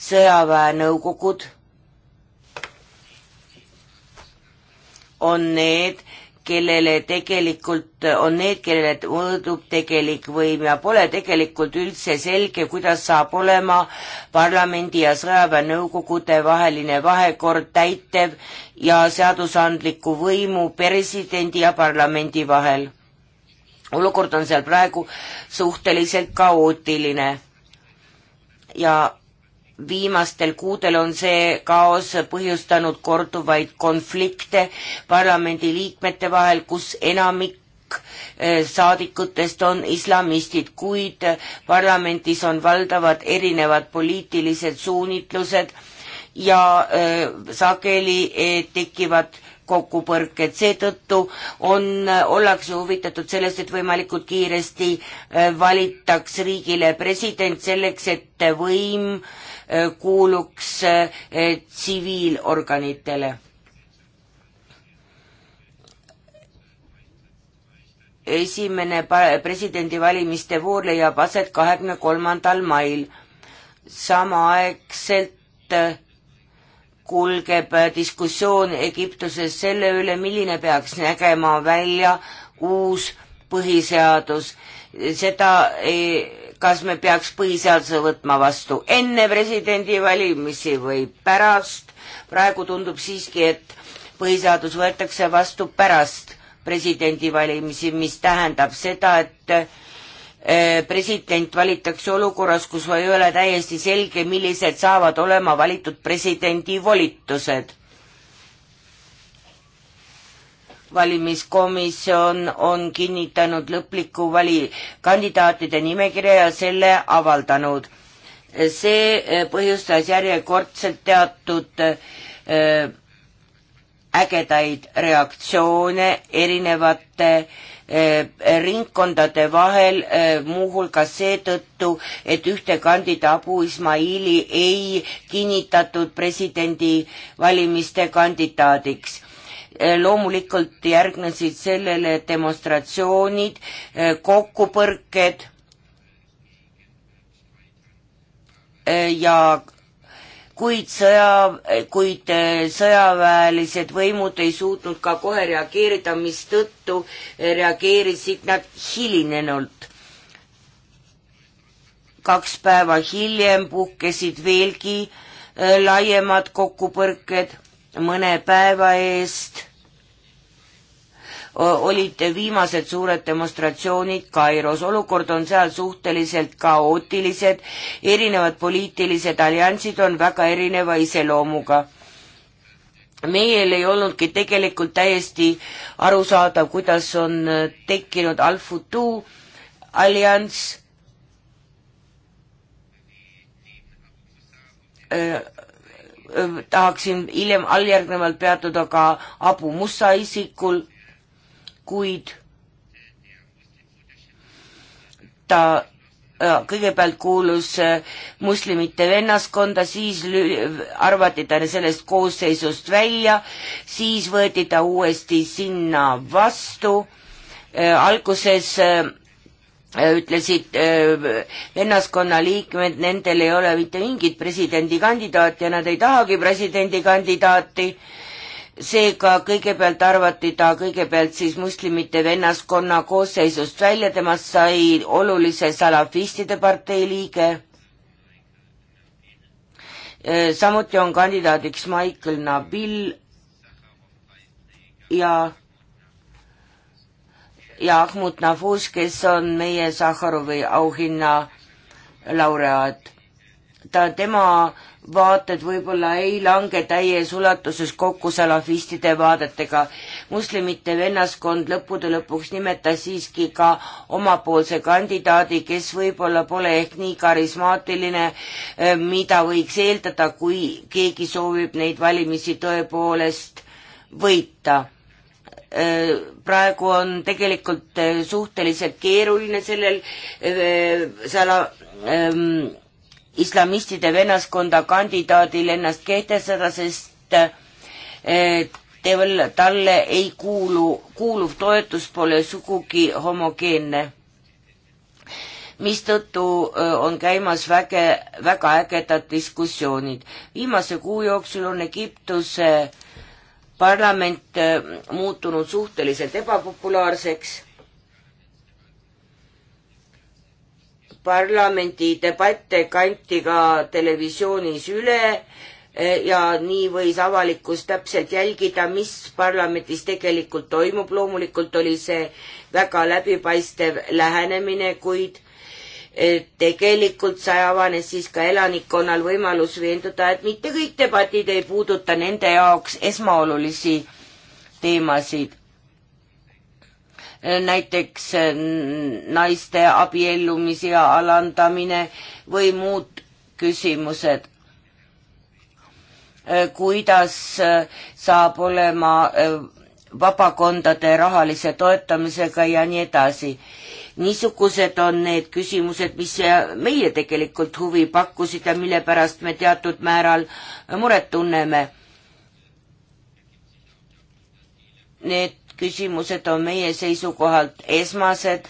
sõjaväenõukogud on need, kellele tegelikult, on need, kellele mõõdub tegelik võim ja pole tegelikult üldse selge, kuidas saab olema parlamendi ja sõjaväenõukogude vaheline vahekord täitev ja seadusandliku võimu presidendi ja parlamendi vahel. olukord on seal praegu suhteliselt kaootiline ja viimastel kuudel on see kaos põhjustanud korduvaid konflikte parlamendiliikmete vahel, kus enamik eh, saadikutest on islamistid, kuid parlamendis on valdavad erinevad poliitilised suunitlused ja eh, sageli eh, tekivad kokkupõrked, seetõttu on, ollakse huvitatud sellest, et võimalikult kiiresti valitaks riigile president selleks, et võim äh, Eh, kuuluks eh, tsiviilorganitele. esimene presidendivalimiste voor leiab aset kahekümne kolmandal mail. samaaegselt eh, kulgeb diskussioon Egiptuses selle üle, milline peaks nägema välja uus põhiseadus seda, kas me peaks põhiseaduse võtma vastu enne presidendivalimisi või pärast. praegu tundub siiski, et põhiseadus võetakse vastu pärast presidendivalimisi, mis tähendab seda, et e, president valitakse olukorras, kus ei ole täiesti selge, millised saavad olema valitud presidendi volitused valimiskomisjon on kinnitanud lõpliku vali-, kandidaatide nimekirja ja selle avaldanud. see e, põhjustas järjekordselt teatud e, ägedaid reaktsioone erinevate e, ringkondade vahel, muuhulgas seetõttu, et ühte kandidaabu Ismaili ei kinnitatud presidendivalimiste kandidaadiks Eh, loomulikult järgnesid sellele demonstratsioonid, eh, kokkupõrked eh, ja kuid sõja, kuid sõjaväelised võimud ei suutnud ka kohe reageerida, mistõttu reageerisid nad hilinenult. kaks päeva hiljem puhkesid veelgi laiemad kokkupõrked mõne päeva eest olid viimased suured demonstratsioonid Kairos. olukord on seal suhteliselt kaootilised, erinevad poliitilised alliansid on väga erineva iseloomuga. meil ei olnudki tegelikult täiesti arusaadav, kuidas on äh, tekkinud Al-Futu allianss, äh, äh, tahaksin hiljem alljärgnevalt peatuda ka Abu Musa isikul kuid ta äh, kõigepealt kuulus äh, muslimite vennaskonda, siis arvati ta sellest koosseisust välja, siis võeti ta uuesti sinna vastu. Äh, alguses ütlesid vennaskonna liikmed, nendel ei ole mitte mingit presidendikandidaati ja nad ei tahagi presidendikandidaati seega kõigepealt arvati ta kõigepealt siis moslemite vennaskonna koosseisust välja, temast sai olulise salafistide partei liige. Äh, samuti on kandidaadiks Michael Nabil ja, ja Ahmut Nafus, kes on meie Sahharovi auhinna laureaat. ta, tema äh, vaated võib-olla ei lange täies ulatuses kokku salafistide vaadetega. moslemite vennaskond lõppude lõpuks nimetas siiski ka omapoolse kandidaadi, kes võib-olla pole ehk nii karismaatiline, eh, mida võiks eeldada, kui keegi soovib neid valimisi tõepoolest võita eh, praegu on tegelikult eh, suhteliselt keeruline sellel sala ähm, islamistide vennaskonda kandidaadil ennast kehtestada, sest eh, tevel, talle ei kuulu, kuuluv toetus pole sugugi homogeenne. mistõttu eh, on käimas väge, väga ägedad diskussioonid. viimase kuu jooksul on Egiptuse parlament eh, muutunud suhteliselt ebapopulaarseks parlamendi debatte kanti ka televisioonis üle eh, ja nii võis avalikkus täpselt jälgida, mis parlamendis tegelikult toimub, loomulikult oli see väga läbipaistev lähenemine, kuid eh, tegelikult sai avanes siis ka elanikkonnal võimalus veenduda, et mitte kõik debatid ei puuduta nende jaoks esmaolulisi teemasid näiteks äh, naiste abiellumisi ja alandamine või muud küsimused. Äh, kuidas äh, saab olema vabakondade rahalise toetamisega ja nii edasi. niisugused on need küsimused, mis meie tegelikult huvi pakkusid ja mille pärast me teatud määral muret tunneme need küsimused on meie seisukohalt esmased,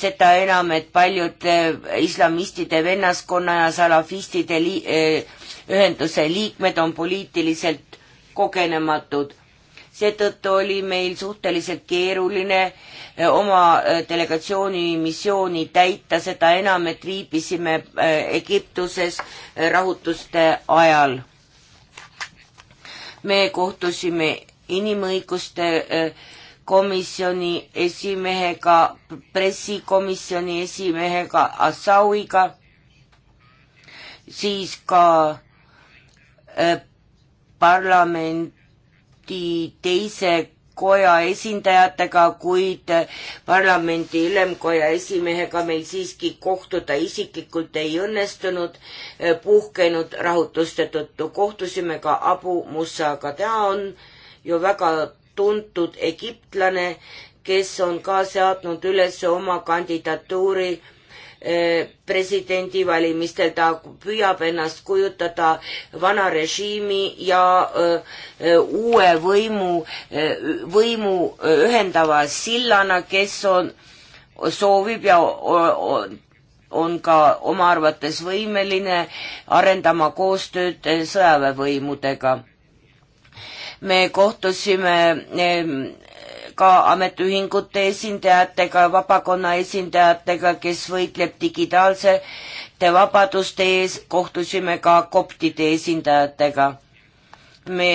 seda enam, et paljud eh, islamistide vennaskonna ja salafistide li eh, ühenduse liikmed on poliitiliselt kogenematud. seetõttu oli meil suhteliselt keeruline eh, oma delegatsiooni missiooni täita, seda enam, et viibisime Egiptuses rahutuste ajal me kohtusime inimõiguste eh, komisjoni esimehega, pressikomisjoni esimehega, Assauiga, siis ka eh, parlamenti teise koja esindajatega, kuid parlamendi ülemkoja esimehega meil siiski kohtuda isiklikult ei õnnestunud eh, puhkenud rahutuste tõttu. kohtusime ka Abu Musaga, ta on ju väga tuntud egiptlane, kes on ka seadnud üles oma kandidatuuri Eh, presidendivalimistel, ta püüab ennast kujutada vana režiimi ja eh, eh, uue võimu, võimu ühendava sillana, kes on, soovib ja on ka oma arvates võimeline arendama koostööd sõjaväevõimudega. me kohtusime ka ametiühingute esindajatega, vabakonna esindajatega, kes võitleb digitaalsete vabaduste ees, kohtusime ka koptide esindajatega. me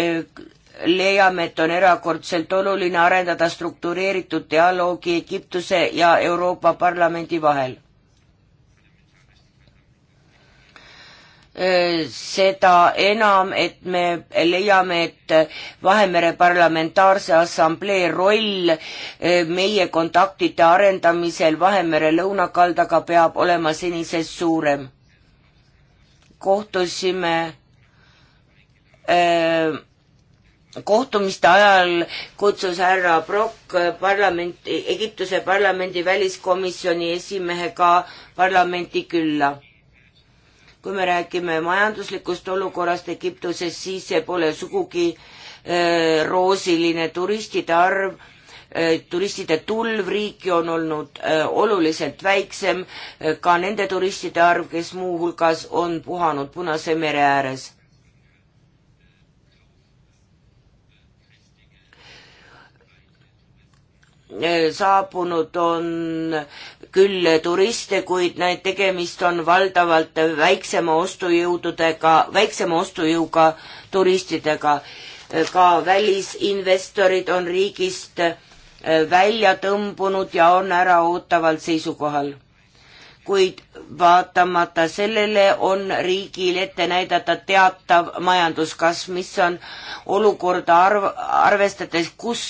e, leiame, et on erakordselt oluline arendada struktureeritud dialoogi Egiptuse ja Euroopa Parlamendi vahel Äh, seda enam, et me leiame, et Vahemere Parlamentaarse Assamblee roll äh, meie kontaktide arendamisel Vahemere lõunakaldaga peab olema senisest suurem. kohtusime äh, kohtumiste ajal kutsus härra Brock parlamenti, Egiptuse parlamendi väliskomisjoni esimehega parlamenti külla kui me räägime majanduslikust olukorrast Egiptuses, siis see pole sugugi öö, äh, roosiline, turistide arv äh, turistide tulv riiki on olnud äh, oluliselt väiksem, ka nende turistide arv, kes muuhulgas on puhanud Punase mere ääres. saabunud on küll turiste, kuid need tegemist on valdavalt väiksema ostujõududega, väiksema ostujõuga turistidega. ka välisinvestorid on riigist äh, välja tõmbunud ja on äraootaval seisukohal. kuid vaatamata sellele on riigil ette näidata teatav majanduskasv, mis on olukorda arv, arvestades, kus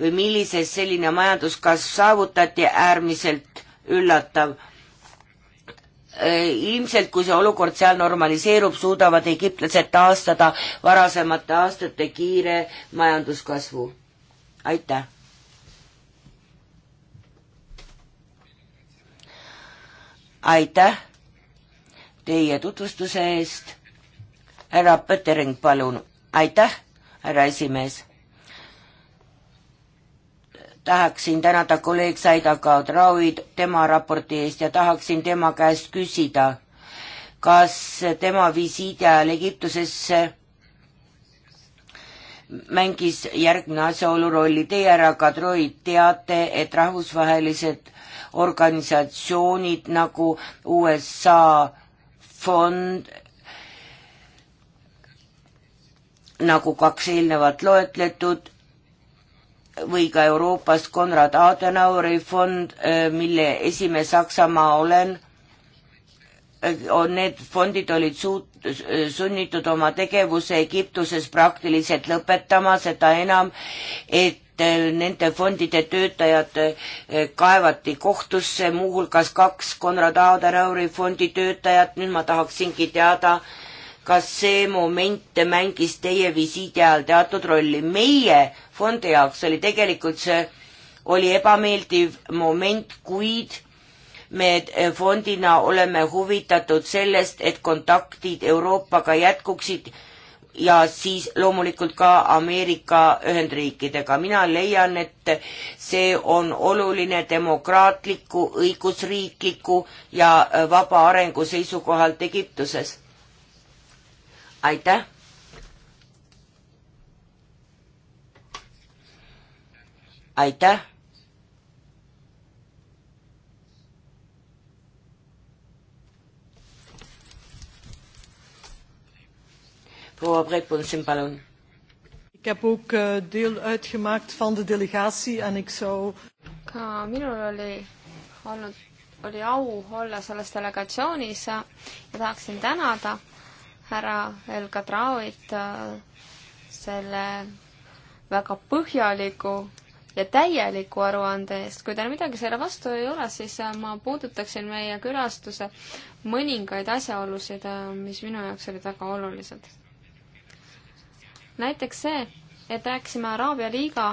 või millises selline majanduskasv saavutati äärmiselt üllatav. Äh, ilmselt, kui see olukord seal normaliseerub, suudavad egiptlased taastada varasemate aastate kiire majanduskasvu. aitäh! aitäh teie tutvustuse eest. härra Pöttering, palun. aitäh, härra esimees tahaksin tänada kolleeg Saida Kaudrauid tema raporti eest ja tahaksin tema käest küsida, kas tema visiidi ajal Egiptusesse mängis järgmine asjaolu rolli. Teie, härra Kadroid, teate, et rahvusvahelised organisatsioonid nagu USA fond, nagu kaks eelnevat loetletud, või ka Euroopas Konrad Adenauri fond, eh, mille esimees Saksamaa olen, eh, on need fondid olid suut-, sunnitud oma tegevuse Egiptuses praktiliselt lõpetama, seda enam, et eh, nende fondide töötajad kaevati kohtusse, muuhulgas kaks Konrad Adenauri fondi töötajat, nüüd ma tahaksingi teada, kas see moment mängis teie visiidi ajal teatud rolli? meie fondi jaoks oli tegelikult see, oli ebameeldiv moment, kuid me eh, fondina oleme huvitatud sellest, et kontaktid Euroopaga jätkuksid ja siis loomulikult ka Ameerika Ühendriikidega. mina leian, et see on oluline demokraatliku, õigusriikliku ja eh, vaba arengu seisukohalt Egiptuses aitäh. aitäh. proua Breitbundsen, palun. Ik heb ook eh, deel uitgemaakt van de delegatie en ik zou. ka minul oli olnud, oli au olla selles delegatsioonis ja tahaksin tänada härra El Kadraoit äh, selle väga põhjaliku ja täieliku aruande eest. kui teil midagi selle vastu ei ole, siis äh, ma puudutaksin meie külastuse mõningaid asjaolusid, äh, mis minu jaoks olid väga olulised. näiteks see, et rääkisime Araabia liiga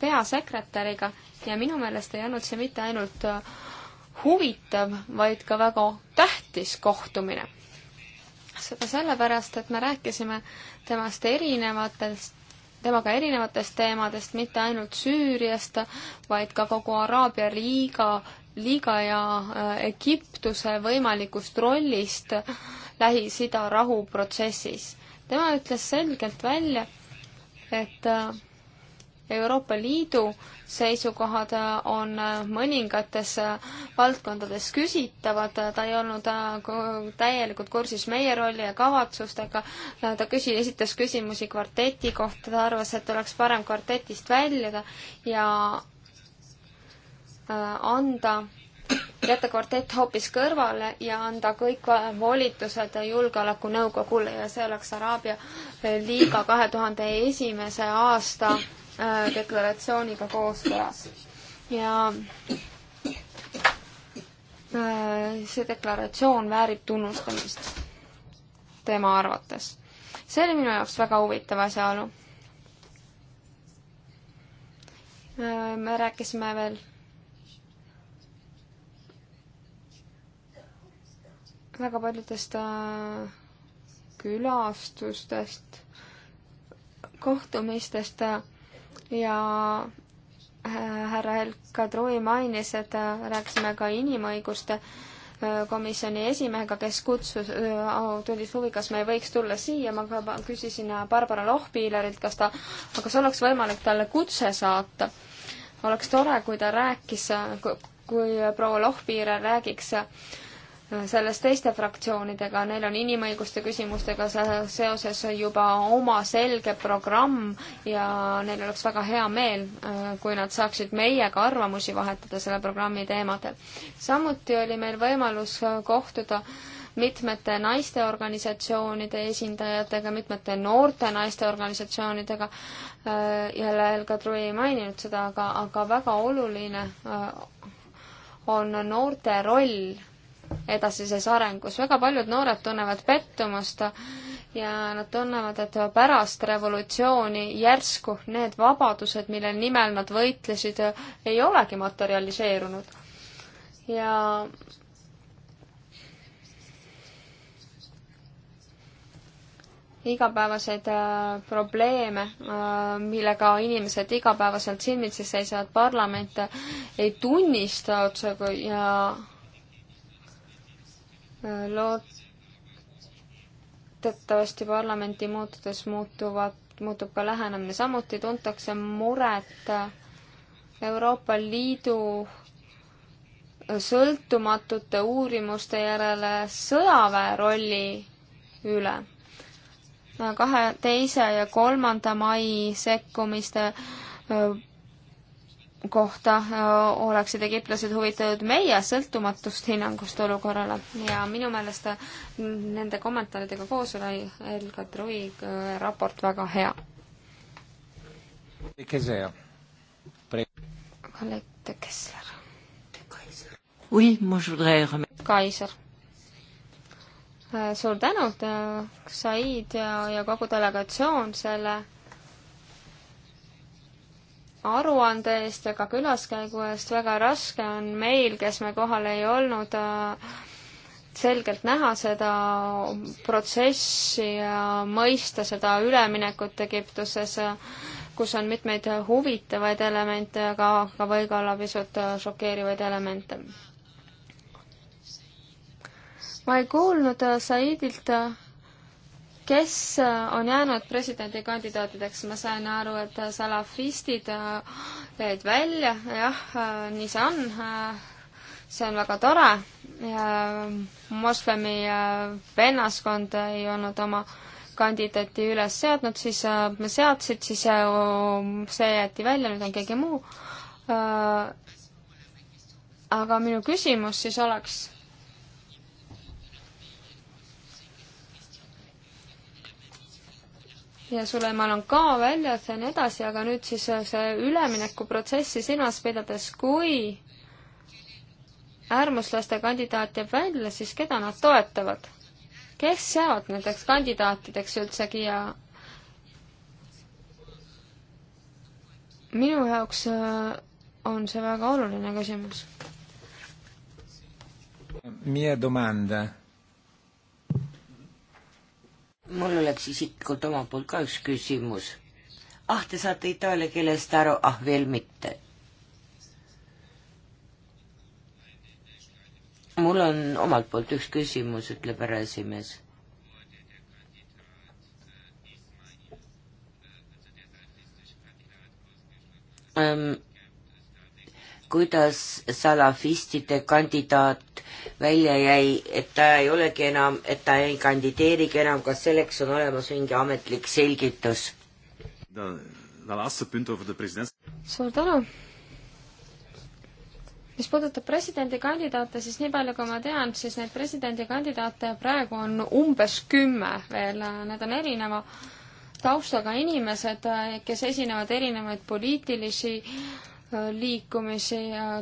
peasekretäriga ja minu meelest ei olnud see mitte ainult huvitav, vaid ka väga tähtis kohtumine seda sellepärast, et me rääkisime temast erinevatest, temaga erinevatest teemadest, mitte ainult Süüriast, vaid ka kogu Araabia liiga, liiga ja äh, Egiptuse võimalikust rollist Lähis-Ida rahuprotsessis. tema ütles selgelt välja, et äh, Euroopa Liidu seisukohad on mõningates valdkondades küsitavad, ta ei olnud täielikult kursis meie rolli ja kavatsustega, ta küsi-, esitas küsimusi kvarteti kohta, ta arvas, et oleks parem kvartetist väljuda ja äh, anda jätta kvartett hoopis kõrvale ja anda kõik volitused Julgeolekunõukogule ja see oleks Araabia liiga kahe tuhande esimese aasta Äh, deklaratsiooniga kooskõlas. ja äh, see deklaratsioon väärib tunnustamist tema arvates. see oli minu jaoks väga huvitav asjaolu. Äh, me rääkisime veel väga paljudest külastustest, kohtumistest ja äh, härra Helka Trui mainis, et äh, rääkisime ka inimõiguste äh, komisjoni esimehega, kes kutsus, tundis huvi, kas me ei võiks tulla siia, ma küsisin Barbara Lohpiilerilt, kas ta, kas oleks võimalik talle kutse saata. oleks tore, kui ta rääkis, kui proua Lohpiiler räägiks selles teiste fraktsioonidega, neil on inimõiguste küsimustega seoses juba oma selge programm ja neil oleks väga hea meel, äh, kui nad saaksid meiega arvamusi vahetada selle programmi teemadel. samuti oli meil võimalus äh, kohtuda mitmete naisteorganisatsioonide esindajatega, mitmete noorte naisteorganisatsioonidega, äh, jälle Helga Trui ei maininud seda, aga, aga väga oluline on noorte roll edasises arengus. väga paljud noored tunnevad pettumust ja nad tunnevad, et pärast revolutsiooni järsku need vabadused, mille nimel nad võitlesid, ei olegi materialiseerunud. ja igapäevaseid äh, probleeme äh,, millega inimesed igapäevaselt silmitsi seisavad, parlament ei tunnista otsekui ja äh, loodetavasti parlamenti muutudes muutuvad, muutub ka lähenemine, samuti tuntakse muret Euroopa Liidu sõltumatute uurimuste järele sõjaväe rolli üle. kahe teise ja kolmanda mai sekkumiste kohta äh, oleksid egiptlased huvitatud meie sõltumatust hinnangust olukorrale ja minu meelest nende kommentaaridega koos oli El Kadri äh, raport väga hea. Colette Kessler. Oui, moi je voudrais remercier. Kaiser. Äh, suur tänu, Said ja, ja kogu delegatsioon selle aruande eest ja ka külaskäigu eest, väga raske on meil, kes me kohal ei olnud, äh, selgelt näha seda protsessi ja mõista seda üleminekut Egiptuses, kus on mitmeid huvitavaid elemente, aga, aga võib-olla pisut šokeerivaid elemente. ma ei kuulnud äh, Saidilt äh, kes äh, on jäänud presidendikandidaatideks, ma sain aru, et äh, salafistid äh, jäid välja, jah, nii see on, see on väga tore, moslemi vennaskond ei olnud oma kandidaati üles seadnud, siis seadsid, siis see jäeti välja, nüüd on keegi muu. aga minu küsimus siis oleks ja Sulemal on ka väljas ja nii edasi, aga nüüd siis äh, see üleminekuprotsessi silmas pidades, kui äärmuslaste kandidaat jääb välja, siis keda nad toetavad? kes jäävad nendeks kandidaatideks üldsegi ja minu jaoks äh, on see väga oluline küsimus. Mia domanda mul oleks isiklikult oma poolt ka üks küsimus. ah, te saate itaalia keelest aru, ah veel mitte. mul on omalt poolt üks küsimus, ütleb härra esimees. Um, ähm kuidas salafistide kandidaat välja jäi, et ta ei olegi enam, et ta ei kandideerigi enam, kas selleks on olemas mingi ametlik selgitus? suur tänu! mis puudutab presidendikandidaate, siis nii palju, kui ma tean, siis neid presidendikandidaate praegu on umbes kümme veel, need on erineva taustaga inimesed, kes esinevad erinevaid poliitilisi äh, liikumisi,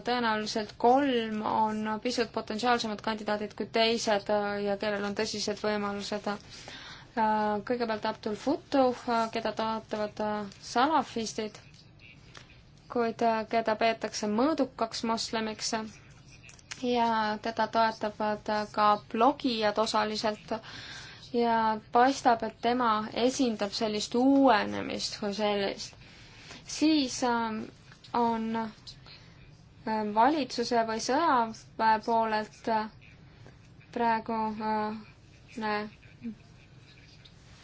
tõenäoliselt kolm on pisut potentsiaalsemad kandidaadid kui teised äh, ja kellel on tõsised võimalused. Äh, kõigepealt Abdul Futu, äh, keda toetavad salafistid, kuid keda peetakse mõõdukaks moslemiks ja teda toetavad ka blogijad osaliselt ja paistab, et tema esindab sellist uuenemist kui sellist. siis ähm, on ähm, valitsuse või sõjaväe poolelt praegune äh,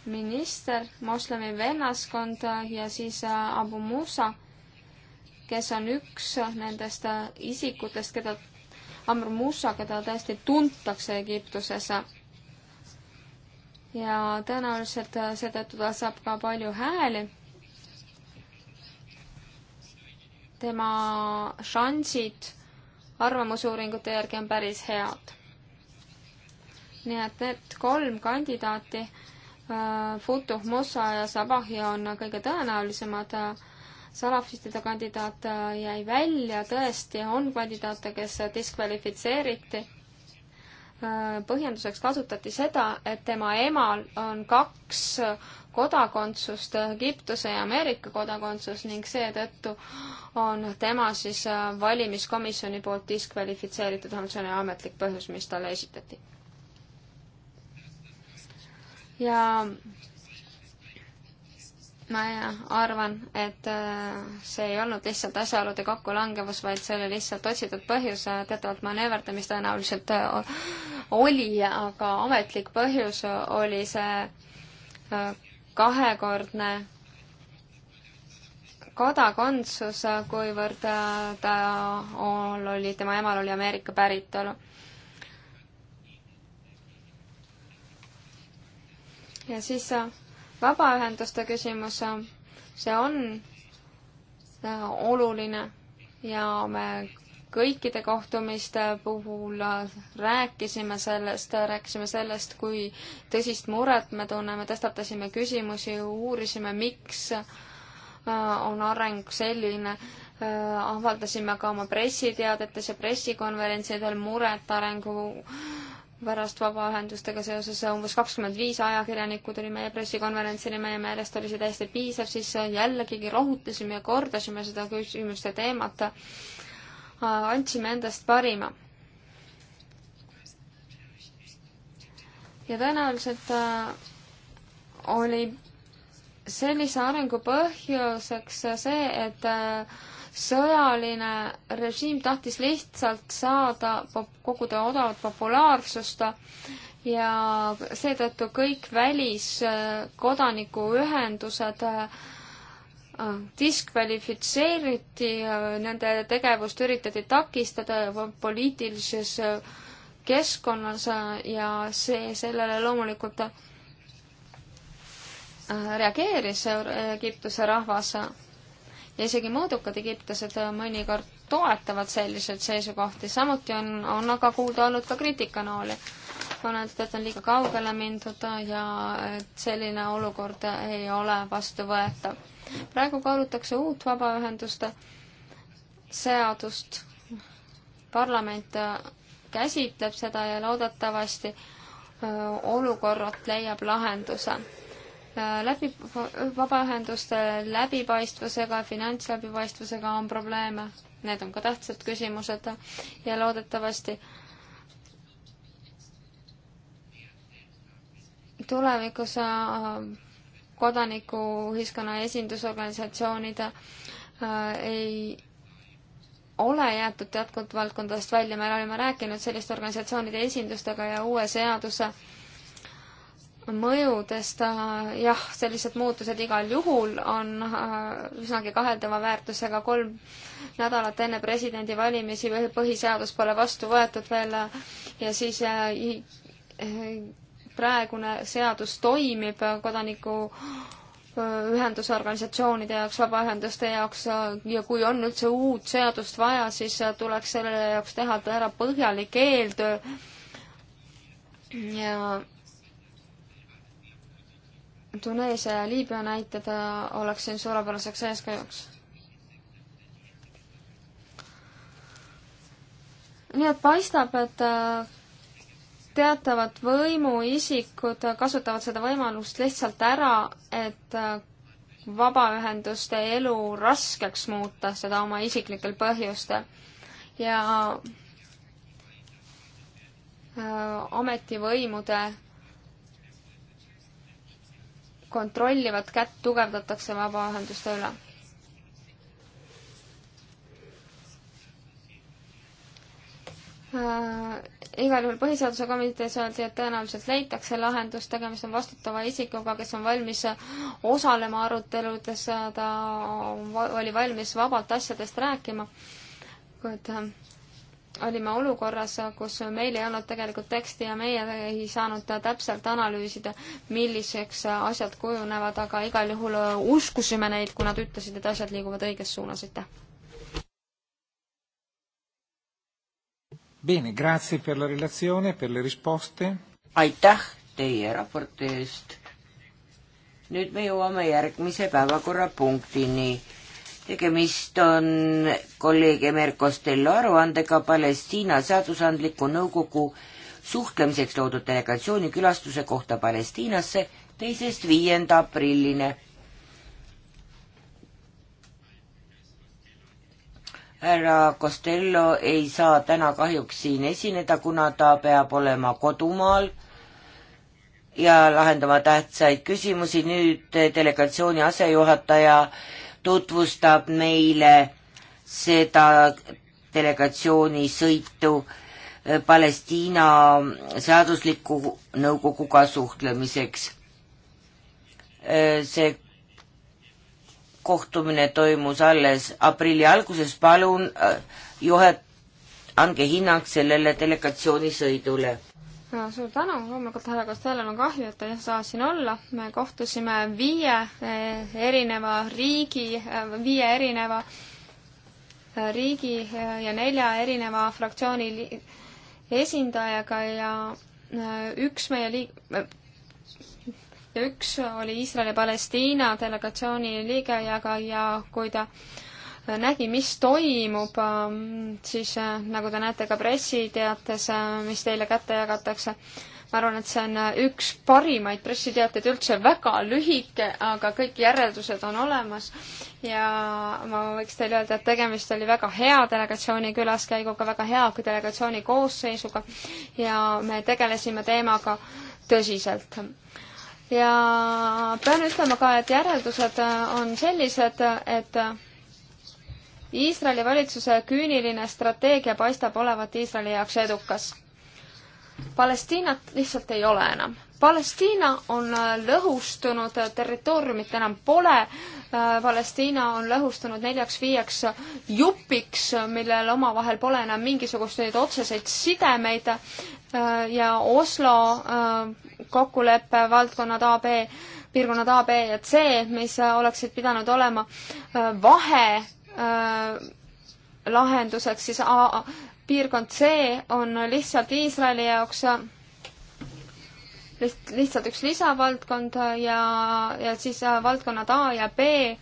minister, moslemi vennaskond ja siis äh, Abu Musa, kes on üks äh, nendest isikutest, keda, Amr Musa, keda tõesti tuntakse Egiptuses. ja tõenäoliselt seetõttu ta saab ka palju hääli tema šansid arvamusuuringute järgi on päris head. nii et need kolm kandidaati, äh, Futuh, Musa ja Sabahi on kõige tõenäolisemad salafistide kandidaat äh, jäi välja, tõesti on kandidaate, kes diskvalifitseeriti. Äh, põhjenduseks kasutati seda, et tema emal on kaks kodakondsust, Egiptuse ja Ameerika kodakondsus ning seetõttu on tema siis äh, valimiskomisjoni poolt diskvalifitseeritud, vähemalt see on ametlik põhjus, mis talle esitati. ja ma arvan, et äh, see ei olnud lihtsalt asjaolude kokkulangevus, vaid see oli lihtsalt otsitud põhjus, äh, teatavat manööverdamist tõenäoliselt oli, aga ametlik põhjus oli see kahekordne kodakondsus, kuivõrd äh, tal oli, tema emal oli Ameerika päritolu. ja siis äh, vabaühenduste küsimus, äh, see on oluline ja me kõikide kohtumiste puhul rääkisime sellest, rääkisime sellest, kui tõsist muret me tunneme, tõstatasime küsimusi, uurisime, miks äh, on areng selline, äh, avaldasime ka oma pressiteadetes ja pressikonverentsidel muret arengu pärast vabaühendustega seoses umbes kakskümmend viis ajakirjanikku tuli meie pressikonverentsile, meie meelest oli see täiesti piisav, siis jällegi rohutasime ja kordasime seda küsimuste teemat. Äh, andsime endast parima. ja tõenäoliselt äh, oli sellise arengu põhjuseks see, et äh, sõjaline režiim tahtis lihtsalt saada, koguda odavat populaarsust ja seetõttu kõik väliskodanikuühendused äh, diskvalifitseeriti, äh, nende tegevust üritati takistada poliitilises keskkonnas ja see, sellele loomulikult Äh, reageeris äh, Egiptuse rahvas ja isegi mõõdukad egiptlased mõnikord toetavad selliseid seisukohti, samuti on, on aga kuulda olnud ka kriitikanooli. on öeldud, et on liiga kaugele mindud ja et selline olukord ei ole vastuvõetav. praegu kaalutakse uut vabaühenduste seadust, parlament käsitleb seda ja loodetavasti äh, olukorrad leiab lahenduse läbi, vabaühenduste läbipaistvusega, finantsläbipaistvusega on probleeme, need on ka tähtsad küsimused ja loodetavasti tulevikus äh, kodanikuühiskonna esindusorganisatsioonid äh, ei ole jäetud teatud valdkondadest välja, me oleme rääkinud selliste organisatsioonide esindustega ja uue seaduse äh, mõjudest, äh, jah, sellised muutused igal juhul on äh, üsnagi kaheldava väärtusega, kolm nädalat enne presidendivalimisi või põhiseadus pole vastu võetud veel äh, ja siis praegune seadus toimib kodaniku ühendusorganisatsioonide jaoks, vabaühenduste jaoks ja kui on üldse uut seadust vaja, siis tuleks selle jaoks teha ära põhjalik eeltöö ja Tuneesia ja Liibüa näited äh, oleks siin suurepäraseks eeskujuks. nii et paistab, et äh, teatavad võimuisikud kasutavad seda võimalust lihtsalt ära, et äh, vabaühenduste elu raskeks muuta, seda oma isiklikel põhjustel. ja ametivõimude kontrollivat kätt tugevdatakse vabaühenduste üle. Äh, igal juhul Põhiseaduse komitees öeldi, et tõenäoliselt leitakse lahendus, tegemist on vastutava isikuga, kes on valmis osalema aruteludes, ta oli valmis vabalt asjadest rääkima, kuid äh, olime olukorras, kus meil ei olnud tegelikult teksti ja meie ei saanud täpselt analüüsida, milliseks asjad kujunevad, aga igal juhul uskusime neid, kui nad ütlesid, et asjad liiguvad õiges suunas, aitäh. Bene, grazie per la relazione, per le risposte. aitäh teie raporti eest. nüüd me jõuame järgmise päevakorrapunktini tegemist on kolleeg Emer Costello aruandega Palestiina seadusandliku nõukogu suhtlemiseks loodud delegatsiooni külastuse kohta Palestiinasse teisest viienda aprillini. härra Costello ei saa täna kahjuks siin esineda, kuna ta peab olema kodumaal ja lahendama tähtsaid küsimusi. nüüd delegatsiooni asejuhataja äh, tutvustab meile seda delegatsiooni sõitu eh, Palestiina seadusliku nõukoguga suhtlemiseks. Eh, see kohtumine toimus alles aprilli alguses, palun eh, juhet-, andke hinnang sellele delegatsiooni sõidule no suur tänu, loomulikult härra Costello, on kahju, et ta ei saa siin olla. me kohtusime viie eh, erineva riigi, eh, viie erineva eh, riigi ja nelja erineva fraktsiooni esindajaga ja üks meie liig-, ja üks oli Iisraeli-Palestiina delegatsiooni liige ja ka, ja kui ta äh, nägi, mis toimub, ähm, siis äh, nagu te näete ka pressiteates, äh, mis teile kätte jagatakse, ma arvan, et see on äh, üks parimaid pressiteateid üldse, väga lühike, aga kõik järeldused on olemas ja ma võiks teile öelda, et tegemist oli väga hea delegatsiooni külaskäiguga, väga hea delegatsiooni koosseisuga ja me tegelesime teemaga tõsiselt ja pean ütlema ka, et järeldused on sellised, et Iisraeli valitsuse küüniline strateegia paistab olevat Iisraeli jaoks edukas. Palestiinat lihtsalt ei ole enam. Palestiina on äh, lõhustunud, territooriumit enam pole. Äh, Palestiina on lõhustunud neljaks-viieks jupiks, millel omavahel pole enam mingisuguseid otseseid sidemeid äh, ja Oslo kokkuleppe valdkonnad AB piirkonnad A, B ja C, mis oleksid pidanud olema vahe Äh, lahenduseks, siis A, piirkond C on lihtsalt Iisraeli jaoks äh, liht-, lihtsalt üks lisavaldkond äh, ja, ja siis valdkonnad A ja B äh,,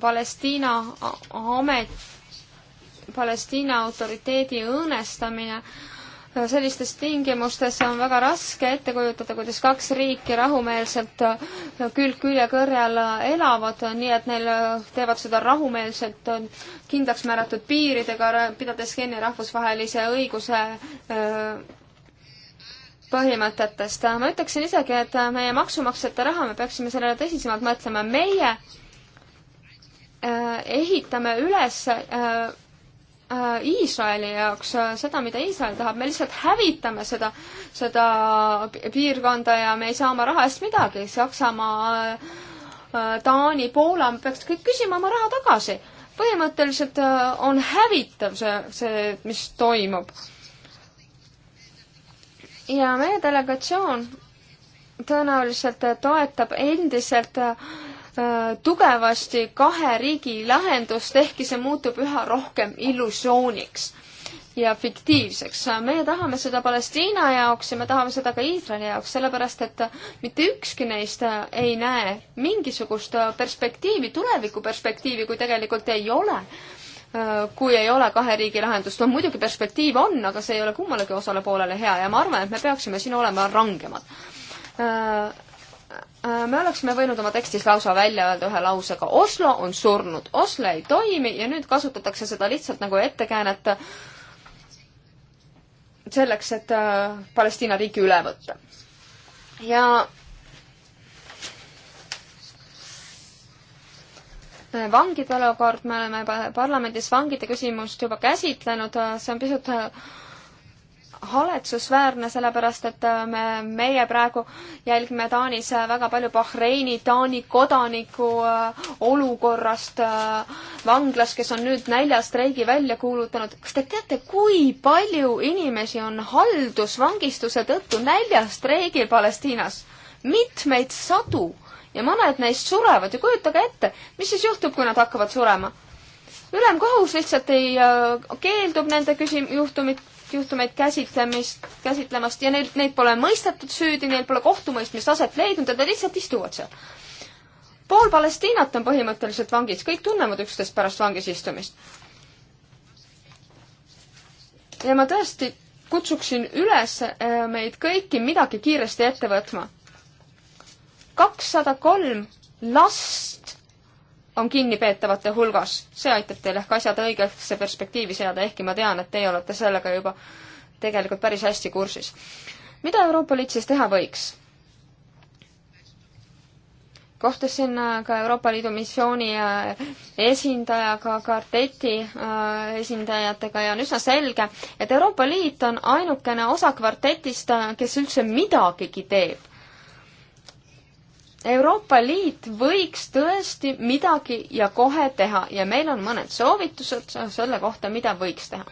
Palestiina amet, Palestiina autoriteedi õõnestamine äh,, sellistes tingimustes on väga raske ette kujutada, kuidas kaks riiki rahumeelselt äh, külg külje kõrjal äh, elavad, nii et neil äh, teevad seda rahumeelselt kindlaks määratud piiridega, pidades kinni rahvusvahelise õiguse põhimõtetest. ma ütleksin isegi, et meie maksumaksjate raha, me peaksime sellele tõsisemalt mõtlema. meie ehitame üles Äh, Iisraeli jaoks, äh, seda, mida Iisrael tahab, me lihtsalt hävitame seda, seda piirkonda ja me ei saa oma raha eest midagi, Saksamaa, äh, Taani, Poola peaks kõik küsima oma raha tagasi. põhimõtteliselt on hävitav see, see, mis toimub. ja meie delegatsioon tõenäoliselt toetab endiselt äh, Äh, tugevasti kahe riigi lahendust, ehkki see muutub üha rohkem illusiooniks ja fiktiivseks. meie tahame seda Palestiina jaoks ja me tahame seda ka Iisraeli jaoks, sellepärast et mitte ükski neist ei näe mingisugust perspektiivi, tulevikuperspektiivi, kui tegelikult ei ole. kui ei ole kahe riigi lahendust, no muidugi perspektiiv on, aga see ei ole kummalegi osale poolele hea ja ma arvan, et me peaksime siin olema rangemad Äh, me oleksime võinud oma tekstis lausa välja öelda ühe lausega Oslo on surnud, Oslo ei toimi ja nüüd kasutatakse seda lihtsalt nagu ettekäänet selleks, et äh, Palestiina riiki üle võtta. ja vangide olukord, me oleme parlamendis vangide küsimust juba käsitlenud, äh, see on pisut haletsusväärne, sellepärast et äh, me, meie praegu jälgime Taanis äh, väga palju Bahreini, Taani kodaniku äh, olukorrast vanglas, kes on nüüd näljastreigi välja kuulutanud. kas te teate, kui palju inimesi on haldusvangistuse tõttu näljastreigil Palestiinas? mitmeid sadu ja mõned neist surevad ja kujutage ette, mis siis juhtub, kui nad hakkavad surema ülemkohus lihtsalt ei äh, keeldub nende küsim-, juhtumit juhtumeid käsitlemist, käsitlemast ja neil, neid pole mõistetud süüdi, neil pole kohtumõistmist aset leidnud ja nad lihtsalt istuvad seal. pool Palestiinat on põhimõtteliselt vangis, kõik tunnevad üksteist pärast vangis istumist. ja ma tõesti kutsuksin üles äh, meid kõiki midagi kiiresti ette võtma. kakssada kolm last on kinnipeetavate hulgas. see aitab teil ehk asjad õigesse perspektiivi seada, ehkki ma tean, et teie olete sellega juba tegelikult päris hästi kursis. mida Euroopa Liit siis teha võiks? kohtusin äh, ka Euroopa Liidu missiooni äh, esindajaga, kvarteti äh, esindajatega ja on üsna selge, et Euroopa Liit on ainukene osa kvartetist, kes üldse midagigi teeb Euroopa Liit võiks tõesti midagi ja kohe teha ja meil on mõned soovitused selle kohta, mida võiks teha.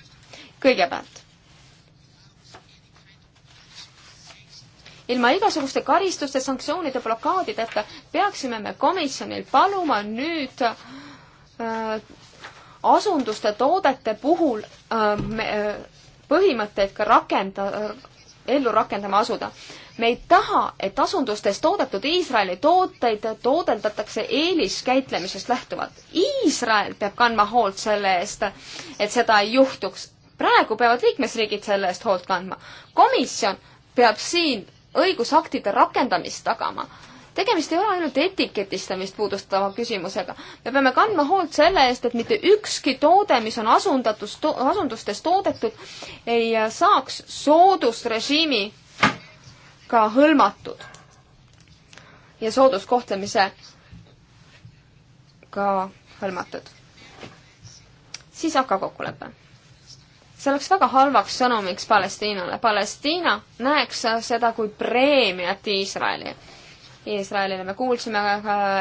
kõigepealt. ilma igasuguste karistuste, sanktsioonide, blokaadideta peaksime me komisjonil paluma nüüd äh, asunduste toodete puhul äh, me, äh, põhimõtteid ka rakenda äh,, ellu rakendama asuda äh, me ei taha, et asundustes toodetud Iisraeli tooteid toodeldatakse eeliskäitlemisest lähtuvalt. Iisrael peab kandma hoolt selle eest, et seda ei juhtuks. praegu peavad liikmesriigid selle eest hoolt kandma. komisjon peab siin õigusaktide rakendamist tagama tegemist ei ole ainult etiketistamist puudustava küsimusega. me peame kandma hoolt selle eest, et mitte ükski toode, mis on asundatus to,, asundustes toodetud, ei saaks soodusrežiimi ka hõlmatud ja sooduskohtlemise ka hõlmatud. siis hakka kokkulepe. see oleks väga halvaks sõnumiks Palestiinale. Palestiina näeks seda kui preemiat Iisraeli. Iisraelile me kuulsime,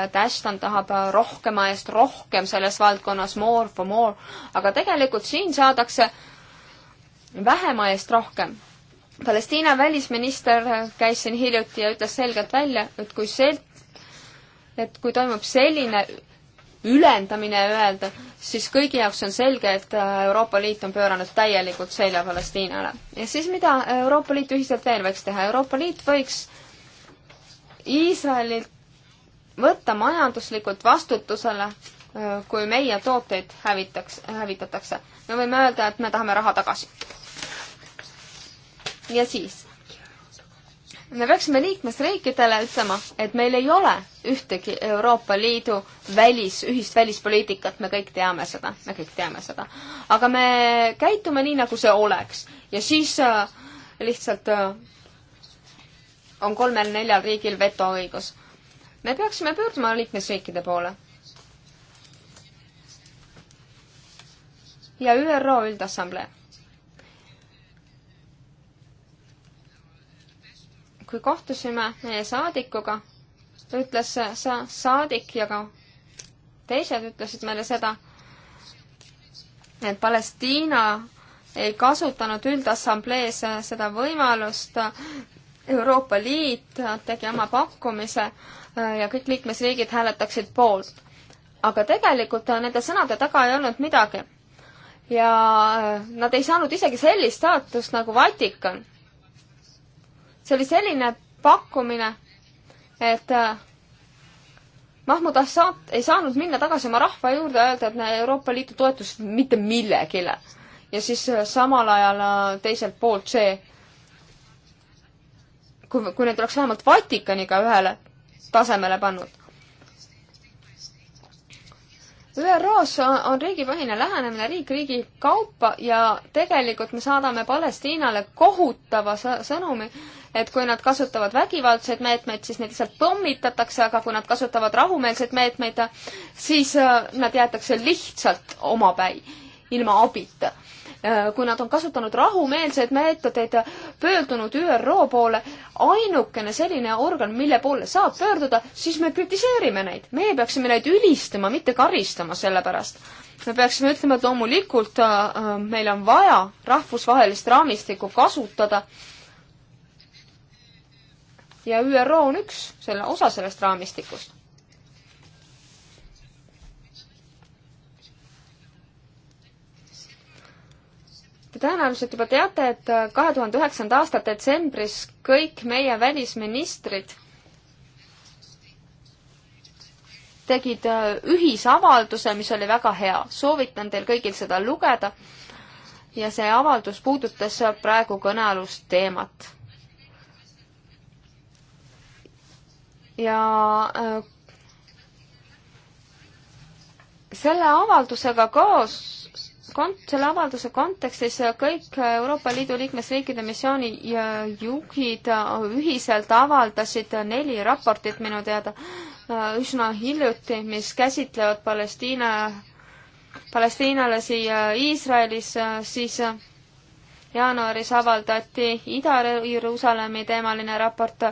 et äh, Ashton tahab rohkema eest rohkem selles valdkonnas, more for more, aga tegelikult siin saadakse vähema eest rohkem Palestiina välisminister käis siin hiljuti ja ütles selgelt välja, et kui sel-, et kui toimub selline ülendamine öelda, siis kõigi jaoks on selge, et äh, Euroopa Liit on pööranud täielikult selja Palestiinale. ja siis mida Euroopa Liit ühiselt veel võiks teha? Euroopa Liit võiks Iisraelilt võtta majanduslikult vastutusele, äh, kui meie tooteid hävitaks, hävitatakse. me võime öelda, et me tahame raha tagasi ja siis me peaksime liikmesriikidele ütlema, et meil ei ole ühtegi Euroopa Liidu välis, ühist välispoliitikat, me kõik teame seda, me kõik teame seda. aga me käitume nii, nagu see oleks ja siis äh, lihtsalt äh, on kolmel-neljal riigil vetoõigus. me peaksime pöörduma liikmesriikide poole. ja ÜRO Üldassamblee kui kohtusime meie saadikuga, ütles sa, saadik ja ka teised ütlesid meile seda, et Palestiina ei kasutanud üldassamblees seda võimalust. Euroopa Liit tegi oma pakkumise ja kõik liikmesriigid hääletaksid poolt. aga tegelikult nende sõnade taga ei olnud midagi. ja nad ei saanud isegi sellist staatust nagu Vatikan see oli selline pakkumine, et äh, Mahmud Assad ei saanud minna tagasi oma rahva juurde ja öelda, et Euroopa Liidu toetus mitte millegile. ja siis äh, samal ajal äh, teiselt poolt see, kui, kui need oleks vähemalt Vatikaniga ühele tasemele pannud ÜRO-s on riigipõhine lähenemine riik riigi kaupa ja tegelikult me saadame Palestiinale kohutava sõnumi, et kui nad kasutavad vägivaldseid meetmeid, siis neid lihtsalt pommitatakse, aga kui nad kasutavad rahumeelseid meetmeid, siis äh, nad jäetakse lihtsalt omapäi, ilma abita äh, kui nad on kasutanud rahumeelseid meetodeid, pöördunud ÜRO poole, ainukene selline organ, mille poole saab pöörduda, siis me kritiseerime neid. meie peaksime neid ülistama, mitte karistama selle pärast. me peaksime ütlema, et loomulikult äh, meil on vaja rahvusvahelist raamistikku kasutada ja ÜRO on üks selle, osa sellest raamistikust. Te tõenäoliselt juba teate, et kahe tuhande üheksanda aasta detsembris kõik meie välisministrid tegid äh, ühisavalduse, mis oli väga hea. soovitan teil kõigil seda lugeda. ja see avaldus puudutas praegu kõnealust teemat ja äh, selle avaldusega koos kont-, selle avalduse kontekstis äh, kõik äh, Euroopa Liidu liikmesriikide missiooni juhid ühiselt avaldasid neli raportit minu teada üsna hiljuti, mis käsitlevad Palestiina, palestiinlasi Iisraelis, siis jaanuaris avaldati Ida-Jeruusalemmi teemaline raport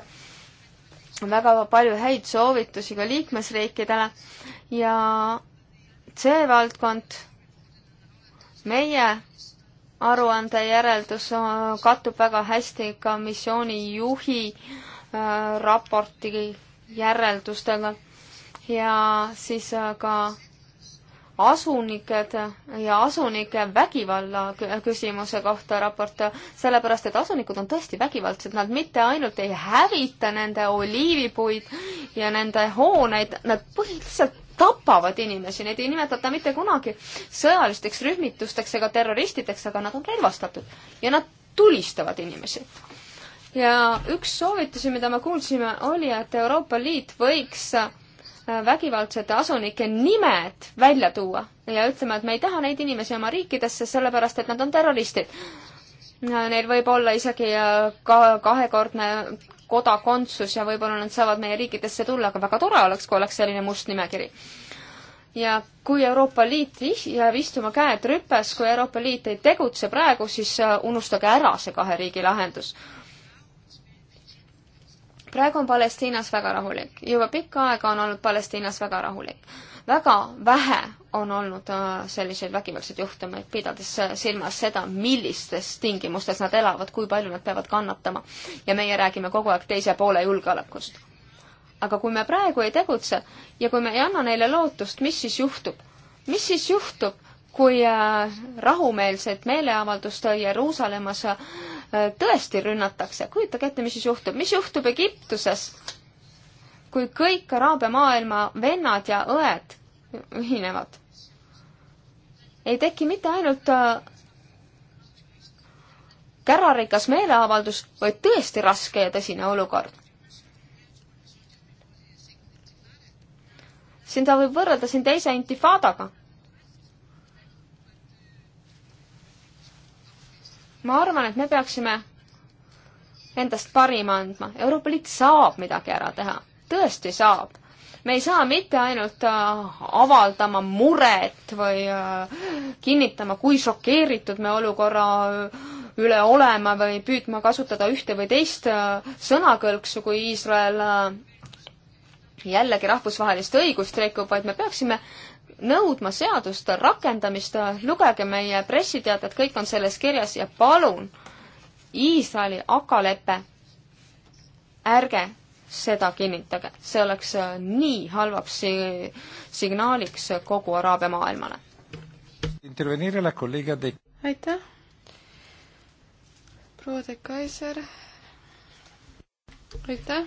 väga palju häid soovitusi ka liikmesriikidele ja see valdkond, meie aruande järeldus äh, kattub väga hästi ka missioonijuhi äh, raporti järeldustega ja siis äh, ka asunikud ja asunike vägivalla küsimuse kohta raport, sellepärast et asunikud on tõesti vägivaldsed, nad mitte ainult ei hävita nende oliivipuid ja nende hooneid, nad põhiliselt tapavad inimesi, neid ei nimetata mitte kunagi sõjalisteks rühmitusteks ega terroristideks, aga nad on relvastatud ja nad tulistavad inimesi. ja üks soovitusi, mida me kuulsime, oli, et Euroopa Liit võiks vägivaldsete asunike nimed välja tuua ja ütlema, et me ei taha neid inimesi oma riikidesse, sellepärast et nad on terroristid. Neil võib olla isegi äh, ka kahekordne kodakondsus ja võib-olla nad saavad meie riikidesse tulla, aga väga tore oleks, kui oleks selline must nimekiri. ja kui Euroopa Liit jääb istuma käed rüpes, kui Euroopa Liit ei tegutse praegu, siis äh, unustage ära see kahe riigi lahendus praegu on Palestiinas väga rahulik, juba pikka aega on olnud Palestiinas väga rahulik. väga vähe on olnud äh, selliseid vägivaldseid juhtumeid, pidades äh, silmas seda, millistes tingimustes nad elavad, kui palju nad peavad kannatama. ja meie räägime kogu aeg teise poole julgeolekust. aga kui me praegu ei tegutse ja kui me ei anna neile lootust, mis siis juhtub? mis siis juhtub, kui äh, rahumeelset meeleavaldust Jeruusalemmas Äh, tõesti rünnatakse, kujutage ette, mis siis juhtub, mis juhtub Egiptuses, kui kõik Araabia maailma vennad ja õed ühinevad. ei teki mitte ainult äh, kärarikas meeleavaldus, vaid tõesti raske ja tõsine olukord. siin ta võib võrrelda siin teise intifadaga ma arvan, et me peaksime endast parima andma. Euroopa Liit saab midagi ära teha, tõesti saab. me ei saa mitte ainult äh, avaldama muret või äh, kinnitama, kui šokeeritud me olukorra äh, üle olema või püüdma kasutada ühte või teist sõnakõlksu, kui Iisrael jällegi rahvusvahelist õigust rikub, vaid me peaksime nõudma seaduste rakendamist, lugege meie pressiteated, kõik on selles kirjas ja palun, Iisraeli akalepe, ärge seda kinnitage, see oleks äh, nii halvaks signaaliks kogu Araabia maailmale. aitäh, proua de Kaiser, aitäh.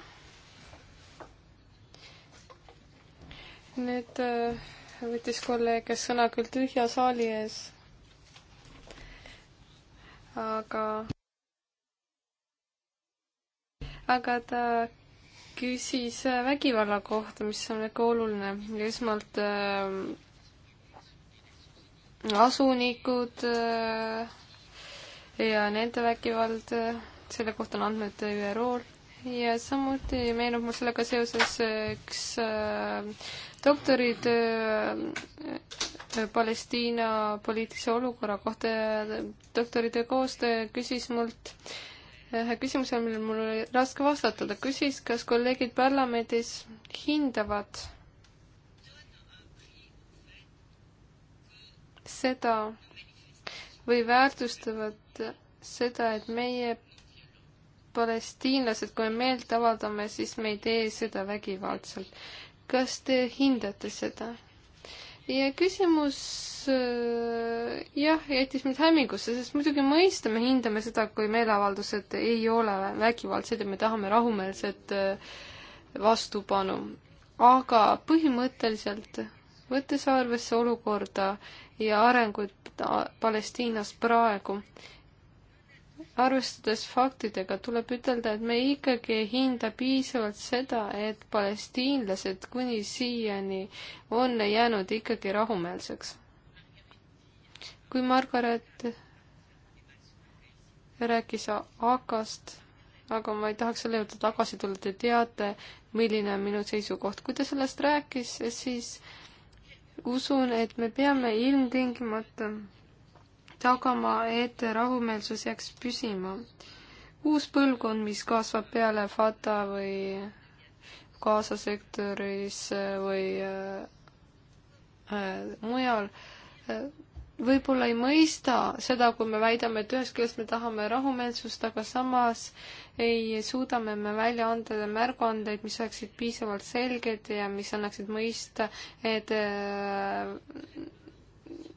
Need äh võttis kolleeg sõna küll tühja saali ees, aga, aga ta küsis vägivalla kohta, mis on väga oluline. esmalt äh, asunikud äh, ja nende vägivald, äh, selle kohta on andmed ÜRO-l ja samuti meenub mul sellega seoses üks äh, doktoritöö äh, Palestiina poliitilise olukorra kohta ja doktoritöö koostöö küsis mult ühe äh, küsimuse, millele mul oli raske vastata, ta küsis, kas kolleegid parlamendis hindavad seda või väärtustavad seda, et meie palestiinlased, kui me meelt avaldame, siis me ei tee seda vägivaldselt. kas te hindate seda? ja küsimus äh, jah, jättis mind hämmingusse, sest muidugi mõistame, hindame seda, kui meeleavaldused ei ole vägivaldsed ja me tahame rahumeelset äh, vastupanu. aga põhimõtteliselt, võttes arvesse olukorda ja arengut äh, Palestiinas praegu, arvestades faktidega, tuleb ütelda, et me ikkagi ei hinda piisavalt seda, et palestiinlased kuni siiani on jäänud ikkagi rahumeelseks. kui Margaret rääkis AK-st, aga ma ei tahaks selle juurde tagasi tulla, te teate, milline on minu seisukoht. kui ta sellest rääkis, siis usun, et me peame ilmtingimata tagama, et rahumeelsus jääks püsima. uus põlvkond, mis kasvab peale FATA või Gaza sektoris või äh, äh, mujal äh,, võib-olla ei mõista seda, kui me väidame, et ühest küljest me tahame rahumeelsust, aga samas ei suuda me välja anda märguandeid, mis oleksid piisavalt selged ja mis annaksid mõista, et äh,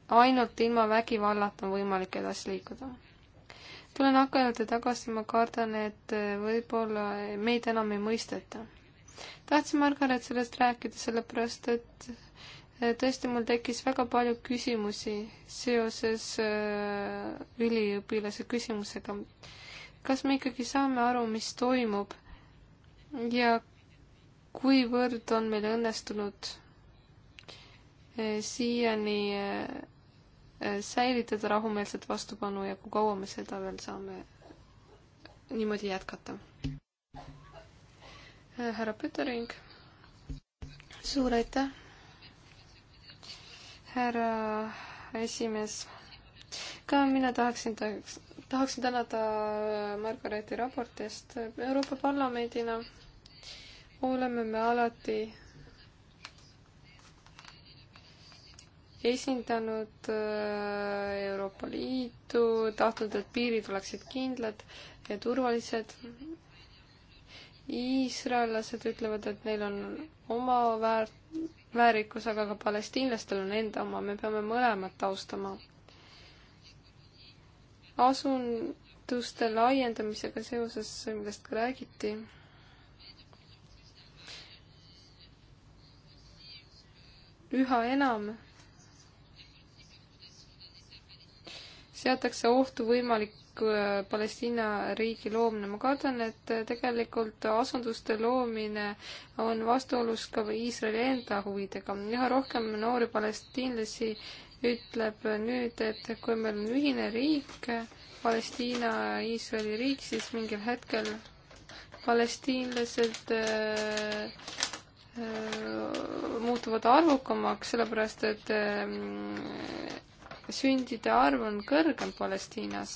ainult ilma vägivallata on võimalik edasi liikuda. tulen hakanud tagasi, ma kardan, et äh, võib-olla meid enam ei mõisteta. tahtsin Margaret sellest rääkida, sellepärast et äh, tõesti mul tekkis väga palju küsimusi seoses äh, üliõpilase küsimusega. kas me ikkagi saame aru, mis toimub ja kuivõrd on meil õnnestunud siiani Äh, säilitada rahumeelset vastupanu ja kui kaua me seda veel saame niimoodi jätkata. Äh, härra Pütering, suur aitäh! härra esimees, ka mina tahaksin, tahaksin tänada äh, Margareeti raportist. Euroopa Parlamendina oleme me alati esindanud äh, Euroopa Liitu, tahtnud, et piirid oleksid kindlad ja turvalised. iisraellased ütlevad, et neil on oma väär-, väärikus, aga ka palestiinlastel on enda oma, me peame mõlemat austama. asunduste laiendamisega seoses, millest ka räägiti üha enam seatakse ohtu võimalik äh, Palestiina riigi loomine. ma kardan, et äh, tegelikult asunduste loomine on vastuolus ka Iisraeli enda huvidega. üha rohkem noori palestiinlasi ütleb nüüd, et kui meil on ühine riik, Palestiina ja Iisraeli riik, siis mingil hetkel palestiinlased äh, äh, muutuvad arvukamaks, sellepärast et äh, sündide arv on kõrgem Palestiinas.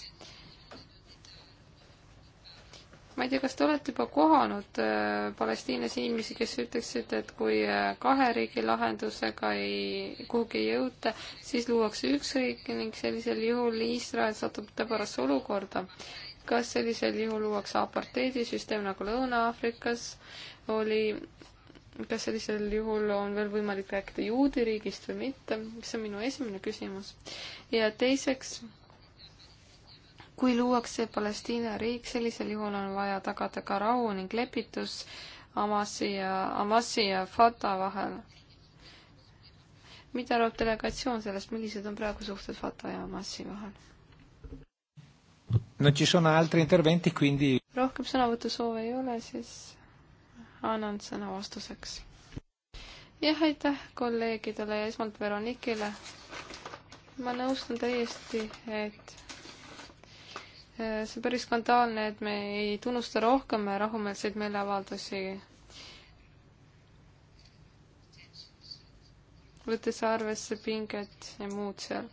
ma ei tea, kas te olete juba kohanud äh, Palestiinas inimesi, kes ütleksid, et kui äh, kahe riigi lahendusega ei, kuhugi ei jõuta, siis luuakse üks riik ning sellisel juhul Iisrael satub tõepärast olukorda, kas sellisel juhul luuakse aparteedisüsteem nagu Lõuna-Aafrikas oli kas sellisel juhul on veel võimalik rääkida juudi riigist või mitte, see on minu esimene küsimus. ja teiseks, kui luuakse Palestiina riik, sellisel juhul on vaja tagada ka rahu ning lepitus Hamasi ja, Hamasi ja Fata vahel. mida arvab delegatsioon sellest, millised on praegu suhted Fata ja Hamasi vahel? no ci sono altri interventi, quindi rohkem sõnavõtusoove ei ole, siis annan sõna vastuseks. jah, aitäh kolleegidele ja esmalt Veronikile. ma nõustun täiesti, et eh, see on päris skandaalne, et me ei tunnusta rohkem rahumeelseid meeleavaldusi. võttes arvesse pinget ja muud seal.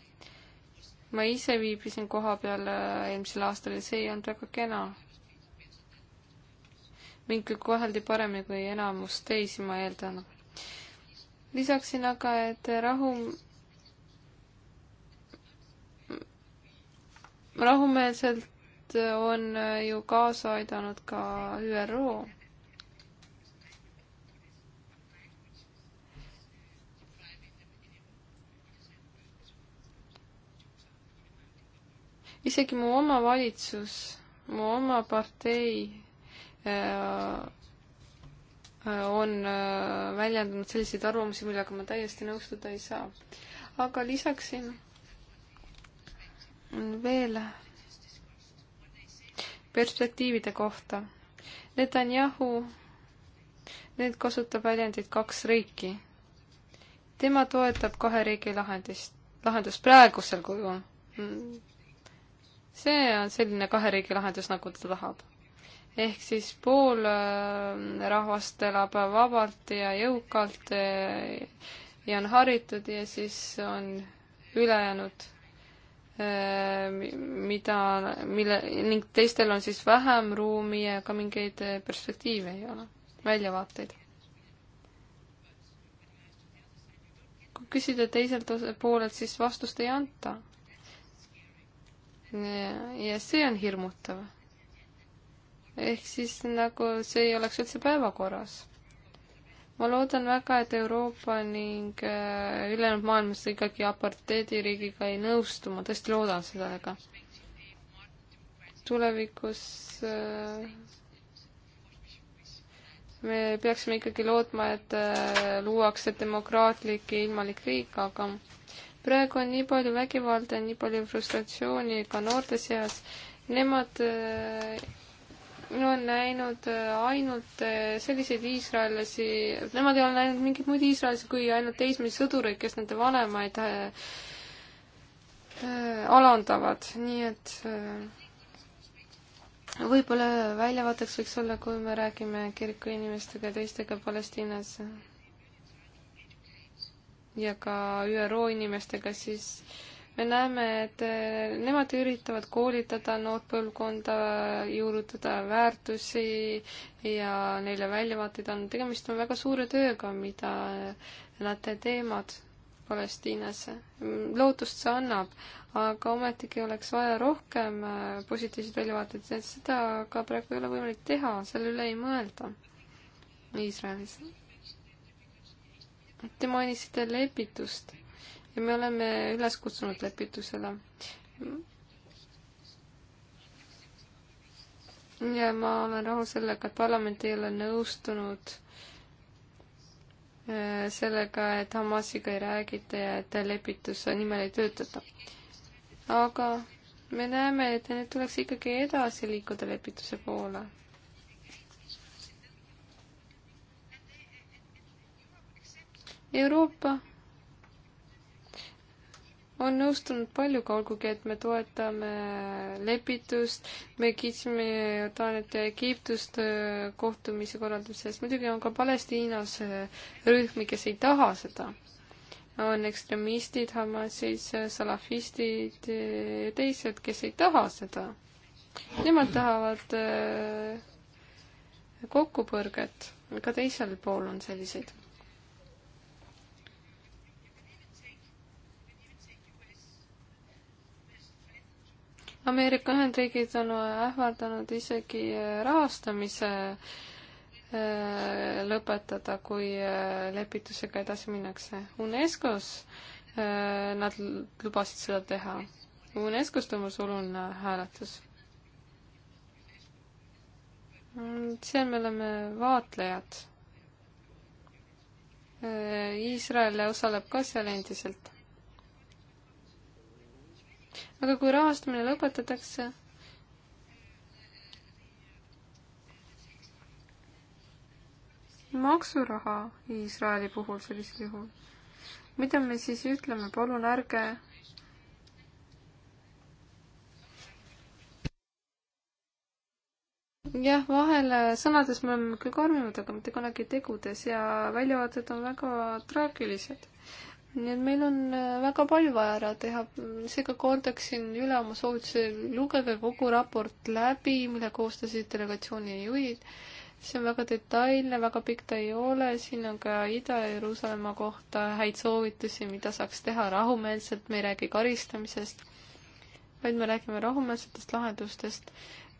ma ise viibisin koha peal eh, eelmisel aastal ja see ei olnud väga kena mind küll koheldi paremini kui enamus teisi, ma eeldan. lisaksin aga, et rahu rahumeelselt on ju kaasa aidanud ka ÜRO. isegi mu oma valitsus, mu oma partei Äh, on äh, väljendanud selliseid arvamusi, millega ma täiesti nõustuda ei saa. aga lisaksin veel perspektiivide kohta. Netanyahu, nüüd kasutab väljendit kaks riiki. tema toetab kahe riigi lahendist, lahendust praegusel kujul. Mm. see on selline kahe riigi lahendus, nagu ta tahab ehk siis pool äh, rahvast elab vabalt ja jõukalt äh, ja on haritud ja siis on ülejäänud, äh, mida, mille, ning teistel on siis vähem ruumi ja ka mingeid perspektiive ei ole, väljavaateid. kui küsida teiselt poolelt, siis vastust ei anta. ja see on hirmutav ehk siis nagu see ei oleks üldse päevakorras. ma loodan väga, et Euroopa ning äh, ülejäänud maailmas ikkagi aparteediriigiga ei nõustu, ma tõesti loodan seda, aga tulevikus äh, me peaksime ikkagi lootma, et äh, luuakse demokraatlik ja ilmalik riik, aga praegu on nii palju vägivalda ja nii palju frustratsiooni ka noorte seas. Nemad on näinud äh, ainult äh, selliseid iisraellasi, nemad ei ole näinud mingeid muid iisraelasi kui ainult teismelisi sõdureid, kes nende vanemaid äh, äh, alandavad, nii et äh, võib-olla väljavaateks võiks olla, kui me räägime kiriku inimestega ja teistega Palestiinas ja ka ÜRO inimestega, siis äh, me näeme, et äh, nemad üritavad koolitada noort põlvkonda, juurutada väärtusi ja neile väljavaateid anda. tegemist on väga suure tööga, mida nad äh, teevad Palestiinas. Mm, lootust see annab, aga ometigi oleks vaja rohkem äh, positiivseid väljavaateid, seda aga praegu ei ole võimalik teha, selle üle ei mõelda Iisraelis. Te mainisite lepitust ja me oleme üles kutsunud lepitusele. ja ma olen rahul sellega, et parlament ei ole nõustunud äh, sellega, et Hamasiga ei räägita ja et lepituse nimel ei töötata. aga me näeme, et nüüd tuleks ikkagi edasi liikuda lepituse poole. Euroopa on nõustunud paljuga, olgugi et me toetame lepitust, me kiitsime Jordaaniat ja Egiptust äh, kohtumise korraldamises, muidugi on ka Palestiinas äh, rühmi, kes ei taha seda. on ekstremistid Hamasis, äh, salafistid ja teised, kes ei taha seda. Nemad tahavad kokkupõrget, ka teisel pool on selliseid Ameerika Ühendriigid on ähvardanud isegi äh, rahastamise äh, lõpetada, kui äh, lepitusega edasi minnakse. UNESCO-s nad lubasid seda teha. UNESCO-s toimus oluline hääletus mm, seal me oleme vaatlejad. Iisrael osaleb ka seal endiselt aga kui rahastamine lõpetatakse, maksuraha Iisraeli puhul sellisel juhul. mida me siis ütleme, palun ärge jah, vahel sõnades me oleme küll karmimad, aga mitte kunagi tegudes ja väljavaated on väga traagilised nii et meil on äh, väga palju vaja ära teha, seega kordaksin üle oma soovituse, lugege kogu raport läbi, mille koostasid delegatsiooni juhid. see on väga detailne, väga pikk ta ei ole, siin on ka Ida-Jeruusalemma kohta häid soovitusi, mida saaks teha rahumeelselt, me ei räägi karistamisest, vaid me räägime rahumeelsetest lahendustest,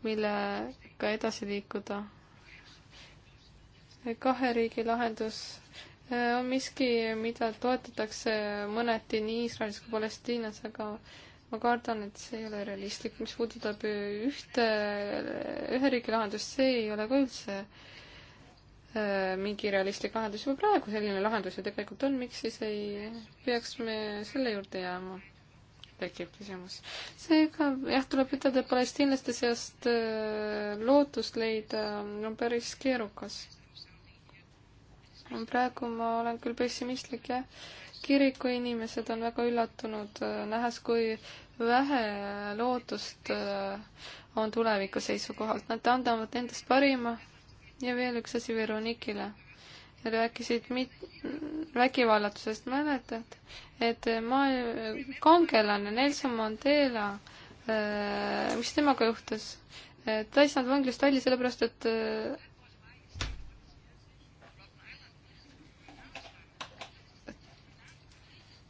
millega edasi liikuda. kahe riigi lahendus Äh, on miski, mida toetatakse mõneti nii Iisraelis kui Palestiinas, aga ma kardan, et see ei ole realistlik, mis puudutab ühte, ühe riigi lahendust, see ei ole ka üldse äh, mingi realistlik lahendus, juba praegu selline lahendus ju tegelikult on, miks siis ei peaks me selle juurde jääma? tekib küsimus. seega jah, tuleb ütelda, et palestiinlaste seast äh, lootust leida on päris keerukas praegu ma olen küll pessimistlik, jah. kirikuinimesed on väga üllatunud, nähes, kui vähe lootust äh, on tuleviku seisukohalt. Nad andavad endast parima ja veel üks asi Veronikile. rääkisid mit-, vägivallatusest, mäletad? et ma, kangelane Nelson Mandela, äh, mis temaga juhtus? Äh, ta ei saanud vanglist välja sellepärast, et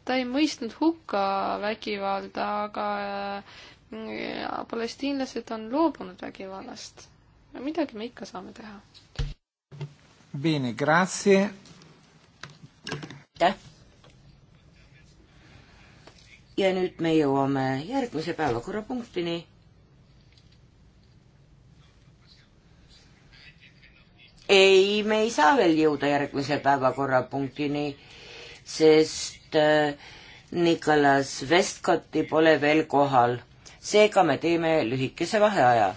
ta ei mõistnud hukka vägivalda, aga ja, äh, palestiinlased on loobunud vägivallast. midagi me ikka saame teha. Bene, grazie. aitäh. ja nüüd me jõuame järgmise päevakorrapunktini ei, me ei saa veel jõuda järgmise päevakorrapunktini, sest äh, Nikolas Vestkoti pole veel kohal. seega me teeme lühikese vaheaja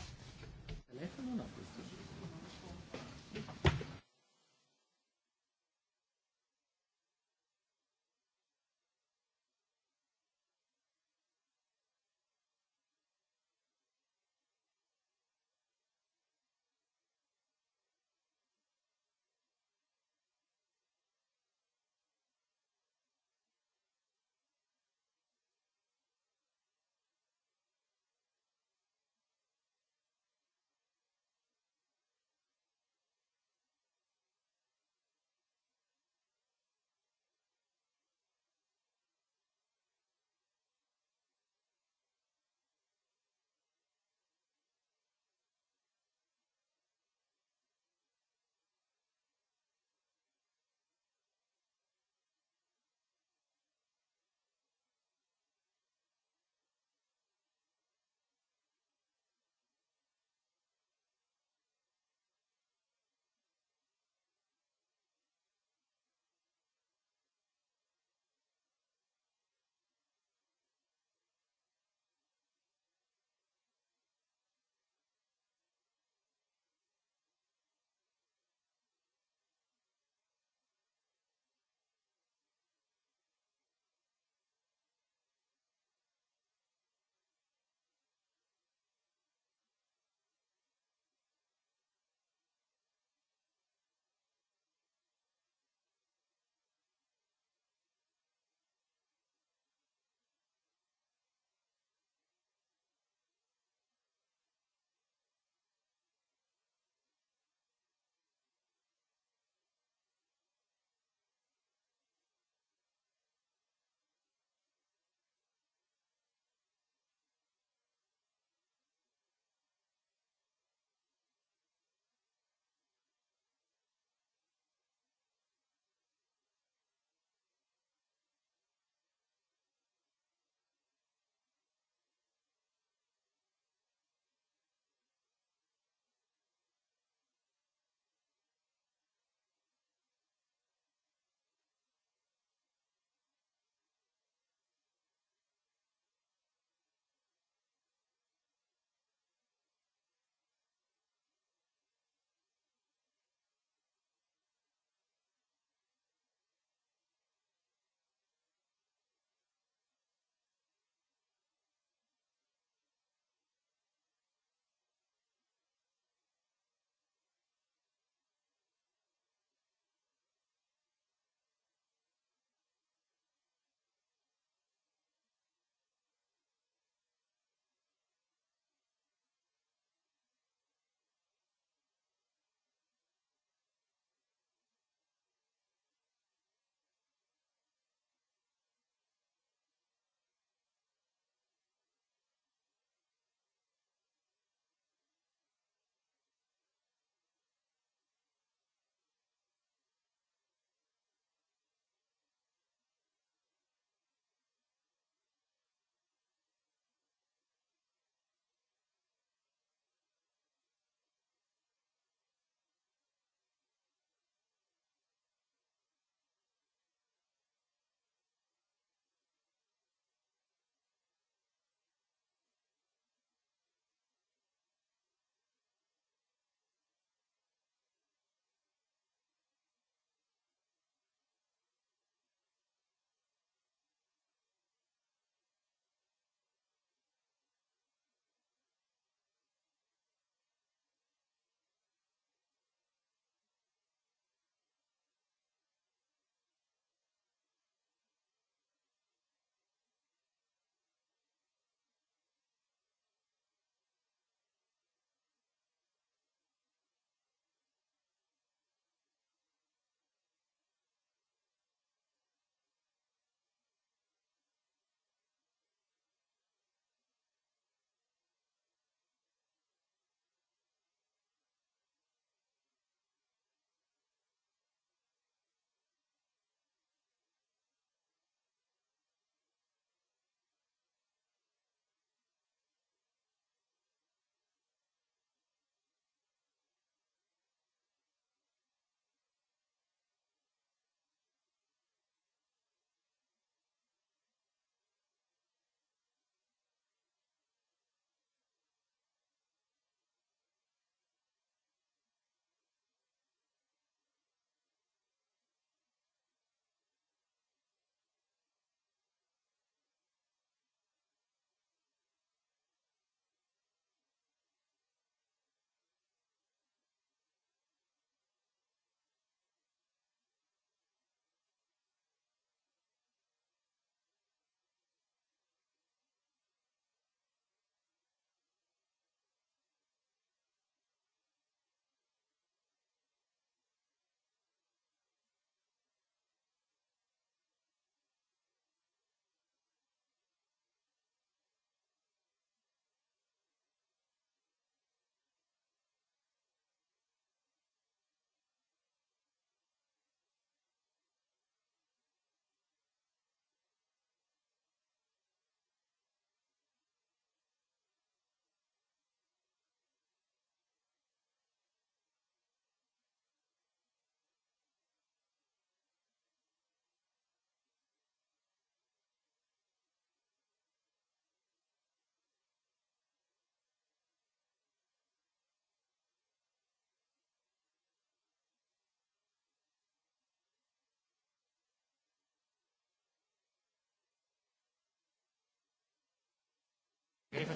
E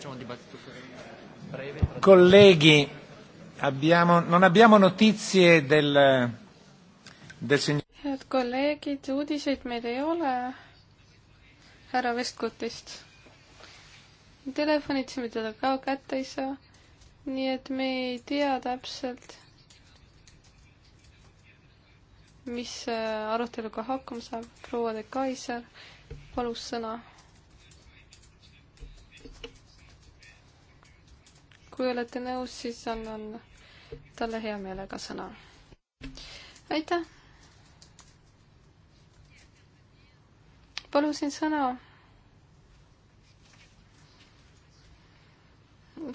Colleghi, abbiamo, non abbiamo notizie del, del signor... Head kolleegid, uudiseid meil ei ole härra Vestkotist. telefonid me teda ka kätte ei saa, nii et me ei tea täpselt, mis äh, aruteluga hakkama saab. proua de Kaiser palus sõna kui olete nõus, siis annan talle hea meelega sõna. aitäh! palusin sõna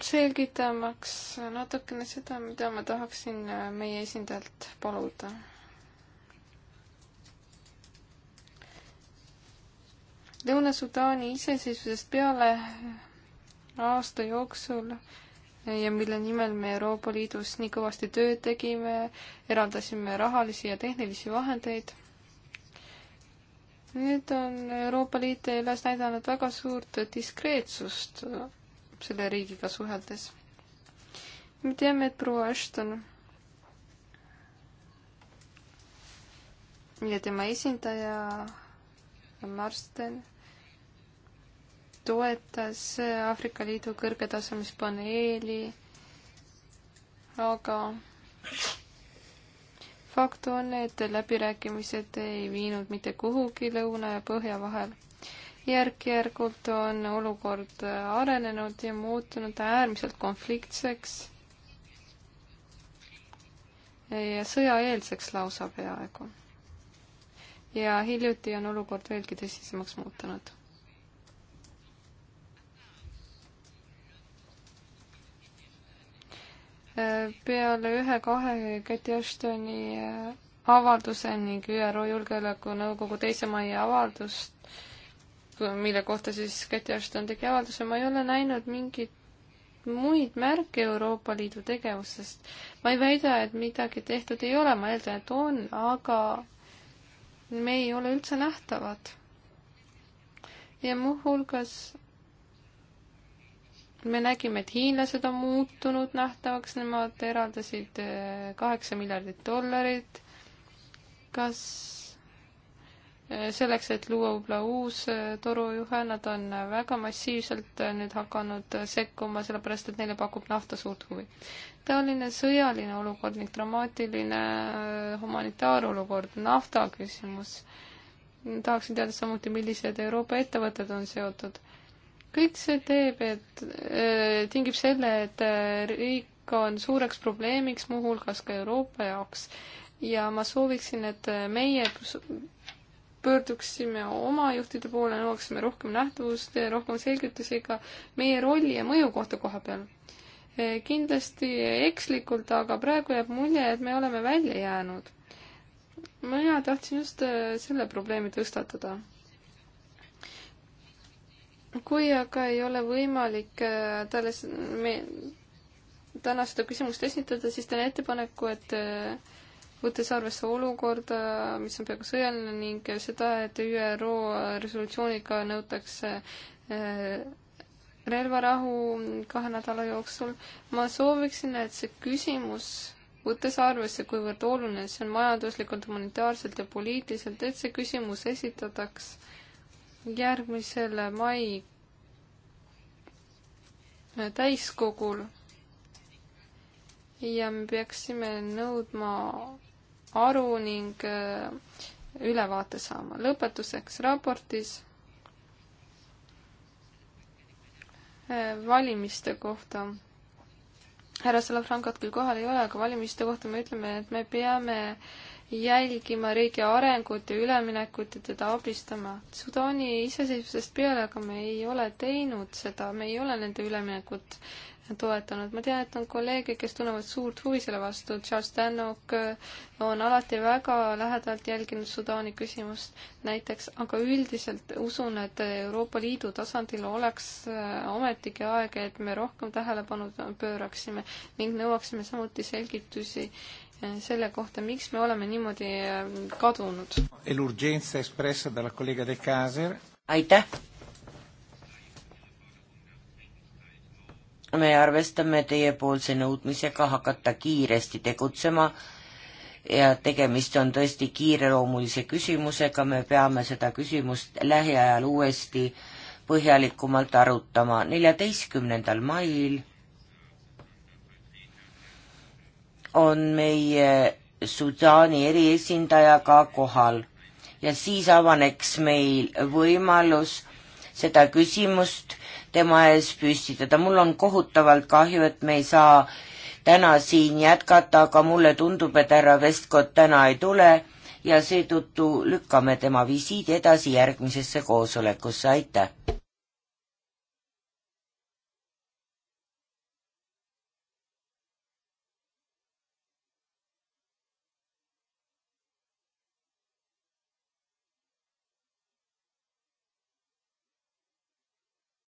selgitamaks natukene seda, mida ma tahaksin meie esindajalt paluda. Lõuna-Sudaani iseseisvusest peale aasta jooksul ja mille nimel me Euroopa Liidus nii kõvasti tööd tegime, eraldasime rahalisi ja tehnilisi vahendeid. nüüd on Euroopa Liit üles näidanud väga suurt diskreetsust selle riigiga suheldes. me teame, et proua Ashton ja tema esindaja Marsten toetas Aafrika Liidu kõrgetasemest paneeli, aga fakt on, et läbirääkimised ei viinud mitte kuhugi lõuna ja põhja vahel. järk-järgult on olukord arenenud ja muutunud äärmiselt konfliktseks ja sõjaeelseks lausa peaaegu. ja hiljuti on olukord veelgi tõsisemaks muutunud peale ühe-kahe Käti Ashtoni äh, avalduse ning ÜRO Julgeolekunõukogu teise mai avaldust, mille kohta siis Käti Ashton tegi avalduse, ma ei ole näinud mingit muid märke Euroopa Liidu tegevusest. ma ei väida, et midagi tehtud ei ole, ma eeldan, et on, aga me ei ole üldse nähtavad. ja muuhulgas me nägime, et hiinlased on muutunud nähtavaks, nemad eraldasid eh, kaheksa miljardit dollarit. kas eh, selleks, et luua võib-olla uus eh, torujuhe, nad on väga massiivselt nüüd hakanud sekkuma, sellepärast et neile pakub nafta suurt huvi. taoline sõjaline olukord ning dramaatiline humanitaarolukord, nafta küsimus. tahaksin teada samuti, millised Euroopa ettevõtted on seotud kõik see teeb, et äh, tingib selle, et äh, riik on suureks probleemiks muuhulgas ka Euroopa jaoks ja ma sooviksin, et äh, meie pöörduksime oma juhtide poole, nõuaksime rohkem nähtavust, rohkem selgitusi ka meie rolli ja mõju kohta koha peal. kindlasti ekslikult, aga praegu jääb mulje, et me oleme välja jäänud. mina tahtsin just selle probleemi tõstatada kui aga ei ole võimalik äh, talle täna seda küsimust esitada, siis teen ettepaneku, et äh, võttes arvesse olukorda, mis on peaaegu sõjaline ning seda, et ÜRO resolutsiooniga nõutakse äh, relvarahu kahe nädala jooksul, ma sooviksin, et see küsimus, võttes arvesse, kuivõrd oluline see on majanduslikult, humanitaarselt ja poliitiliselt, et see küsimus esitataks äh, järgmisel mai täiskogul ja me peaksime nõudma aru ning äh, ülevaate saama. lõpetuseks raportis äh, valimiste kohta. härra Salafrankat küll kohal ei ole, aga valimiste kohta me ütleme, et me peame äh, jälgima riigi arengut ja üleminekut ja teda abistama. Sudaani iseseisvusest peale aga me ei ole teinud seda, me ei ole nende üleminekut toetanud. ma tean, et on kolleege, kes tunnevad suurt huvi selle vastu. Charles Tannock äh, on alati väga lähedalt jälginud Sudaani küsimust näiteks, aga üldiselt usun, et Euroopa Liidu tasandil oleks äh, ometigi aeg, et me rohkem tähelepanu pööraksime ning nõuaksime samuti selgitusi selle kohta, miks me oleme niimoodi äh, kadunud. aitäh! me arvestame teiepoolse nõudmisega hakata kiiresti tegutsema ja tegemist on tõesti kiireloomulise küsimusega, me peame seda küsimust lähiajal uuesti põhjalikumalt arutama. neljateistkümnendal mail on meie Sudaani eriesindaja ka kohal ja siis avaneks meil võimalus seda küsimust tema ees püstitada. mul on kohutavalt kahju, et me ei saa täna siin jätkata, aga mulle tundub, et härra Vestkott täna ei tule ja seetõttu lükkame tema visiidi edasi järgmisesse koosolekusse, aitäh!